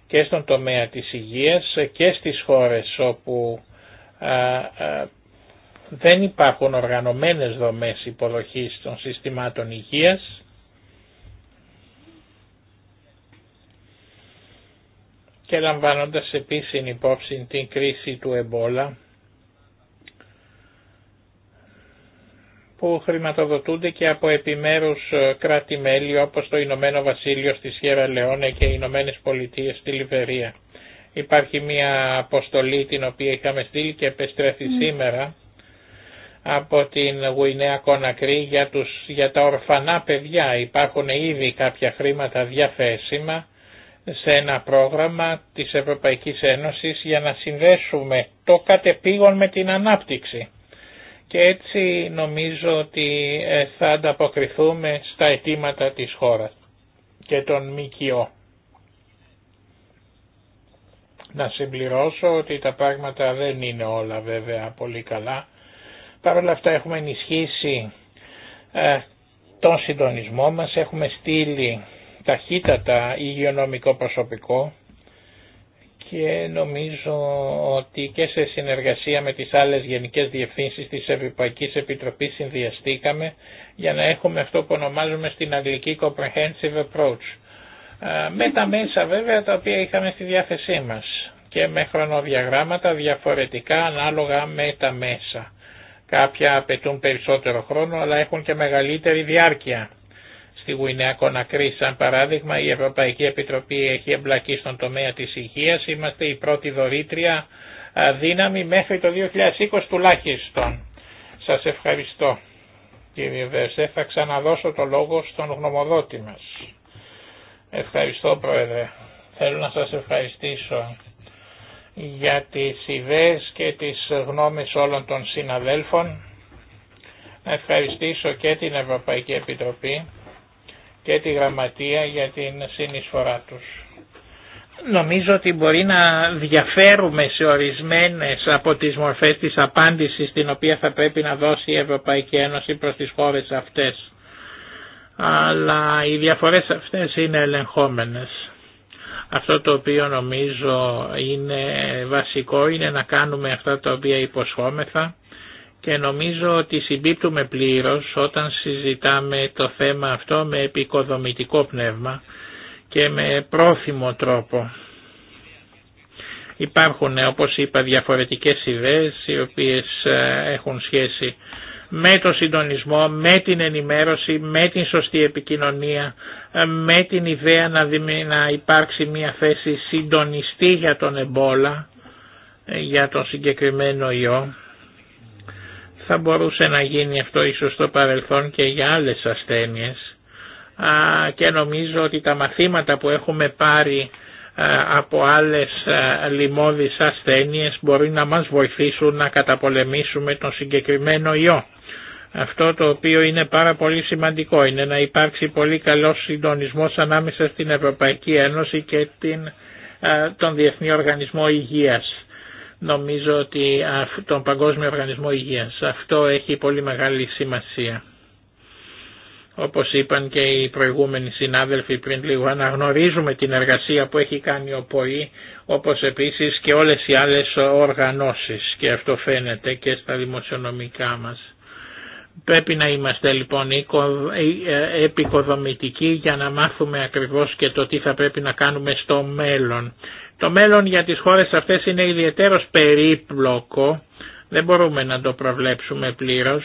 και στον τομέα της υγείας και στις χώρες όπου δεν υπάρχουν οργανωμένες δομές υποδοχής των συστημάτων υγείας και λαμβάνοντας επίσης υπόψη την κρίση του εμπόλα που χρηματοδοτούνται και από επιμέρους ε, κράτη-μέλη όπως το Ηνωμένο Βασίλειο στη Σιέρα Λεόνε και οι Ηνωμένε Πολιτείε στη Λιβερία. Υπάρχει μια αποστολή την οποία είχαμε στείλει και επεστρέφει σήμερα από την Γουινέα Κονακρή για, τους, για τα ορφανά παιδιά. Υπάρχουν ήδη κάποια χρήματα διαθέσιμα σε ένα πρόγραμμα της Ευρωπαϊκής Ένωσης για να συνδέσουμε το κατεπήγον με την ανάπτυξη. Και έτσι νομίζω ότι ε, θα ανταποκριθούμε στα αιτήματα της χώρας και των ΜΚΟ. Να συμπληρώσω ότι τα πράγματα δεν είναι όλα βέβαια πολύ καλά. Παρ' όλα αυτά έχουμε ενισχύσει ε, τον συντονισμό μας, έχουμε στείλει ταχύτατα υγειονομικό προσωπικό και νομίζω ότι και σε συνεργασία με τις άλλες γενικές διευθύνσεις της Ευρωπαϊκής Επιτροπής συνδυαστήκαμε για να έχουμε αυτό που ονομάζουμε στην αγγλική comprehensive approach. Με τα μέσα βέβαια τα οποία είχαμε στη διάθεσή μας και με χρονοδιαγράμματα διαφορετικά ανάλογα με τα μέσα. Κάποια απαιτούν περισσότερο χρόνο αλλά έχουν και μεγαλύτερη διάρκεια στη Γουινέα Κονακρή σαν παράδειγμα η Ευρωπαϊκή Επιτροπή έχει εμπλακεί στον τομέα της υγείας, είμαστε η πρώτη δωρήτρια δύναμη μέχρι το 2020 τουλάχιστον. Σας ευχαριστώ κύριε Βερσέ, θα ξαναδώσω το λόγο στον γνωμοδότη μας. Ευχαριστώ Πρόεδρε. Θέλω να σας ευχαριστήσω για τις ιδέες και τις γνώμες όλων των συναδέλφων. Να ευχαριστήσω και την Ευρωπαϊκή Επιτροπή και τη Γραμματεία για την συνεισφορά τους. Νομίζω ότι μπορεί να διαφέρουμε σε ορισμένες από τις μορφές της απάντησης την οποία θα πρέπει να δώσει η Ευρωπαϊκή Ένωση προς τις χώρες αυτές. Αλλά οι διαφορές αυτές είναι ελεγχόμενες. Αυτό το οποίο νομίζω είναι βασικό είναι να κάνουμε αυτά τα οποία υποσχόμεθα και νομίζω ότι συμπίπτουμε πλήρως όταν συζητάμε το θέμα αυτό με επικοδομητικό πνεύμα και με πρόθυμο τρόπο. Υπάρχουν όπως είπα διαφορετικές ιδέες οι οποίες ε, έχουν σχέση με το συντονισμό, με την ενημέρωση, με την σωστή επικοινωνία, ε, με την ιδέα να, να υπάρξει μια θέση συντονιστή για τον εμπόλα, ε, για τον συγκεκριμένο ιό θα μπορούσε να γίνει αυτό ίσως στο παρελθόν και για άλλες ασθένειες και νομίζω ότι τα μαθήματα που έχουμε πάρει από άλλες λοιμώδεις ασθένειες μπορεί να μας βοηθήσουν να καταπολεμήσουμε τον συγκεκριμένο ιό. Αυτό το οποίο είναι πάρα πολύ σημαντικό είναι να υπάρξει πολύ καλός συντονισμός ανάμεσα στην Ευρωπαϊκή Ένωση και την, τον Διεθνή Οργανισμό Υγείας νομίζω ότι τον Παγκόσμιο Οργανισμό Υγείας. Αυτό έχει πολύ μεγάλη σημασία. Όπως είπαν και οι προηγούμενοι συνάδελφοι πριν λίγο, αναγνωρίζουμε την εργασία που έχει κάνει ο ΠΟΗ, όπως επίσης και όλες οι άλλες οργανώσεις και αυτό φαίνεται και στα δημοσιονομικά μας. Πρέπει να είμαστε λοιπόν ε, ε, επικοδομητικοί για να μάθουμε ακριβώς και το τι θα πρέπει να κάνουμε στο μέλλον. Το μέλλον για τις χώρες αυτές είναι ιδιαίτερος περίπλοκο, δεν μπορούμε να το προβλέψουμε πλήρως.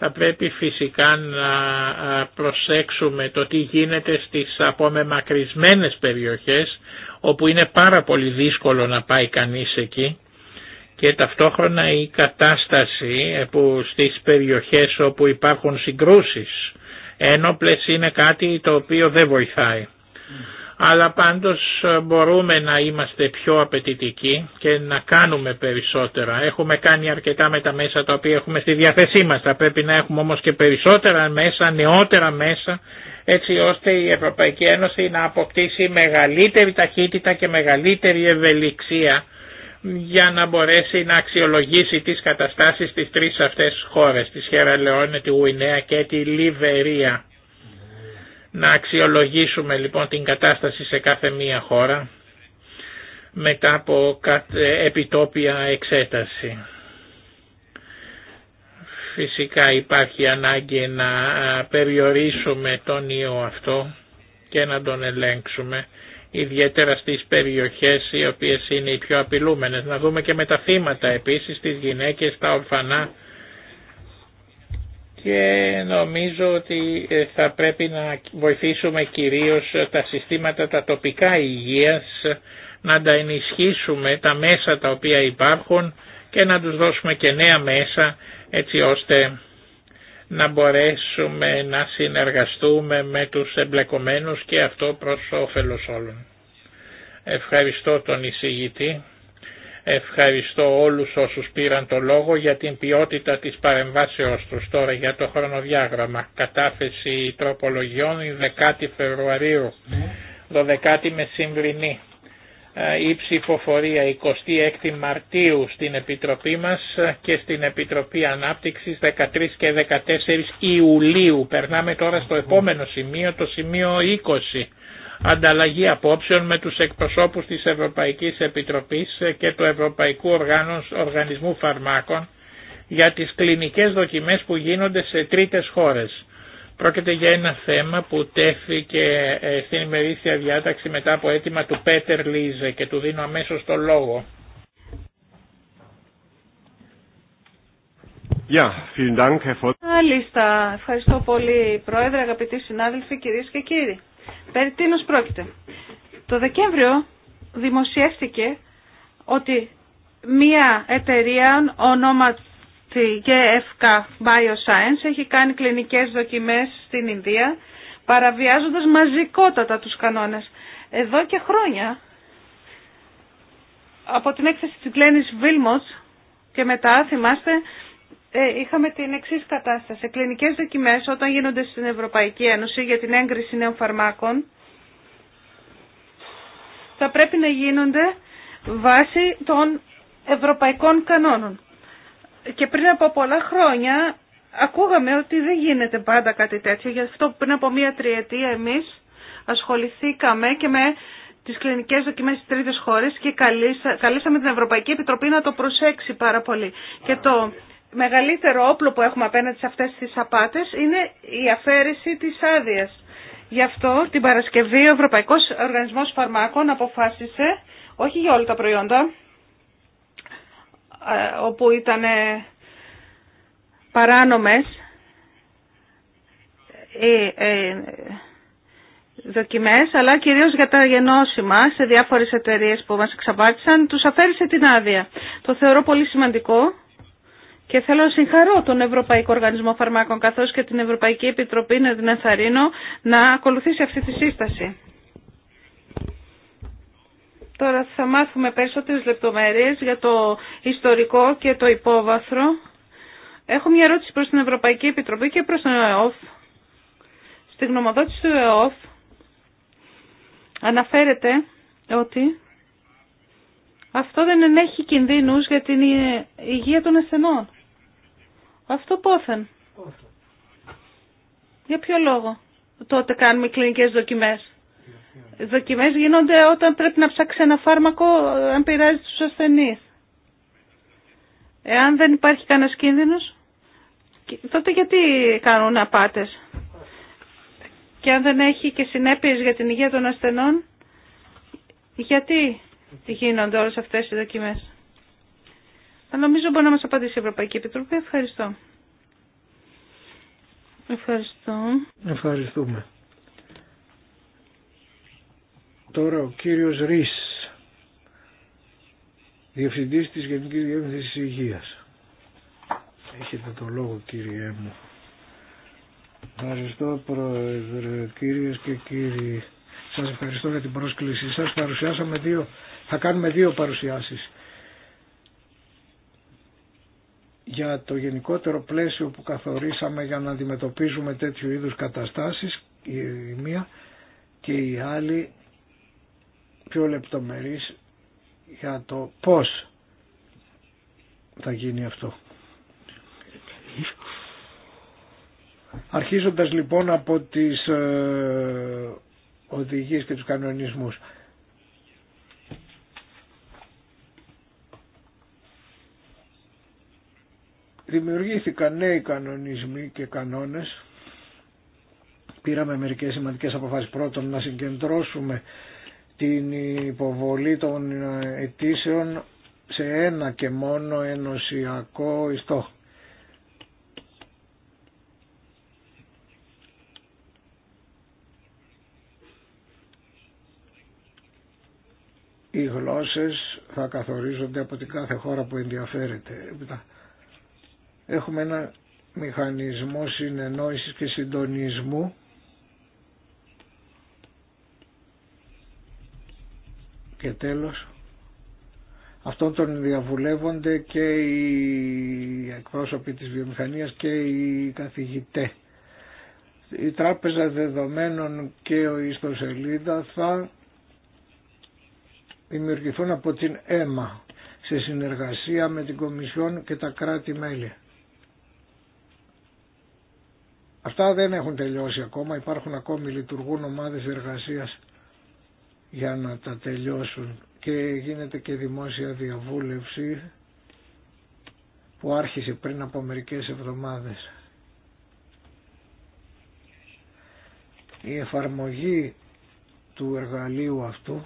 Θα πρέπει φυσικά να προσέξουμε το τι γίνεται στις απομεμακρυσμένες περιοχές όπου είναι πάρα πολύ δύσκολο να πάει κανείς εκεί και ταυτόχρονα η κατάσταση ε, που στις περιοχές όπου υπάρχουν συγκρούσεις ένοπλες είναι κάτι το οποίο δεν βοηθάει. Αλλά πάντως ε, μπορούμε να είμαστε πιο απαιτητικοί και να κάνουμε περισσότερα. Έχουμε κάνει αρκετά με τα μέσα τα οποία έχουμε στη διάθεσή μας. Θα πρέπει να έχουμε όμως και περισσότερα μέσα, νεότερα μέσα, έτσι ώστε η Ευρωπαϊκή Ένωση να αποκτήσει μεγαλύτερη ταχύτητα και μεγαλύτερη ευελιξία για να μπορέσει να αξιολογήσει τις καταστάσεις στις τρεις αυτές χώρες, τη Σιέρα Λεόνε, τη Γουινέα και τη Λιβερία. Να αξιολογήσουμε λοιπόν την κατάσταση σε κάθε μία χώρα μετά από επιτόπια εξέταση. Φυσικά υπάρχει ανάγκη να περιορίσουμε τον ιό αυτό και να τον ελέγξουμε ιδιαίτερα στις περιοχές οι οποίες είναι οι πιο απειλούμενες. Να δούμε και με τα θύματα επίσης, τις γυναίκες, τα ορφανά και νομίζω ότι ε, θα πρέπει να βοηθήσουμε κυρίως τα συστήματα τα τοπικά υγείας, να τα ενισχύσουμε τα μέσα τα οποία υπάρχουν και να τους δώσουμε και νέα μέσα έτσι ώστε να μπορέσουμε να συνεργαστούμε με τους εμπλεκομένους και αυτό προς όφελος όλων. Ευχαριστώ τον εισηγητή, ευχαριστώ όλους όσους πήραν το λόγο για την ποιότητα της παρεμβάσεώς τους τώρα για το χρονοδιάγραμμα. Κατάθεση τροπολογιών 10 Φεβρουαρίου, 12 μεσημβρινή. Ε, η ψηφοφορία 26 Μαρτίου στην Επιτροπή μας και στην Επιτροπή Ανάπτυξης 13 και 14 Ιουλίου. Περνάμε τώρα στο επόμενο σημείο, το σημείο 20. Ανταλλαγή απόψεων με τους εκπροσώπους της Ευρωπαϊκής Επιτροπής και του Ευρωπαϊκού Οργανισμού Φαρμάκων για τις κλινικές δοκιμές που γίνονται σε τρίτες χώρες. Πρόκειται για ένα θέμα που τέθηκε ε, στην ημερήσια διάταξη μετά από αίτημα του Πέτερ Λίζε και του δίνω αμέσως το λόγο. vielen Dank, Ευχαριστώ πολύ, Πρόεδρε, αγαπητοί συνάδελφοι, κυρίε και κύριοι. Περί τίνος πρόκειται. Το Δεκέμβριο δημοσιεύτηκε ότι μία εταιρεία ονόματι τη GFK Bioscience έχει κάνει κλινικές δοκιμές στην Ινδία παραβιάζοντας μαζικότατα τους κανόνες. Εδώ και χρόνια από την έκθεση της Γκλένης Βίλμοτς και μετά θυμάστε ε, είχαμε την εξή κατάσταση. κλινικές δοκιμές όταν γίνονται στην Ευρωπαϊκή Ένωση για την έγκριση νέων φαρμάκων θα πρέπει να γίνονται βάσει των ευρωπαϊκών κανόνων. Και πριν από πολλά χρόνια ακούγαμε ότι δεν γίνεται πάντα κάτι τέτοιο. Γι' αυτό πριν από μία τριετία εμείς ασχοληθήκαμε και με τις κλινικές δοκιμές στις τρίτες χώρες και καλήσαμε την Ευρωπαϊκή Επιτροπή να το προσέξει πάρα πολύ. Και το μεγαλύτερο όπλο που έχουμε απέναντι σε αυτές τις απάτες είναι η αφαίρεση της άδεια. Γι' αυτό την Παρασκευή ο Ευρωπαϊκός Οργανισμός Φαρμάκων αποφάσισε, όχι για όλα τα προϊόντα, ε, όπου ήταν παράνομες ε, δοκιμές, αλλά κυρίως για τα γενώσιμα σε διάφορες εταιρείες που μας εξαπάτησαν, τους αφαίρεσε την άδεια. Το θεωρώ πολύ σημαντικό. Και θέλω να συγχαρώ τον Ευρωπαϊκό Οργανισμό Φαρμάκων καθώς και την Ευρωπαϊκή Επιτροπή να την να ακολουθήσει αυτή τη σύσταση. Τώρα θα μάθουμε περισσότερες λεπτομέρειες για το ιστορικό και το υπόβαθρο. Έχω μια ερώτηση προς την Ευρωπαϊκή Επιτροπή και προς τον ΕΟΦ. Στη γνωμοδότηση του ΕΟΦ αναφέρεται ότι αυτό δεν ενέχει κινδύνους για την υγεία των ασθενών. Αυτό πόθεν. Για ποιο λόγο τότε κάνουμε κλινικές δοκιμές. Δοκιμέ γίνονται όταν πρέπει να ψάξει ένα φάρμακο ε, αν πειράζει τους ασθενεί. Εάν δεν υπάρχει κανένα κίνδυνο, τότε γιατί κάνουν απάτες. Και αν δεν έχει και συνέπειες για την υγεία των ασθενών, γιατί γίνονται όλε αυτές οι δοκιμέ. Αλλά νομίζω μπορεί να μας απαντήσει η Ευρωπαϊκή Επιτροπή. Ευχαριστώ. Ευχαριστώ. Ευχαριστούμε. Τώρα ο κύριος Ρης, Διευθυντής της Γενικής Διεύθυνσης Υγείας. Έχετε το λόγο κύριε μου. Ευχαριστώ Πρόεδρε, κύριες και κύριοι. Σας ευχαριστώ για την πρόσκλησή σας. Παρουσιάσαμε δύο, θα κάνουμε δύο παρουσιάσεις. Για το γενικότερο πλαίσιο που καθορίσαμε για να αντιμετωπίζουμε τέτοιου είδους καταστάσεις, η μία και η άλλη πιο λεπτομερής για το πώς θα γίνει αυτό. Αρχίζοντας λοιπόν από τις ε, οδηγίες και τους κανονισμούς. Δημιουργήθηκαν νέοι κανονισμοί και κανόνες. Πήραμε μερικές σημαντικές αποφάσεις. Πρώτον να συγκεντρώσουμε την υποβολή των αιτήσεων σε ένα και μόνο ενωσιακό ιστό. Οι γλώσσες θα καθορίζονται από την κάθε χώρα που ενδιαφέρεται. Έχουμε ένα μηχανισμό συνεννόησης και συντονισμού Και τέλος, αυτόν τον διαβουλεύονται και οι εκπρόσωποι της βιομηχανίας και οι καθηγητέ. Η Τράπεζα Δεδομένων και ο Ιστοσελίδα θα δημιουργηθούν από την ΕΜΑ σε συνεργασία με την Κομισιόν και τα κράτη-μέλη. Αυτά δεν έχουν τελειώσει ακόμα, υπάρχουν ακόμη λειτουργούν ομάδες εργασίας για να τα τελειώσουν και γίνεται και δημόσια διαβούλευση που άρχισε πριν από μερικές εβδομάδες. Η εφαρμογή του εργαλείου αυτού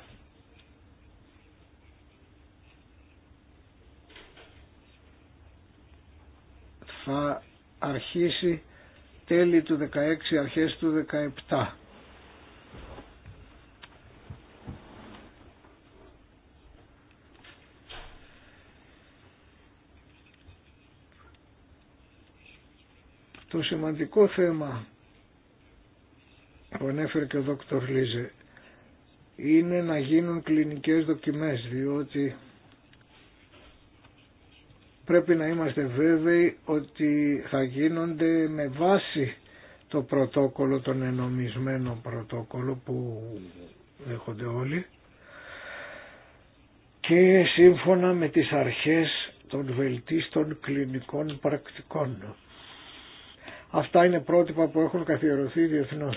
θα αρχίσει τέλη του 16 αρχές του 17 Το σημαντικό θέμα που ανέφερε και ο Δόκτωρ Λίζε είναι να γίνουν κλινικές δοκιμές διότι πρέπει να είμαστε βέβαιοι ότι θα γίνονται με βάση το πρωτόκολλο, τον ενομισμένο πρωτόκολλο που δέχονται όλοι και σύμφωνα με τις αρχές των βελτίστων κλινικών πρακτικών. Αυτά είναι πρότυπα που έχουν καθιερωθεί διεθνώ.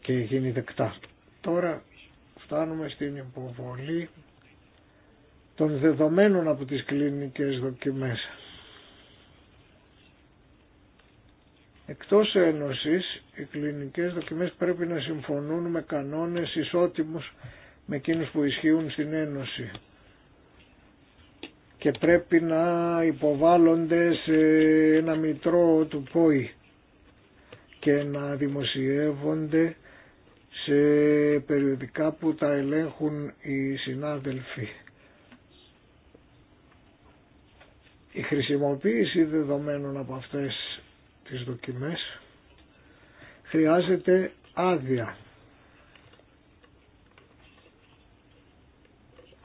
και γίνει δεκτά. Τώρα φτάνουμε στην υποβολή των δεδομένων από τις κλινικές δοκιμές. Εκτός ένωσης, οι κλινικές δοκιμές πρέπει να συμφωνούν με κανόνες ισότιμους με εκείνους που ισχύουν στην Ένωση και πρέπει να υποβάλλονται σε ένα μητρό του ΠΟΗ και να δημοσιεύονται σε περιοδικά που τα ελέγχουν οι συνάδελφοι. Η χρησιμοποίηση δεδομένων από αυτές τις δοκιμές χρειάζεται άδεια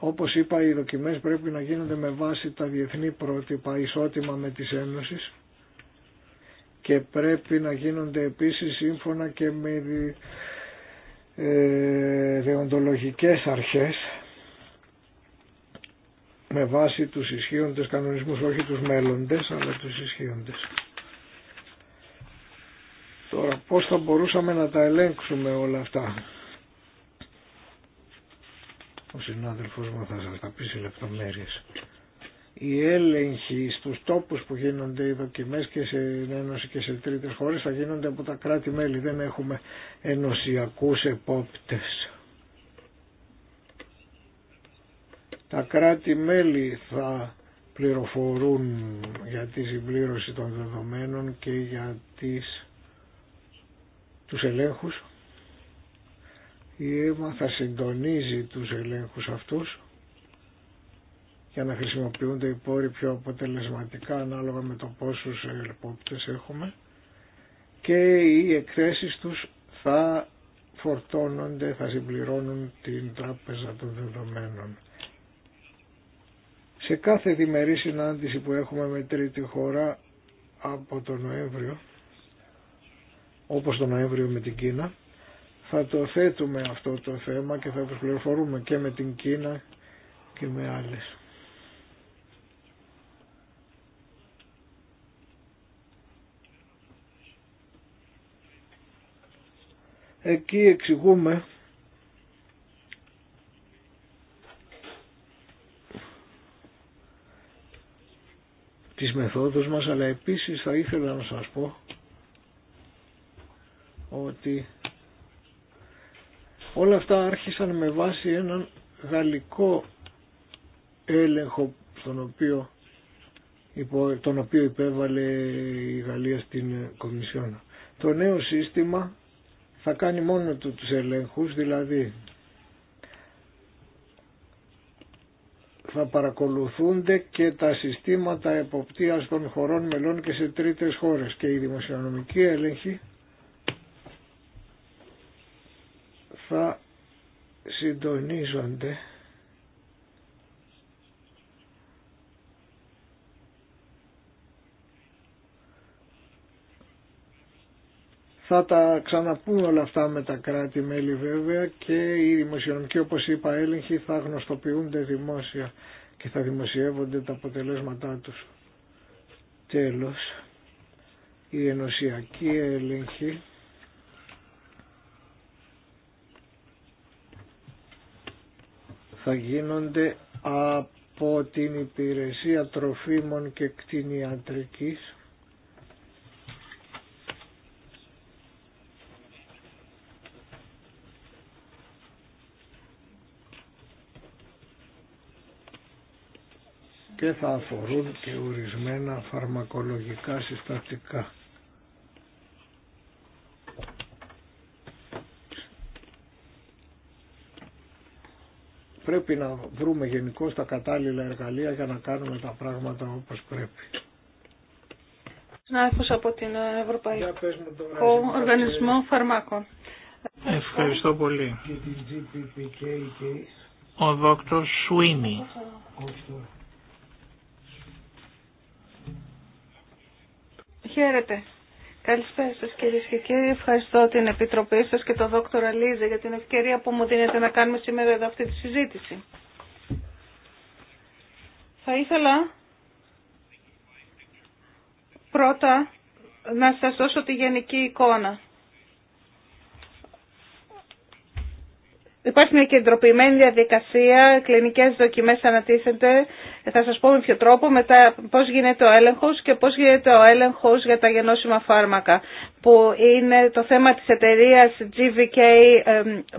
Όπως είπα, οι δοκιμές πρέπει να γίνονται με βάση τα διεθνή πρότυπα ισότιμα με τις Ένωσης και πρέπει να γίνονται επίσης σύμφωνα και με ε, δεοντολογικές αρχές με βάση τους ισχύοντες κανονισμούς, όχι τους μέλλοντες, αλλά τους ισχύοντες. Τώρα, πώς θα μπορούσαμε να τα ελέγξουμε όλα αυτά. Ο συνάδελφος μου θα σας τα πει σε λεπτομέρειες. Οι έλεγχοι στους τόπους που γίνονται οι δοκιμές και σε Ένωση και σε τρίτες χώρες θα γίνονται από τα κράτη-μέλη. Δεν έχουμε ενωσιακούς επόπτες. Τα κράτη-μέλη θα πληροφορούν για τη συμπλήρωση των δεδομένων και για τις, τους ελέγχους η ΕΜΑ θα συντονίζει τους ελέγχους αυτούς για να χρησιμοποιούνται οι πόροι πιο αποτελεσματικά ανάλογα με το πόσους ελπόπτες έχουμε και οι εκθέσεις τους θα φορτώνονται, θα συμπληρώνουν την τράπεζα των δεδομένων. Σε κάθε διμερή συνάντηση που έχουμε με τρίτη χώρα από τον Νοέμβριο, όπως τον Νοέμβριο με την Κίνα, θα το θέτουμε αυτό το θέμα και θα το πληροφορούμε και με την Κίνα και με άλλες. Εκεί εξηγούμε τις μεθόδους μας, αλλά επίσης θα ήθελα να σας πω ότι Όλα αυτά άρχισαν με βάση έναν γαλλικό έλεγχο τον οποίο, τον οποίο υπέβαλε η Γαλλία στην Κομισιόνα. Το νέο σύστημα θα κάνει μόνο του τους ελέγχους, δηλαδή θα παρακολουθούνται και τα συστήματα εποπτείας των χωρών μελών και σε τρίτες χώρες και οι δημοσιονομικοί έλεγχη θα συντονίζονται Θα τα ξαναπούν όλα αυτά με τα κράτη-μέλη βέβαια και οι δημοσιονομικοί όπως είπα έλεγχοι θα γνωστοποιούνται δημόσια και θα δημοσιεύονται τα αποτελέσματά τους. Τέλος, η ενωσιακή έλεγχη θα γίνονται από την υπηρεσία τροφίμων και κτηνιατρικής και θα αφορούν και ορισμένα φαρμακολογικά συστατικά. Πρέπει να βρούμε γενικώ τα κατάλληλα εργαλεία για να κάνουμε τα πράγματα όπως πρέπει. έρθω από την Ευρωπαϊκό Οργανισμό Φαρμάκων. Ευχαριστώ πολύ. Ο δόκτωρ Σουίνι. Χαίρετε. Καλησπέρα σας κυρίε και κύριοι. Ευχαριστώ την Επιτροπή σας και τον Δόκτωρα Λίζα για την ευκαιρία που μου δίνετε να κάνουμε σήμερα εδώ αυτή τη συζήτηση. Θα ήθελα πρώτα να σας δώσω τη γενική εικόνα. Υπάρχει μια κεντροποιημένη διαδικασία, κλινικές δοκιμές ανατίθενται, θα σας πω με ποιο τρόπο, μετά πώς γίνεται ο έλεγχος και πώς γίνεται ο έλεγχος για τα γενώσιμα φάρμακα, που είναι το θέμα της εταιρεία GVK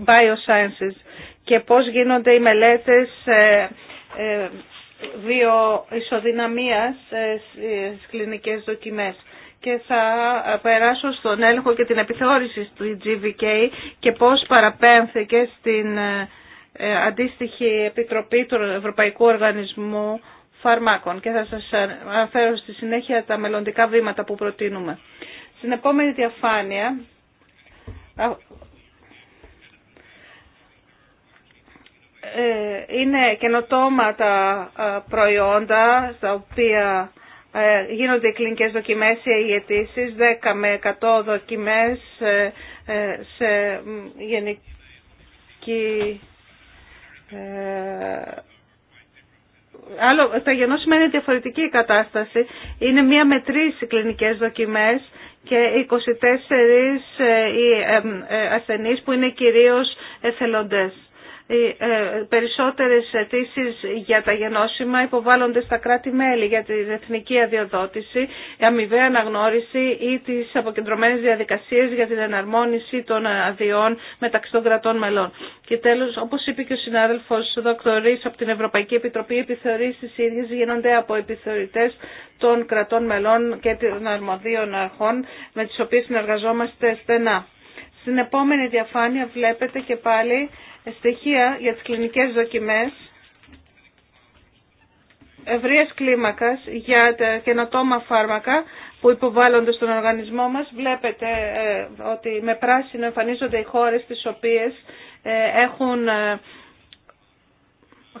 Biosciences και πώς γίνονται οι μελέτες ε, ε, ισοδυναμίας ε, στι κλινικές δοκιμές και θα περάσω στον έλεγχο και την επιθεώρηση του GVK και πώς παραπέμφθηκε στην ε, ε, αντίστοιχη Επιτροπή του Ευρωπαϊκού Οργανισμού Φαρμάκων και θα σας αναφέρω στη συνέχεια τα μελλοντικά βήματα που προτείνουμε. Στην επόμενη διαφάνεια ε, είναι καινοτόματα προϊόντα στα οποία ε, γίνονται κλινικές δοκιμές ή αιτήσει, 10 με 100 δοκιμές ε, ε, σε γενική... Άλλο, τα γενό σημαίνει διαφορετική η κατάσταση. Είναι μία με τρεις κλινικές δοκιμές και 24 οι ασθενείς που είναι κυρίως εθελοντές οι ε, περισσότερες αιτήσει για τα γενώσιμα υποβάλλονται στα κράτη-μέλη για την εθνική αδειοδότηση, η αμοιβαία αναγνώριση ή τις αποκεντρωμένες διαδικασίες για την εναρμόνιση των αδειών μεταξύ των κρατών μελών. Και τέλος, όπως είπε και ο συνάδελφος Δοκτωρής από την Ευρωπαϊκή Επιτροπή, οι επιθεωρήσεις ίδιε γίνονται από επιθεωρητές των κρατών μελών και των αρμοδίων αρχών με τις οποίες συνεργαζόμαστε στενά. Στην επόμενη διαφάνεια βλέπετε και πάλι στοιχεία για τις κλινικές δοκιμές ευρείας κλίμακας για τα καινοτόμα φάρμακα που υποβάλλονται στον οργανισμό μας. Βλέπετε ε, ότι με πράσινο εμφανίζονται οι χώρες τις οποίες ε, έχουν ε,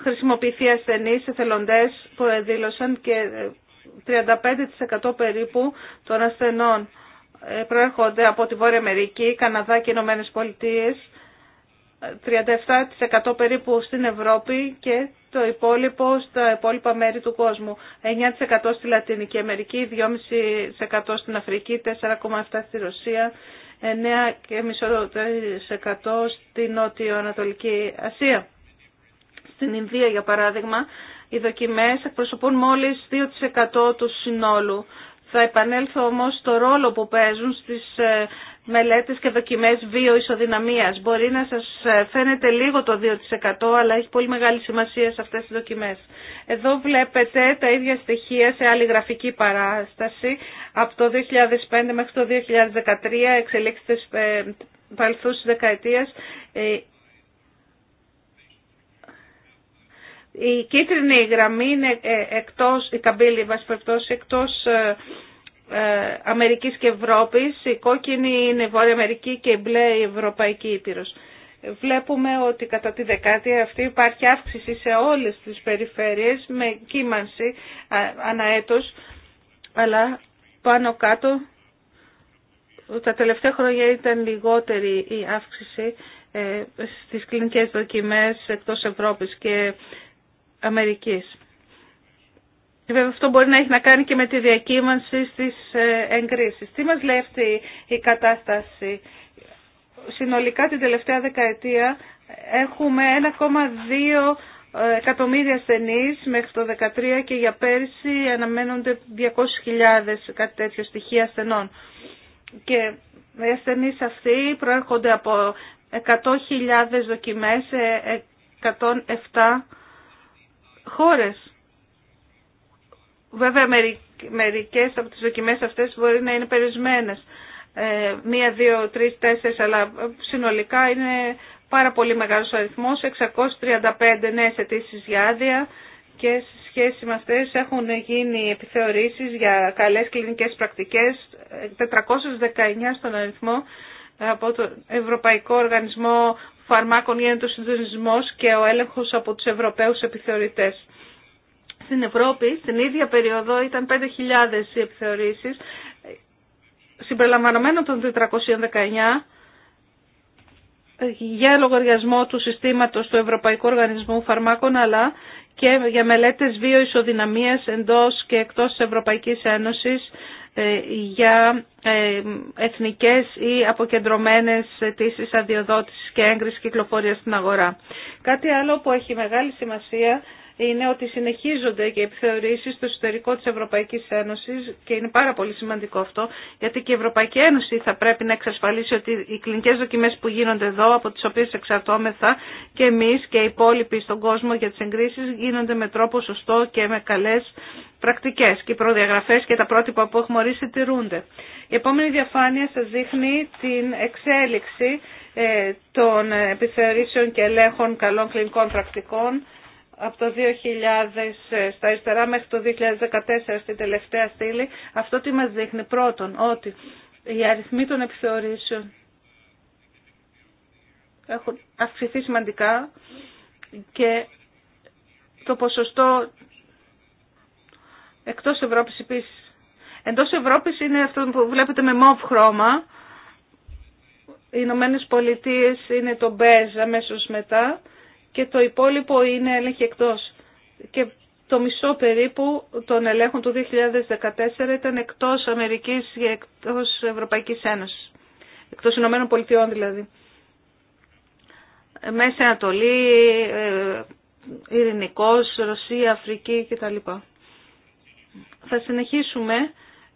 χρησιμοποιηθεί ασθενείς, εθελοντές που δήλωσαν και 35% περίπου των ασθενών προέρχονται από τη Βόρεια Αμερική, Καναδά και Ηνωμένε Πολιτείες 37% περίπου στην Ευρώπη και το υπόλοιπο στα υπόλοιπα μέρη του κόσμου. 9% στη Λατινική Αμερική, 2,5% στην Αφρική, 4,7% στη Ρωσία, 9,5% στη Νότιο Ανατολική Ασία. Στην Ινδία, για παράδειγμα, οι δοκιμές εκπροσωπούν μόλις 2% του συνόλου. Θα επανέλθω όμως στο ρόλο που παίζουν στις ε, μελέτες και δοκιμές βιοϊσοδυναμίας. Μπορεί να σας ε, φαίνεται λίγο το 2% αλλά έχει πολύ μεγάλη σημασία σε αυτές τις δοκιμές. Εδώ βλέπετε τα ίδια στοιχεία σε άλλη γραφική παράσταση. Από το 2005 μέχρι το 2013 εξελίξεις ε, παρελθούς δεκαετίας ε, η κίτρινη γραμμή είναι εκτός, η καμπύλη μας εκτός ε, Αμερικής και Ευρώπης, η κόκκινη είναι η Βόρεια Αμερική και η μπλε η Ευρωπαϊκή Ήπειρος. Βλέπουμε ότι κατά τη δεκάτη αυτή υπάρχει αύξηση σε όλες τις περιφέρειες με κύμανση αναέτος, αλλά πάνω κάτω τα τελευταία χρόνια ήταν λιγότερη η αύξηση ε, στις κλινικές δοκιμές εκτός Ευρώπης και Αμερικής. Βέβαια αυτό μπορεί να έχει να κάνει και με τη διακύμανση στις ε, εγκρίσει. Τι μας λέει αυτή η κατάσταση. Συνολικά την τελευταία δεκαετία έχουμε 1,2 ε, εκατομμύρια ασθενεί μέχρι το 2013 και για πέρυσι αναμένονται 200.000 κάτι τέτοιο στοιχεία ασθενών. Και οι ασθενεί αυτοί προέρχονται από 100.000 δοκιμές σε 107 χώρες. Βέβαια μερικές από τις δοκιμές αυτές μπορεί να είναι περιορισμένες. Ε, μία, δύο, τρεις, τέσσερις, αλλά ε, συνολικά είναι πάρα πολύ μεγάλος ο αριθμός. 635 νέες αιτήσει για άδεια και σε σχέση με αυτές έχουν γίνει επιθεωρήσεις για καλές κλινικές πρακτικές. 419 ε, στον αριθμό από το Ευρωπαϊκό Οργανισμό Φαρμάκων γίνεται ο συντονισμός και ο έλεγχος από τους Ευρωπαίους επιθεωρητές στην Ευρώπη στην ίδια περίοδο ήταν 5.000 οι επιθεωρήσεις συμπεριλαμβανομένων των 419 για λογαριασμό του συστήματος του Ευρωπαϊκού Οργανισμού Φαρμάκων αλλά και για μελέτες βιοϊσοδυναμίας εντός και εκτός της Ευρωπαϊκής Ένωσης ε, για ε, εθνικές ή αποκεντρωμένες αιτήσει αδειοδότησης και έγκρισης κυκλοφορίας στην αγορά. Κάτι άλλο που έχει μεγάλη σημασία είναι ότι συνεχίζονται και οι επιθεωρήσεις στο εσωτερικό της Ευρωπαϊκής Ένωσης και είναι πάρα πολύ σημαντικό αυτό γιατί και η Ευρωπαϊκή Ένωση θα πρέπει να εξασφαλίσει ότι οι κλινικές δοκιμές που γίνονται εδώ από τις οποίες εξαρτώμεθα και εμείς και οι υπόλοιποι στον κόσμο για τις εγκρίσεις γίνονται με τρόπο σωστό και με καλές πρακτικές και οι προδιαγραφές και τα πρότυπα που έχουμε ορίσει τηρούνται. Η επόμενη διαφάνεια σας δείχνει την εξέλιξη ε, των επιθεωρήσεων και ελέγχων καλών κλινικών πρακτικών από το 2000 στα αριστερά μέχρι το 2014 στην τελευταία στήλη, αυτό τι μας δείχνει πρώτον, ότι οι αριθμοί των επιθεωρήσεων έχουν αυξηθεί σημαντικά και το ποσοστό εκτός Ευρώπης επίσης. Εντός Ευρώπης είναι αυτό που βλέπετε με μοβ χρώμα. Οι Ηνωμένε Πολιτείε είναι το μπέζ αμέσω μετά και το υπόλοιπο είναι έλεγχοι εκτός. Και το μισό περίπου των ελέγχων του 2014 ήταν εκτός Αμερικής και εκτός Ευρωπαϊκής Ένωσης. Εκτός Ηνωμένων Πολιτειών δηλαδή. Μέση Ανατολή, ε, Ειρηνικός, Ρωσία, Αφρική κτλ. Θα συνεχίσουμε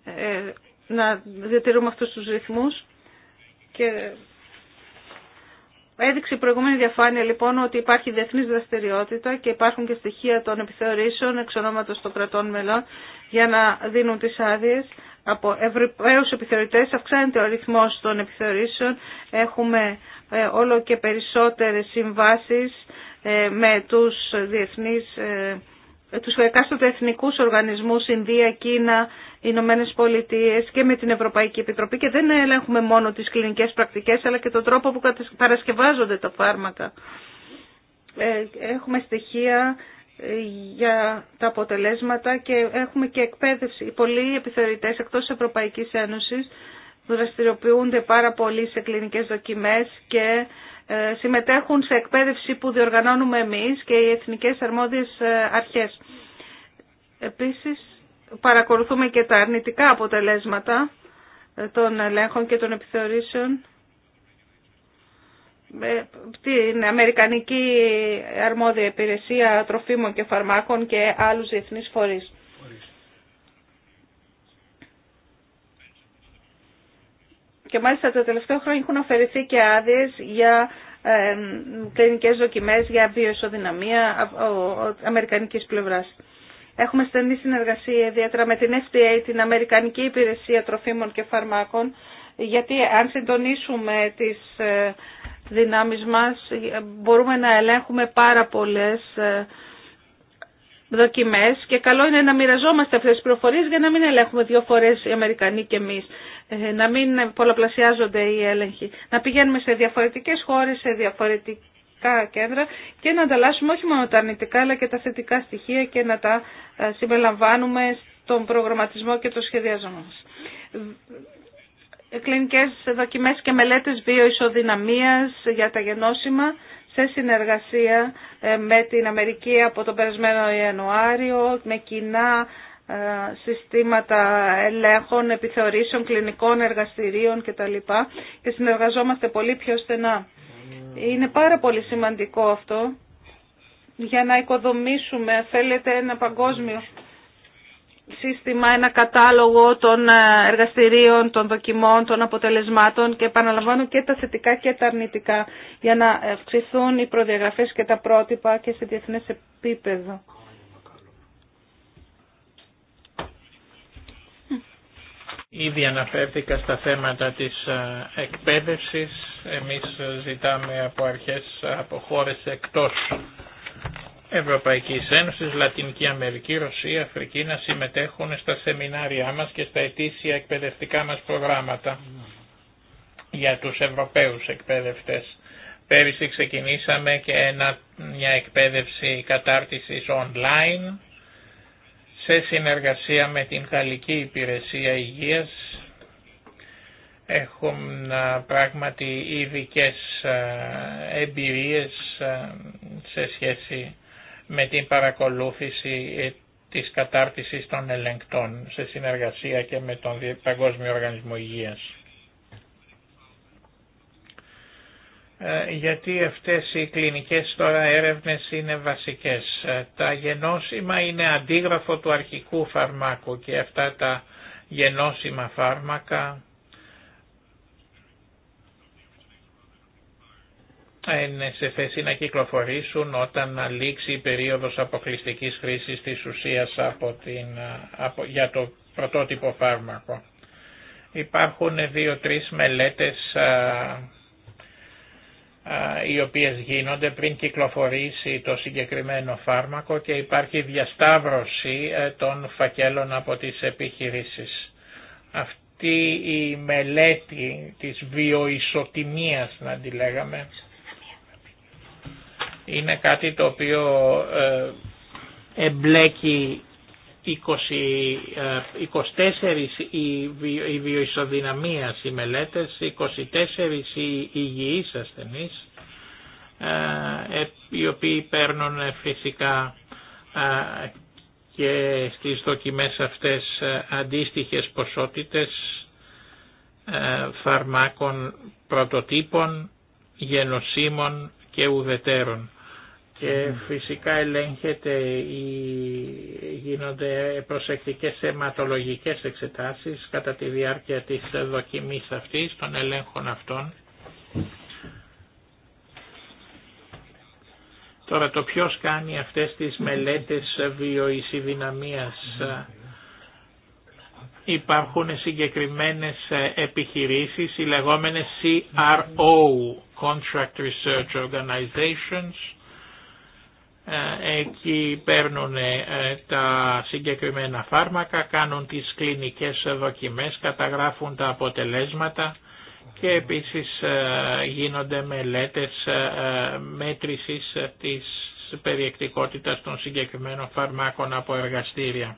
ε, να διατηρούμε αυτούς τους ρυθμούς και Έδειξε η προηγούμενη διαφάνεια λοιπόν ότι υπάρχει διεθνής δραστηριότητα και υπάρχουν και στοιχεία των επιθεωρήσεων εξ ονόματος των κρατών μελών για να δίνουν τις άδειε. Από Ευρωπαίους επιθεωρητές αυξάνεται ο ρυθμός των επιθεωρήσεων. Έχουμε ε, όλο και περισσότερες συμβάσεις ε, με τους διεθνείς ε, ε, τους εκάστοτε εθνικούς οργανισμούς, Ινδία, Κίνα, Ηνωμένε Πολιτείε και με την Ευρωπαϊκή Επιτροπή και δεν ελέγχουμε μόνο τις κλινικές πρακτικές αλλά και τον τρόπο που παρασκευάζονται τα φάρμακα. Ε, έχουμε στοιχεία ε, για τα αποτελέσματα και έχουμε και εκπαίδευση. Οι πολλοί επιθεωρητές εκτός της Ευρωπαϊκής Ένωσης δραστηριοποιούνται πάρα πολύ σε κλινικές δοκιμές και ε, συμμετέχουν σε εκπαίδευση που διοργανώνουμε εμείς και οι εθνικές αρμόδιες ε, αρχές. Επίσης, παρακολουθούμε και τα αρνητικά αποτελέσματα ε, των ελέγχων και των επιθεωρήσεων την Αμερικανική Αρμόδια Υπηρεσία Τροφίμων και Φαρμάκων και άλλους διεθνείς φορείς. και μάλιστα τα τελευταία χρόνια έχουν αφαιρεθεί και άδειε για ε, κλινικές δοκιμές για βιοϊσοδυναμία αμερικανική πλευρά. Έχουμε στενή συνεργασία ιδιαίτερα με την FDA, την Αμερικανική Υπηρεσία Τροφίμων και Φαρμάκων, γιατί αν συντονίσουμε τις ε, δυνάμεις μα ε, μπορούμε να ελέγχουμε πάρα πολλές ε, δοκιμές και καλό είναι να μοιραζόμαστε αυτές τις προφορίες για να μην ελέγχουμε δύο φορές οι Αμερικανοί και εμείς, ε, να μην πολλαπλασιάζονται οι έλεγχοι, να πηγαίνουμε σε διαφορετικές χώρες, σε διαφορετικά κέντρα και να ανταλλάσσουμε όχι μόνο τα αρνητικά αλλά και τα θετικά στοιχεία και να τα ε, συμπεριλαμβάνουμε στον προγραμματισμό και το σχεδιασμό μας. Ε, κλινικές δοκιμές και μελέτες βιοϊσοδυναμίας για τα γενώσιμα σε συνεργασία ε, με την Αμερική από τον περασμένο Ιανουάριο, με κοινά ε, συστήματα ελέγχων, επιθεωρήσεων, κλινικών εργαστηρίων κτλ. Και συνεργαζόμαστε πολύ πιο στενά. Είναι πάρα πολύ σημαντικό αυτό για να οικοδομήσουμε, θέλετε, ένα παγκόσμιο σύστημα, ένα κατάλογο των ε, εργαστηρίων, των δοκιμών, των αποτελεσμάτων και επαναλαμβάνω και τα θετικά και τα αρνητικά για να αυξηθούν οι προδιαγραφές και τα πρότυπα και σε διεθνές επίπεδο. Ήδη αναφέρθηκα στα θέματα της ε, εκπαίδευσης. Εμείς ε, ζητάμε από αρχές από χώρες εκτός Ευρωπαϊκής Ένωσης, Λατινική Αμερική, Ρωσία, Αφρική να συμμετέχουν στα σεμινάρια μας και στα ετήσια εκπαιδευτικά μας προγράμματα για τους Ευρωπαίους εκπαίδευτες. Πέρυσι ξεκινήσαμε και ένα, μια εκπαίδευση κατάρτισης online σε συνεργασία με την Γαλλική Υπηρεσία Υγείας. Έχουν πράγματι ειδικέ εμπειρίες σε σχέση με την παρακολούθηση ε, της κατάρτισης των ελεγκτών σε συνεργασία και με τον Παγκόσμιο Οργανισμό Υγείας. Ε, γιατί αυτές οι κλινικές τώρα έρευνες είναι βασικές. Ε, τα γενώσιμα είναι αντίγραφο του αρχικού φαρμάκου και αυτά τα γενώσιμα φάρμακα είναι σε θέση να κυκλοφορήσουν όταν λήξει η περίοδος αποκλειστικής χρήσης της ουσίας από την, για το πρωτότυπο φάρμακο. Υπάρχουν δύο-τρεις μελέτες α, οι οποίες γίνονται πριν κυκλοφορήσει το συγκεκριμένο φάρμακο και υπάρχει διασταύρωση ε, των φακέλων από τις επιχειρήσεις. Αυτή η μελέτη της βιοϊσοτιμίας, να τη λέγαμε, είναι κάτι το οποίο ε, εμπλέκει 20, 24 η, η οι μελέτες, 24 οι υγιείς ασθενείς, ε, ε, οι οποίοι παίρνουν φυσικά και στις δοκιμές αυτές αντίστοιχες ποσότητες φαρμάκων πρωτοτύπων, γενοσύμων και ουδετέρων. Και φυσικά ελέγχεται ή γίνονται προσεκτικές αιματολογικές εξετάσεις κατά τη διάρκεια της δοκιμής αυτής, των ελέγχων αυτών. Τώρα το ποιος κάνει αυτές τις μελέτες βιοϊσιδυναμίας υπάρχουν συγκεκριμένες ε, επιχειρήσεις, οι λεγόμενες CRO, Contract Research Organizations, ε, εκεί παίρνουν ε, τα συγκεκριμένα φάρμακα, κάνουν τις κλινικές δοκιμές, καταγράφουν τα αποτελέσματα και επίσης γίνονται μελέτες μέτρησης της περιεκτικότητας των συγκεκριμένων φαρμάκων από εργαστήρια.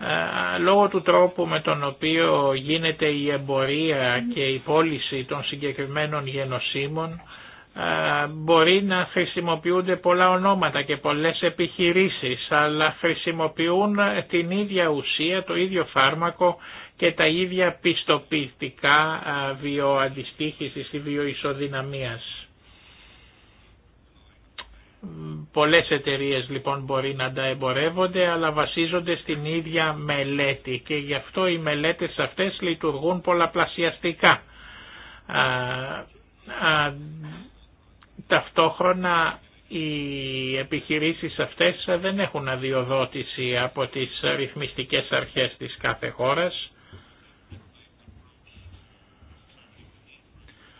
Ε, λόγω του τρόπου με τον οποίο γίνεται η εμπορία και η πώληση των συγκεκριμένων γενοσύμων ε, μπορεί να χρησιμοποιούνται πολλά ονόματα και πολλές επιχειρήσεις αλλά χρησιμοποιούν την ίδια ουσία, το ίδιο φάρμακο και τα ίδια πιστοποιητικά ε, βιοαντιστήχησης ή βιοϊσοδυναμίας. Πολλές εταιρείες λοιπόν μπορεί να τα εμπορεύονται αλλά βασίζονται στην ίδια μελέτη και γι' αυτό οι μελέτες αυτές λειτουργούν πολλαπλασιαστικά. Α, ταυτόχρονα οι επιχειρήσεις αυτές δεν έχουν αδειοδότηση από τις ρυθμιστικές αρχές της κάθε χώρας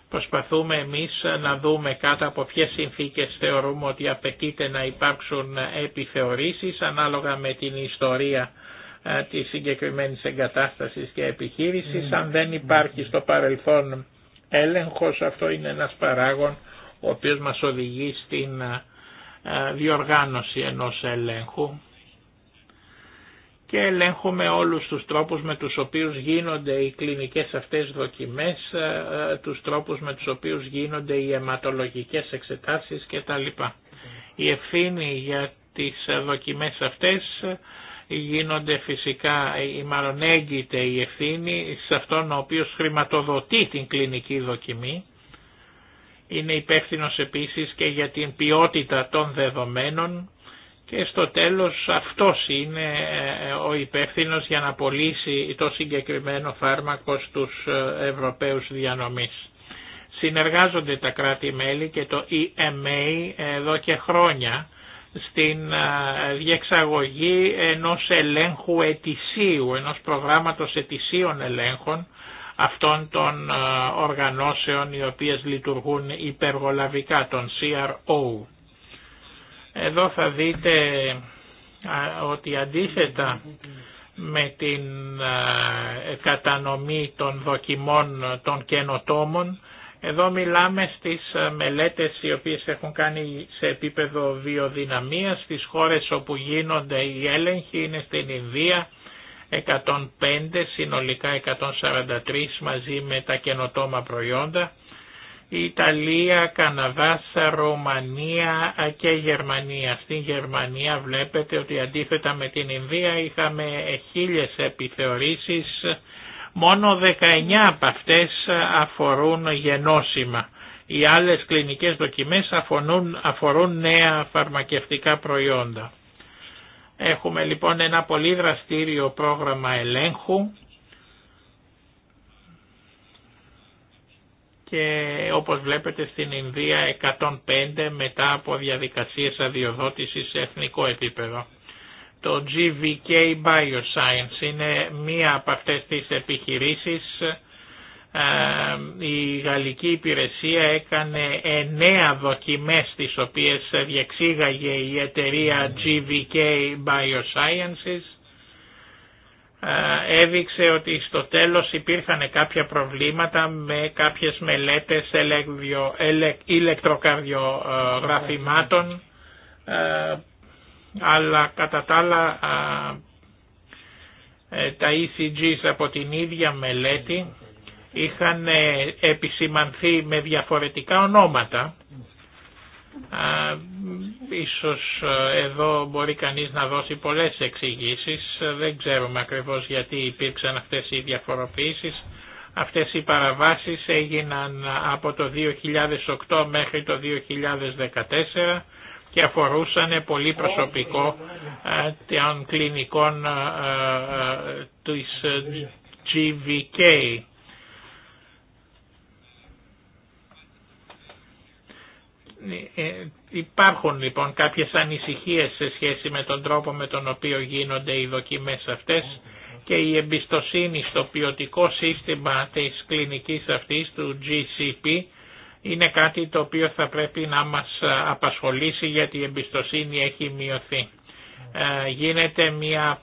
Προσπαθούμε εμείς να δούμε κάτω από ποιες συνθήκες θεωρούμε ότι απαιτείται να υπάρξουν επιθεωρήσεις ανάλογα με την ιστορία ε, της συγκεκριμένης εγκατάστασης και επιχείρησης. Mm. Αν δεν υπάρχει στο παρελθόν έλεγχος αυτό είναι ένας παράγων ο οποίος μας οδηγεί στην ε, ε, διοργάνωση ενός ελέγχου και ελέγχουμε όλους τους τρόπους με τους οποίους γίνονται οι κλινικές αυτές δοκιμές, ε, ε, τους τρόπους με τους οποίους γίνονται οι αιματολογικές εξετάσεις κτλ. Η ευθύνη για τις δοκιμές αυτές γίνονται φυσικά, ή μάλλον έγκυται η ευθύνη σε αυτόν ο οποίος χρηματοδοτεί την κλινική δοκιμή. Είναι υπεύθυνο επίσης και για την ποιότητα των δεδομένων και στο τέλος αυτός είναι ε, ο υπεύθυνος για να πωλήσει το συγκεκριμένο φάρμακο στους ε, Ευρωπαίους διανομής. Συνεργάζονται τα κράτη-μέλη και το EMA ε, εδώ και χρόνια στην διεξαγωγή ενός ελέγχου ετησίου, ενός προγράμματος ετησίων ελέγχων αυτών των οργανώσεων οι οποίες λειτουργούν υπεργολαβικά, των CRO. Εδώ θα δείτε ότι αντίθετα με την κατανομή των δοκιμών των καινοτόμων, εδώ μιλάμε στις μελέτες οι οποίες έχουν κάνει σε επίπεδο βιοδυναμίας, στις χώρες όπου γίνονται οι έλεγχοι είναι στην Ινδία, 105 συνολικά 143 μαζί με τα καινοτόμα προϊόντα, Ιταλία, Καναδάς, Ρωμανία και Γερμανία. Στην Γερμανία βλέπετε ότι αντίθετα με την Ινδία είχαμε χίλιες επιθεωρήσεις, μόνο 19 από αυτές αφορούν γενώσιμα. Οι άλλες κλινικές δοκιμές αφορούν νέα φαρμακευτικά προϊόντα. Έχουμε λοιπόν ένα πολύ δραστήριο πρόγραμμα ελέγχου και όπως βλέπετε στην Ινδία 105 μετά από διαδικασίες αδειοδότησης σε εθνικό επίπεδο. Το GVK Bioscience είναι μία από αυτές τις επιχειρήσεις. Ε, η Γαλλική Υπηρεσία έκανε εννέα δοκιμές τις οποίες διεξήγαγε η εταιρεία GVK Biosciences έδειξε ότι στο τέλος υπήρχαν κάποια προβλήματα με κάποιες μελέτες ηλεκτροκαρδιογραφημάτων αλλά κατά τα άλλα ε, τα ECGs από την ίδια μελέτη είχαν ε, επισημανθεί με διαφορετικά ονόματα Ίσως ε, εδώ μπορεί κανείς να δώσει πολλές εξηγήσεις, δεν ξέρουμε ακριβώς γιατί υπήρξαν αυτές οι διαφοροποιήσεις. Αυτές οι παραβάσεις έγιναν από το 2008 μέχρι το 2014 και αφορούσαν πολύ προσωπικό ε, των κλινικών ε, της GVK Ε, υπάρχουν λοιπόν κάποιες ανησυχίες σε σχέση με τον τρόπο με τον οποίο γίνονται οι δοκιμές αυτές και η εμπιστοσύνη στο ποιοτικό σύστημα της κλινικής αυτής του GCP είναι κάτι το οποίο θα πρέπει να μας απασχολήσει γιατί η εμπιστοσύνη έχει μειωθεί. Ε, γίνεται μια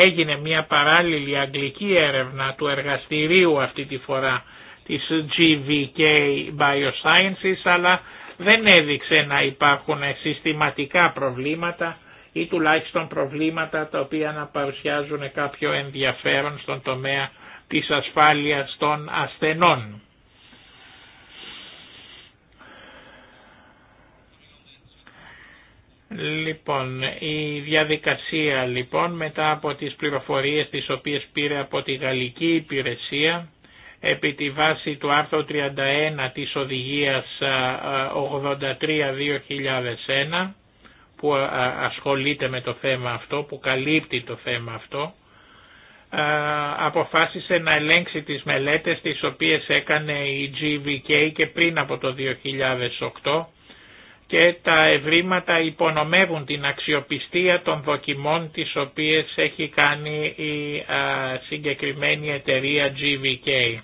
έγινε μια παράλληλη αγγλική έρευνα του εργαστηρίου αυτή τη φορά της GVK Biosciences αλλά δεν έδειξε να υπάρχουν συστηματικά προβλήματα ή τουλάχιστον προβλήματα τα οποία να παρουσιάζουν κάποιο ενδιαφέρον στον τομέα της ασφάλειας των ασθενών. Λοιπόν, η διαδικασία λοιπόν μετά από τις πληροφορίες τις οποίες πήρε από τη Γαλλική Υπηρεσία επί τη βάση του άρθρου 31 της Οδηγίας 83-2001 που ασχολείται με το θέμα αυτό, που καλύπτει το θέμα αυτό, αποφάσισε να ελέγξει τις μελέτες τις οποίες έκανε η GVK και πριν από το 2008 και τα ευρήματα υπονομεύουν την αξιοπιστία των δοκιμών τις οποίες έχει κάνει η συγκεκριμένη εταιρεία GVK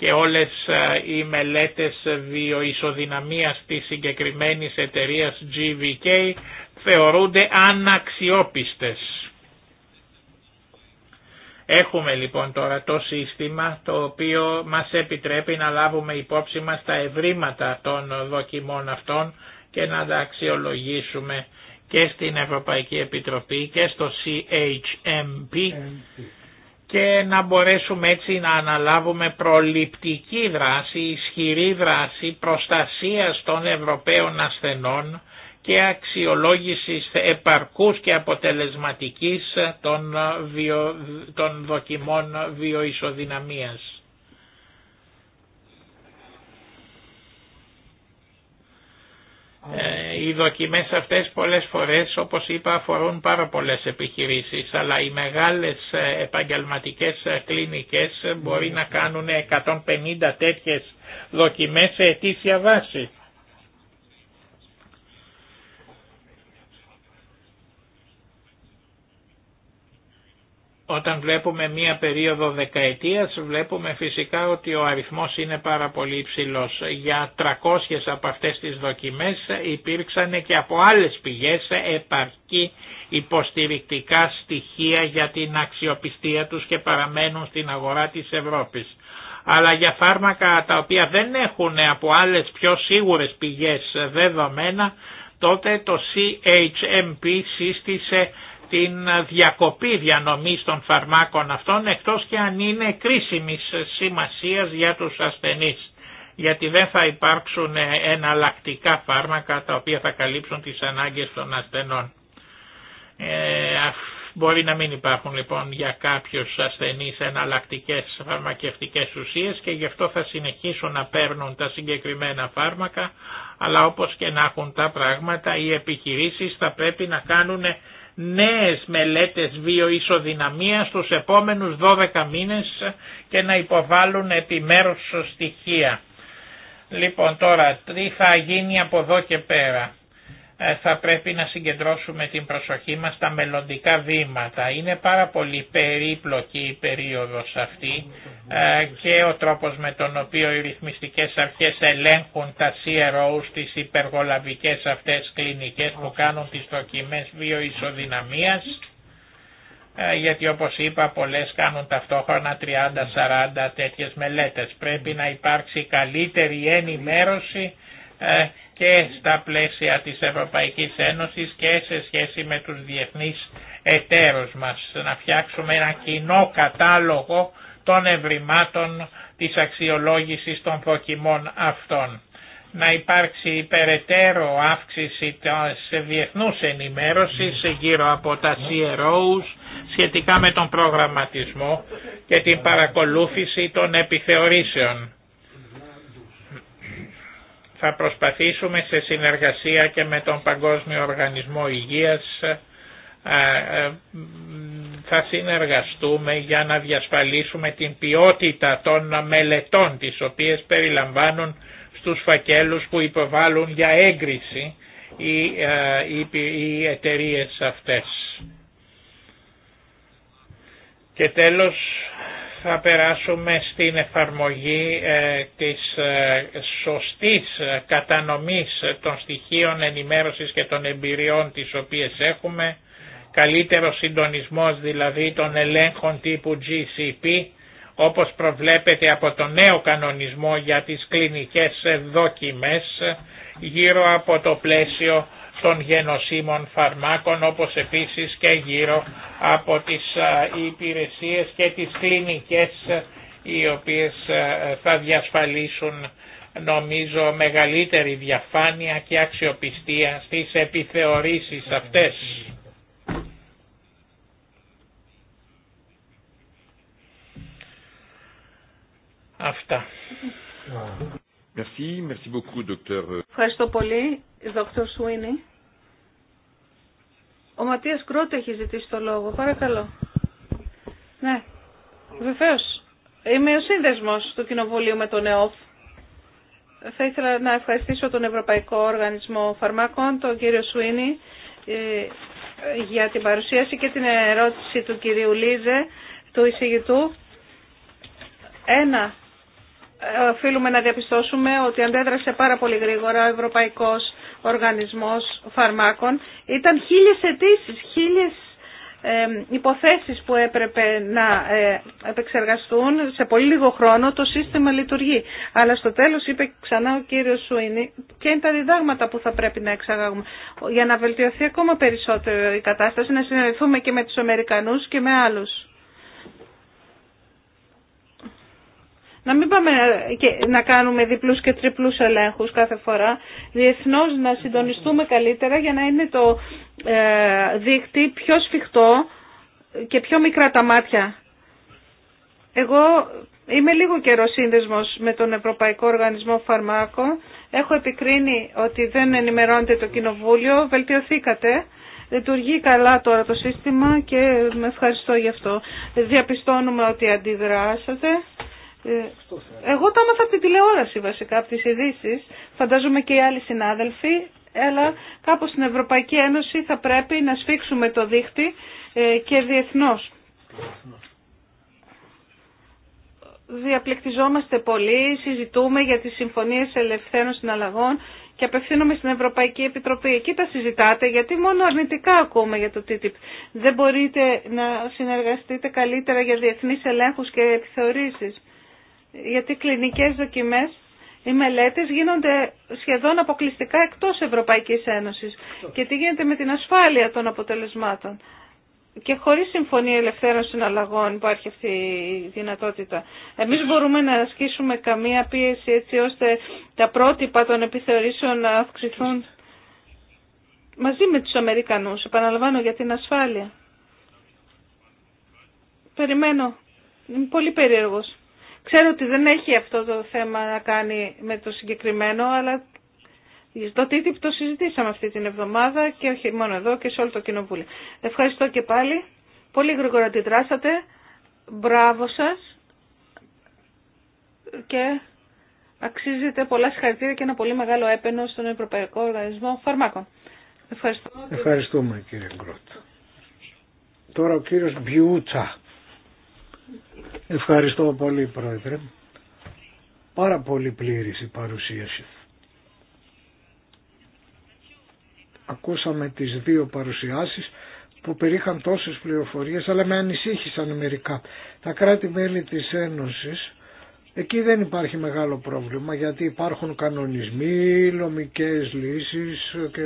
και όλες ε, οι μελέτες βιοϊσοδυναμίας της συγκεκριμένης εταιρείας GVK θεωρούνται αναξιόπιστες. Έχουμε λοιπόν τώρα το σύστημα το οποίο μας επιτρέπει να λάβουμε υπόψη μας τα ευρήματα των δοκιμών αυτών και να τα αξιολογήσουμε και στην Ευρωπαϊκή Επιτροπή και στο CHMP και να μπορέσουμε έτσι να αναλάβουμε προληπτική δράση, ισχυρή δράση προστασίας των Ευρωπαίων ασθενών και αξιολόγησης επαρκούς και αποτελεσματικής των, ε, δοκιμών βιοϊσοδυναμίας. Ε, οι δοκιμές αυτές πολλές φορές όπως είπα αφορούν πάρα πολλές επιχειρήσεις αλλά οι μεγάλες ε, επαγγελματικές ε, κλινικές μπορεί να κάνουν 150 τέτοιες δοκιμές σε αιτήσια βάση. Όταν βλέπουμε μία περίοδο δεκαετίας βλέπουμε φυσικά ότι ο αριθμός είναι πάρα πολύ υψηλός. Για 300 από αυτές τις δοκιμές υπήρξαν και από άλλες πηγές επαρκή υποστηρικτικά στοιχεία για την αξιοπιστία τους και παραμένουν στην αγορά της Ευρώπης. Αλλά για φάρμακα τα οποία δεν έχουν από άλλες πιο σίγουρες πηγές δεδομένα τότε το CHMP σύστησε την διακοπή διανομής των φαρμάκων αυτών εκτός και αν είναι κρίσιμης σημασίας για τους ασθενείς γιατί δεν θα υπάρξουν εναλλακτικά φάρμακα τα οποία θα καλύψουν τις ανάγκες των ασθενών. Ε, μπορεί να μην υπάρχουν λοιπόν για κάποιους ασθενείς εναλλακτικές φαρμακευτικές ουσίες και γι' αυτό θα συνεχίσουν να παίρνουν τα συγκεκριμένα φάρμακα αλλά όπως και να έχουν τα πράγματα οι επιχειρήσεις θα πρέπει να κάνουν νέες μελέτες βιοϊσοδυναμίας στους επόμενους 12 μήνες και να υποβάλουν επιμέρους στοιχεία. Λοιπόν τώρα τι θα γίνει από εδώ και πέρα. Ε, θα πρέπει να συγκεντρώσουμε την προσοχή μας στα μελλοντικά βήματα. Είναι πάρα πολύ περίπλοκη η περίοδος αυτή ε, και ο τρόπος με τον οποίο οι ρυθμιστικές αρχές ελέγχουν τα CRO στις υπεργολαβικές αυτές κλινικές που κάνουν τις δοκιμές βιοϊσοδυναμίας ε, γιατί όπως είπα πολλές κάνουν ταυτόχρονα 30-40 τέτοιες μελέτες. Πρέπει να υπάρξει καλύτερη ενημέρωση ε, και στα πλαίσια της Ευρωπαϊκής Ένωσης και σε σχέση με τους διεθνείς εταίρους μας. Να φτιάξουμε ένα κοινό κατάλογο των ευρημάτων της αξιολόγησης των δοκιμών αυτών. Να υπάρξει υπεραιτέρω αύξηση σε διεθνούς ενημέρωσης γύρω από τα CROs σχετικά με τον προγραμματισμό και την παρακολούθηση των επιθεωρήσεων θα προσπαθήσουμε σε συνεργασία και με τον Παγκόσμιο Οργανισμό Υγείας ε, ε, θα συνεργαστούμε για να διασφαλίσουμε την ποιότητα των μελετών τις οποίες περιλαμβάνουν στους φακέλους που υποβάλλουν για έγκριση οι, ε, οι, οι αυτές. Και τέλος θα περάσουμε στην εφαρμογή ε, της ε, σωστής ε, κατανομής των στοιχείων ενημέρωσης και των εμπειριών τις οποίες έχουμε, καλύτερο συντονισμός δηλαδή των ελέγχων τύπου GCP, όπως προβλέπεται από το νέο κανονισμό για τις κλινικές δοκιμές γύρω από το πλαίσιο των γενοσύμων φαρμάκων όπως επίσης και γύρω από τις υπηρεσίες και τις κλινικές οι οποίες θα διασφαλίσουν νομίζω μεγαλύτερη διαφάνεια και αξιοπιστία στις επιθεωρήσεις αυτές. Αυτά. Merci, merci beaucoup, Ευχαριστώ πολύ, Δόκτωρ Σουίνι. Ο Ματίας Κρότε έχει ζητήσει το λόγο. Παρακαλώ. Ναι. Βεβαίω, Είμαι ο σύνδεσμος του Κοινοβουλίου με τον ΕΟΦ. Θα ήθελα να ευχαριστήσω τον Ευρωπαϊκό Οργανισμό Φαρμάκων, τον κύριο Σουίνι, ε, για την παρουσίαση και την ερώτηση του κυρίου Λίζε, του εισηγητού. Ένα, ε, οφείλουμε να διαπιστώσουμε ότι αντέδρασε πάρα πολύ γρήγορα ο Ευρωπαϊκός Οργανισμός Φαρμάκων ήταν χίλιες αιτήσει, χίλιες ε, υποθέσεις που έπρεπε να ε, επεξεργαστούν σε πολύ λίγο χρόνο το σύστημα λειτουργεί. Αλλά στο τέλος είπε ξανά ο κύριος Σουίνι και είναι τα διδάγματα που θα πρέπει να εξαγάγουμε για να βελτιωθεί ακόμα περισσότερο η κατάσταση, να συνεργαστούμε και με τους Αμερικανούς και με άλλους. Να μην πάμε να κάνουμε διπλούς και τριπλούς ελέγχους κάθε φορά. Διεθνώς να συντονιστούμε καλύτερα για να είναι το ε, δίχτυ πιο σφιχτό και πιο μικρά τα μάτια. Εγώ είμαι λίγο καιρό σύνδεσμος με τον Ευρωπαϊκό Οργανισμό Φαρμάκων. Έχω επικρίνει ότι δεν ενημερώνεται το Κοινοβούλιο. Βελτιωθήκατε. Λειτουργεί καλά τώρα το σύστημα και με ευχαριστώ γι' αυτό. Διαπιστώνουμε ότι αντιδράσατε ε, εγώ τα έμαθα από την τηλεόραση βασικά, από τις ειδήσει, φαντάζομαι και οι άλλοι συνάδελφοι, αλλά κάπως στην Ευρωπαϊκή Ένωση θα πρέπει να σφίξουμε το δίχτυ ε, και διεθνώς. Διαπληκτιζόμαστε πολύ, συζητούμε για τις συμφωνίες ελευθέρων συναλλαγών και απευθύνομαι στην Ευρωπαϊκή Επιτροπή. Εκεί τα συζητάτε, γιατί μόνο αρνητικά ακούμε για το TTIP. Δεν μπορείτε να συνεργαστείτε καλύτερα για διεθνείς ελέγχους και επιθεωρήσεις γιατί κλινικές δοκιμές οι μελέτες γίνονται σχεδόν αποκλειστικά εκτός Ευρωπαϊκής Ένωσης και τι γίνεται με την ασφάλεια των αποτελεσμάτων. Και χωρίς συμφωνία ελευθέρων συναλλαγών υπάρχει αυτή η δυνατότητα. Εμείς μπορούμε να ασκήσουμε καμία πίεση έτσι ώστε τα πρότυπα των επιθεωρήσεων να αυξηθούν μαζί με τους Αμερικανούς, επαναλαμβάνω για την ασφάλεια. Περιμένω. Είμαι πολύ περίεργος. Ξέρω ότι δεν έχει αυτό το θέμα να κάνει με το συγκεκριμένο, αλλά το TTIP το συζητήσαμε αυτή την εβδομάδα και όχι μόνο εδώ και σε όλο το κοινοβούλιο. Ευχαριστώ και πάλι. Πολύ γρήγορα αντιδράσατε. Μπράβο σας. Και αξίζεται πολλά συγχαρητήρια και ένα πολύ μεγάλο έπαινο στον Ευρωπαϊκό Οργανισμό Φαρμάκων. Ευχαριστώ. Ευχαριστούμε κύριε Γκρότ. Τώρα ο κύριος Μπιούτσα. Ευχαριστώ πολύ Πρόεδρε. Πάρα πολύ πλήρης η παρουσίαση. Ακούσαμε τις δύο παρουσιάσεις που περίχαν τόσες πληροφορίες αλλά με ανησύχησαν μερικά. Τα κράτη-μέλη της Ένωσης εκεί δεν υπάρχει μεγάλο πρόβλημα γιατί υπάρχουν κανονισμοί, λομικές λύσεις και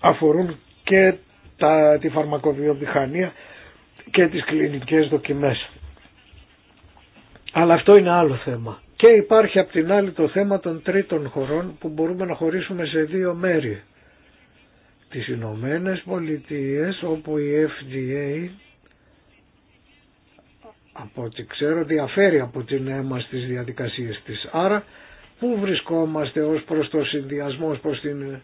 αφορούν και τα, τη φαρμακοβιομηχανία και τις κλινικές δοκιμές. Αλλά αυτό είναι άλλο θέμα. Και υπάρχει απ' την άλλη το θέμα των τρίτων χωρών που μπορούμε να χωρίσουμε σε δύο μέρη. Τις Ηνωμένε Πολιτείες όπου η FDA από ό,τι ξέρω διαφέρει από την αίμα στις διαδικασίες της. Άρα πού βρισκόμαστε ως προς το συνδυασμό, ως προς την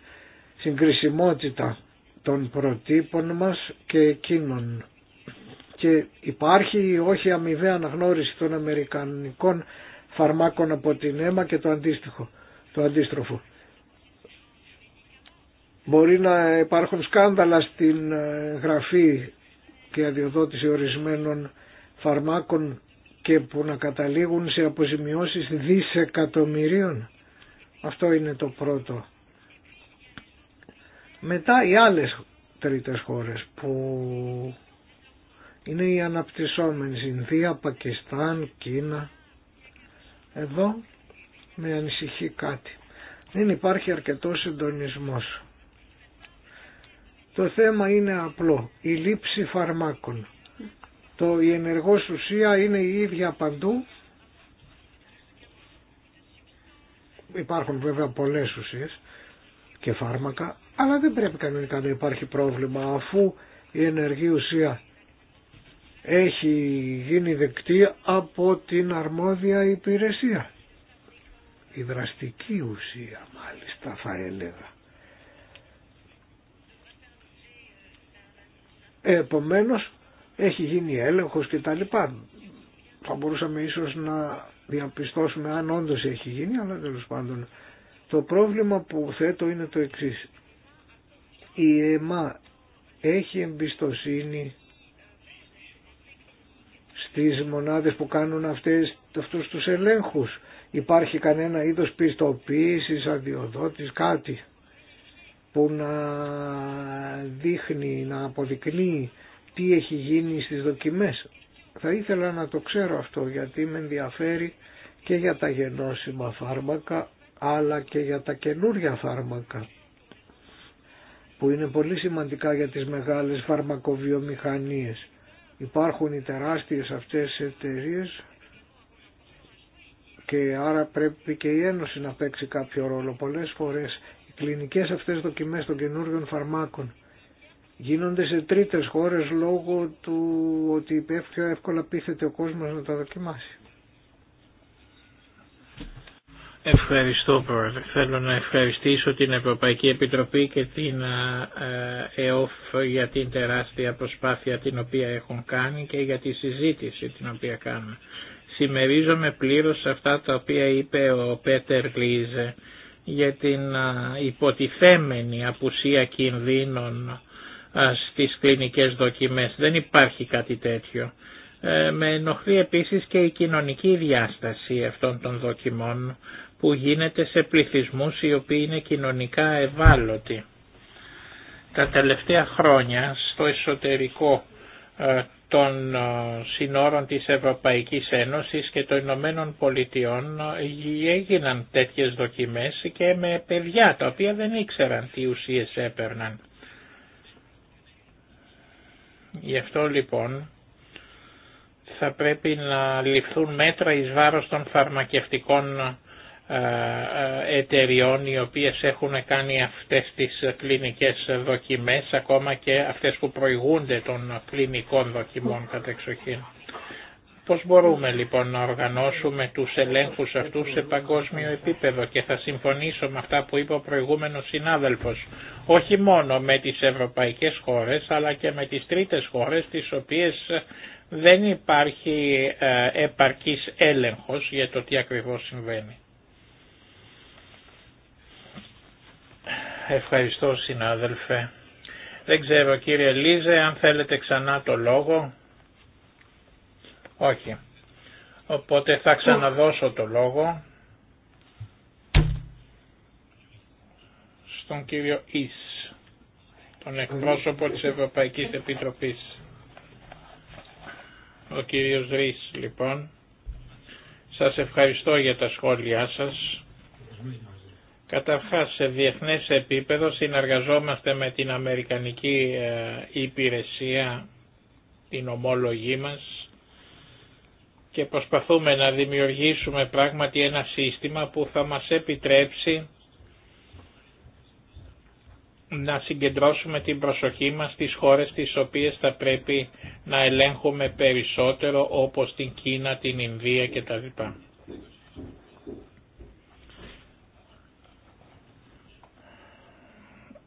συγκρισιμότητα των προτύπων μας και εκείνων. Και υπάρχει η όχι αμοιβαία αναγνώριση των αμερικανικών φαρμάκων από την αίμα και το αντίστοιχο, το αντίστροφο. Μπορεί να υπάρχουν σκάνδαλα στην ε, γραφή και αδειοδότηση ορισμένων φαρμάκων και που να καταλήγουν σε αποζημιώσεις δισεκατομμυρίων. Αυτό είναι το πρώτο μετά οι άλλες τρίτες χώρες που είναι οι αναπτυσσόμενες Ινδία, Πακιστάν, Κίνα. Εδώ με ανησυχεί κάτι. Δεν υπάρχει αρκετό συντονισμός. Το θέμα είναι απλό. Η λήψη φαρμάκων. Το, η ενεργός ουσία είναι η ίδια παντού. Υπάρχουν βέβαια πολλές ουσίες και φάρμακα, αλλά δεν πρέπει κανονικά να υπάρχει πρόβλημα αφού η ενεργή ουσία έχει γίνει δεκτή από την αρμόδια υπηρεσία. Η δραστική ουσία μάλιστα θα έλεγα. Επομένως έχει γίνει έλεγχος και τα λοιπά. Θα μπορούσαμε ίσως να διαπιστώσουμε αν όντως έχει γίνει αλλά τέλος πάντων το πρόβλημα που θέτω είναι το εξής η ΕΜΑ έχει εμπιστοσύνη στις μονάδες που κάνουν αυτές, αυτούς τους ελέγχους. Υπάρχει κανένα είδος πιστοποίησης, αδειοδότης, κάτι που να δείχνει, να αποδεικνύει τι έχει γίνει στις δοκιμές. Θα ήθελα να το ξέρω αυτό γιατί με ενδιαφέρει και για τα γενώσιμα φάρμακα αλλά και για τα καινούρια φάρμακα που είναι πολύ σημαντικά για τις μεγάλες φαρμακοβιομηχανίες. Υπάρχουν οι τεράστιες αυτές εταιρείε και άρα πρέπει και η Ένωση να παίξει κάποιο ρόλο. Πολλές φορές οι κλινικές αυτές δοκιμές των καινούργιων φαρμάκων γίνονται σε τρίτες χώρες λόγω του ότι πιο εύκολα πείθεται ο κόσμος να τα δοκιμάσει. Ευχαριστώ Πρόεδρε. Θέλω να ευχαριστήσω την Ευρωπαϊκή Επιτροπή και την ε, ε, ΕΟΦ για την τεράστια προσπάθεια την οποία έχουν κάνει και για τη συζήτηση την οποία κάνουμε. Συμμερίζομαι πλήρως αυτά τα οποία είπε ο Πέτερ Λίζε για την ε, υποτιθέμενη απουσία κινδύνων στις κλινικές δοκιμές. Δεν υπάρχει κάτι τέτοιο. με ενοχλεί επίσης και η κοινωνική διάσταση αυτών των δοκιμών που γίνεται σε πληθυσμούς οι οποίοι είναι κοινωνικά ευάλωτοι. Τα τελευταία χρόνια στο εσωτερικό ε, των ε, συνόρων της Ευρωπαϊκής Ένωσης και των Ηνωμένων Πολιτειών ε, έγιναν τέτοιες δοκιμές και με παιδιά τα οποία δεν ήξεραν τι ουσίες έπαιρναν. Γι' αυτό λοιπόν θα πρέπει να ληφθούν μέτρα εις βάρος των φαρμακευτικών ε, ε, εταιριών οι οποίες έχουν κάνει αυτές τις κλινικές δοκιμές ακόμα και αυτές που προηγούνται των κλινικών δοκιμών κατεξοχήν. Πώς μπορούμε λοιπόν να οργανώσουμε τους ελέγχους αυτούς σε παγκόσμιο επίπεδο και θα συμφωνήσω με αυτά που είπε ο προηγούμενος συνάδελφος, όχι μόνο με τις ευρωπαϊκές χώρες αλλά και με τις τρίτες χώρες τις οποίες δεν υπάρχει ε, επαρκής έλεγχος για το τι ακριβώς συμβαίνει. Ευχαριστώ συνάδελφε. Δεν ξέρω κύριε Λίζε αν θέλετε ξανά το λόγο. Όχι. Οπότε θα ξαναδώσω το λόγο στον κύριο Ις, τον εκπρόσωπο της Ευρωπαϊκής Επιτροπής. Ο κύριος Ρίς λοιπόν. Σας ευχαριστώ για τα σχόλιά σας. Καταρχάς σε διεθνές επίπεδο συνεργαζόμαστε με την Αμερικανική ε, Υπηρεσία, την ομόλογή μας και προσπαθούμε να δημιουργήσουμε πράγματι ένα σύστημα που θα μας επιτρέψει να συγκεντρώσουμε την προσοχή μας στις χώρες τις οποίες θα πρέπει να ελέγχουμε περισσότερο όπως την Κίνα, την Ινδία κτλ.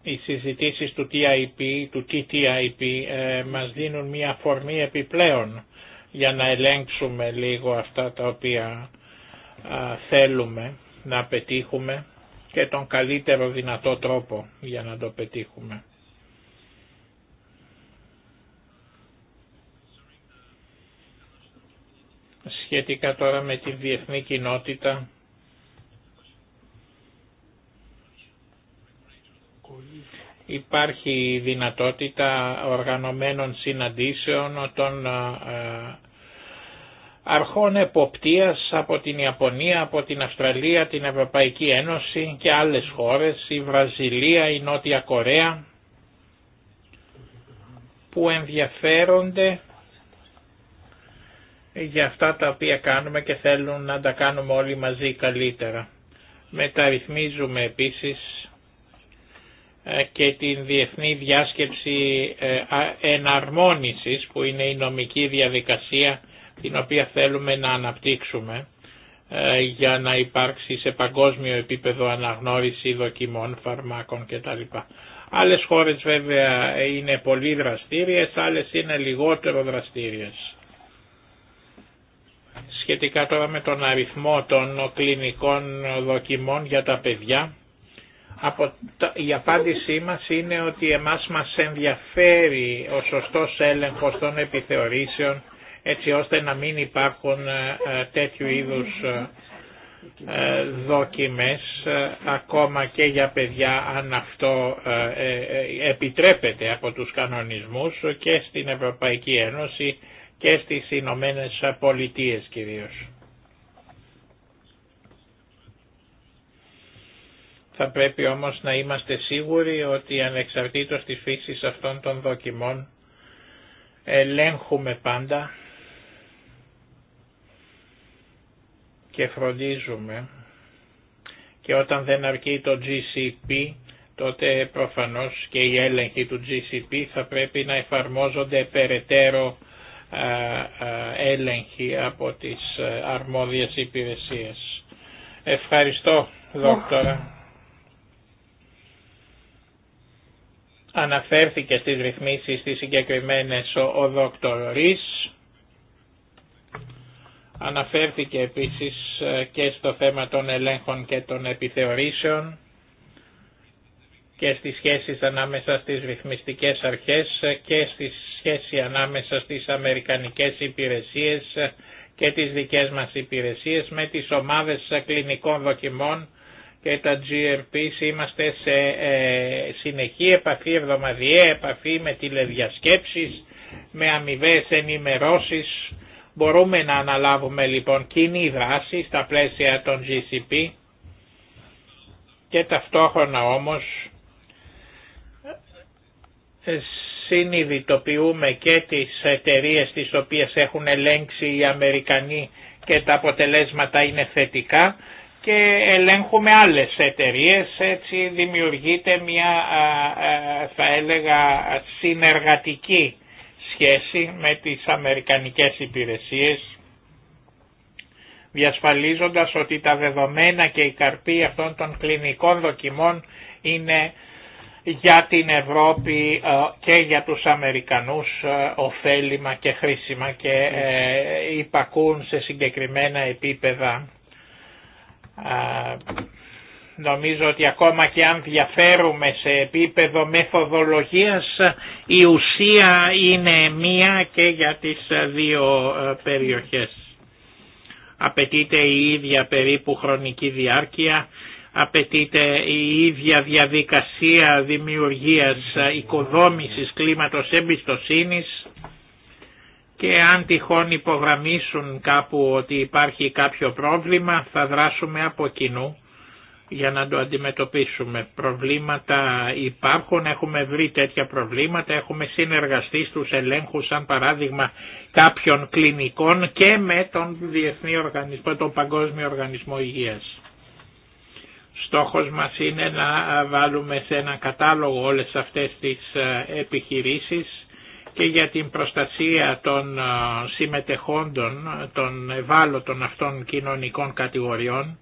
οι συζητήσεις του TIP, του TTIP ε, μας δίνουν μια αφορμή επιπλέον για να ελέγξουμε λίγο αυτά τα οποία θέλουμε να πετύχουμε και τον καλύτερο δυνατό τρόπο για να το πετύχουμε. Σχετικά τώρα με τη διεθνή κοινότητα υπάρχει δυνατότητα οργανωμένων συναντήσεων των ε, ε, αρχών εποπτείας από την Ιαπωνία, από την Αυστραλία, την Ευρωπαϊκή Ένωση και άλλες χώρες, η Βραζιλία, η Νότια Κορέα, που ενδιαφέρονται για αυτά τα οποία κάνουμε και θέλουν να τα κάνουμε όλοι μαζί καλύτερα. Μεταρρυθμίζουμε επίσης ε, και την Διεθνή Διάσκεψη ε, Εναρμόνισης που είναι η νομική διαδικασία την οποία θέλουμε να αναπτύξουμε ε, για να υπάρξει σε παγκόσμιο επίπεδο αναγνώριση δοκιμών, φαρμάκων κτλ. Άλλες χώρες βέβαια είναι πολύ δραστήριες, άλλες είναι λιγότερο δραστήριες. Σχετικά τώρα με τον αριθμό των κλινικών δοκιμών για τα παιδιά, από η απάντησή μας είναι ότι εμάς μας ενδιαφέρει ο σωστός έλεγχος των επιθεωρήσεων έτσι ώστε να μην υπάρχουν ε, ε, τέτοιου είδους ε, δόκιμες ακόμα και για παιδιά αν αυτό επιτρέπεται από τους κανονισμούς και στην Ευρωπαϊκή Ένωση και στις Ηνωμένε Πολιτείες κυρίως. Θα πρέπει όμως να είμαστε σίγουροι ότι ανεξαρτήτως της φύσης αυτών των δοκιμών ελέγχουμε πάντα και φροντίζουμε και όταν δεν αρκεί το GCP τότε προφανώς και οι έλεγχοι του GCP θα πρέπει να εφαρμόζονται περαιτέρω έλεγχοι από τις αρμόδιες υπηρεσίες. Ευχαριστώ δόκτωρα. αναφέρθηκε στις ρυθμίσεις τις συγκεκριμένες ο, ο Αναφέρθηκε επίσης ε, και στο θέμα των ελέγχων και των επιθεωρήσεων και στις σχέσεις ανάμεσα στις ρυθμιστικές αρχές ε, και στη σχέση ανάμεσα στις αμερικανικές υπηρεσίες ε, και τις δικές μας υπηρεσίες με τις ομάδες κλινικών δοκιμών και τα GRPs είμαστε σε ε, συνεχή επαφή, εβδομαδιαία επαφή με τηλεδιασκέψεις, με αμοιβέ ενημερώσεις. Μπορούμε να αναλάβουμε λοιπόν κοινή δράση στα πλαίσια των GCP και ταυτόχρονα όμως συνειδητοποιούμε και τις εταιρείε τις οποίες έχουν ελέγξει οι Αμερικανοί και τα αποτελέσματα είναι θετικά και ελέγχουμε άλλες εταιρείες, έτσι δημιουργείται μια θα έλεγα συνεργατική σχέση με τις αμερικανικές υπηρεσίες διασφαλίζοντας ότι τα δεδομένα και οι καρποί αυτών των κλινικών δοκιμών είναι για την Ευρώπη και για τους Αμερικανούς ωφέλιμα και χρήσιμα και ε, υπακούν σε συγκεκριμένα επίπεδα Νομίζω ότι ακόμα και αν διαφέρουμε σε επίπεδο μεθοδολογίας η ουσία είναι μία και για τις δύο ε, περιοχές. Απαιτείται η ίδια περίπου χρονική διάρκεια, απαιτείται η ίδια διαδικασία δημιουργίας ε, οικοδόμησης κλίματος εμπιστοσύνης και αν τυχόν υπογραμμίσουν κάπου ότι υπάρχει κάποιο πρόβλημα θα δράσουμε από κοινού για να το αντιμετωπίσουμε. Προβλήματα υπάρχουν, έχουμε βρει τέτοια προβλήματα, έχουμε συνεργαστεί στους ελέγχους σαν παράδειγμα κάποιων κλινικών και με τον Διεθνή Οργανισμό, τον Παγκόσμιο Οργανισμό Υγείας. Στόχος μας είναι να βάλουμε σε ένα κατάλογο όλες αυτές τις ε, επιχειρήσεις και για την προστασία των ε, συμμετεχόντων, των ευάλωτων αυτών κοινωνικών κατηγοριών.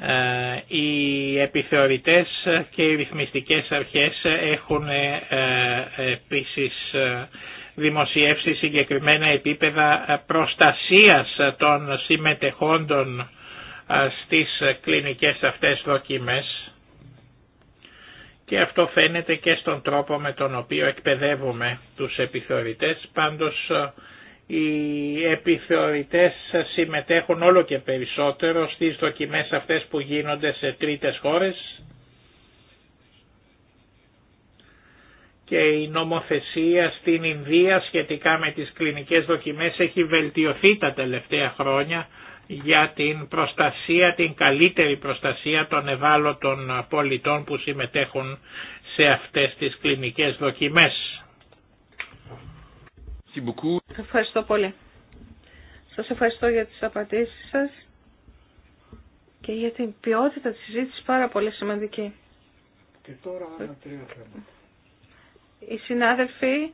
Ε, οι επιθεωρητές και οι ρυθμιστικές αρχές έχουν ε, επίσης δημοσιεύσει συγκεκριμένα επίπεδα προστασίας των συμμετεχόντων στις κλινικές αυτές δοκιμές και αυτό φαίνεται και στον τρόπο με τον οποίο εκπαιδεύουμε τους επιθεωρητές. Πάντως ε, οι επιθεωρητές συμμετέχουν όλο και περισσότερο στις δοκιμές αυτές που γίνονται σε τρίτες χώρες και η νομοθεσία στην Ινδία σχετικά με τις κλινικές δοκιμές έχει βελτιωθεί τα τελευταία χρόνια για την προστασία, την καλύτερη προστασία των ευάλωτων πολιτών που συμμετέχουν σε αυτές τις κλινικές δοκιμές. Ευχαριστώ πολύ. Σας ευχαριστώ για τις απαντήσεις σας και για την ποιότητα της συζήτησης πάρα πολύ σημαντική. Και τώρα ένα τρία θέματα. Οι συνάδελφοι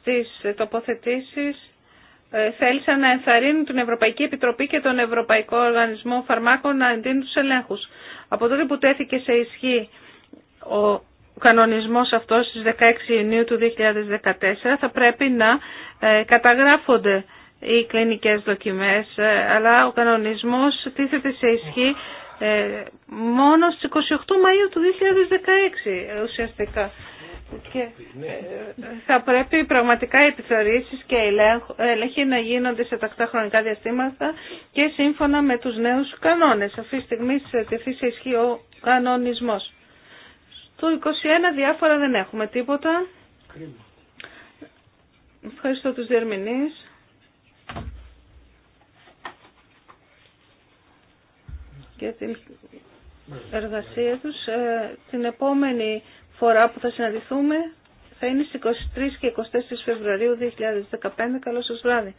στις τοποθετήσεις ε, θέλησαν να ενθαρρύνουν την Ευρωπαϊκή Επιτροπή και τον Ευρωπαϊκό Οργανισμό Φαρμάκων να εντείνουν τους ελέγχους. Από τότε που τέθηκε σε ισχύ ο κανονισμός αυτός στις 16 Ιουνίου του 2014 θα πρέπει να ε, καταγράφονται οι κλινικές δοκιμές, ε, αλλά ο κανονισμός τίθεται σε ισχύ μόνο στις 28 Μαΐου του 2016 ουσιαστικά. Και ε, θα πρέπει πραγματικά οι επιθεωρήσεις και οι έλεγχοι να γίνονται σε τακτά χρονικά διαστήματα και σύμφωνα με τους νέους κανόνες. Αυτή τη στιγμή σε τεθεί σε ισχύ ο κανονισμός. Στο 21 διάφορα δεν έχουμε τίποτα. Ευχαριστώ τους διερμηνείς. για την εργασία τους. Ε, την επόμενη φορά που θα συναντηθούμε θα είναι στις 23 και 24 Φεβρουαρίου 2015. Καλώς σας βράδυ.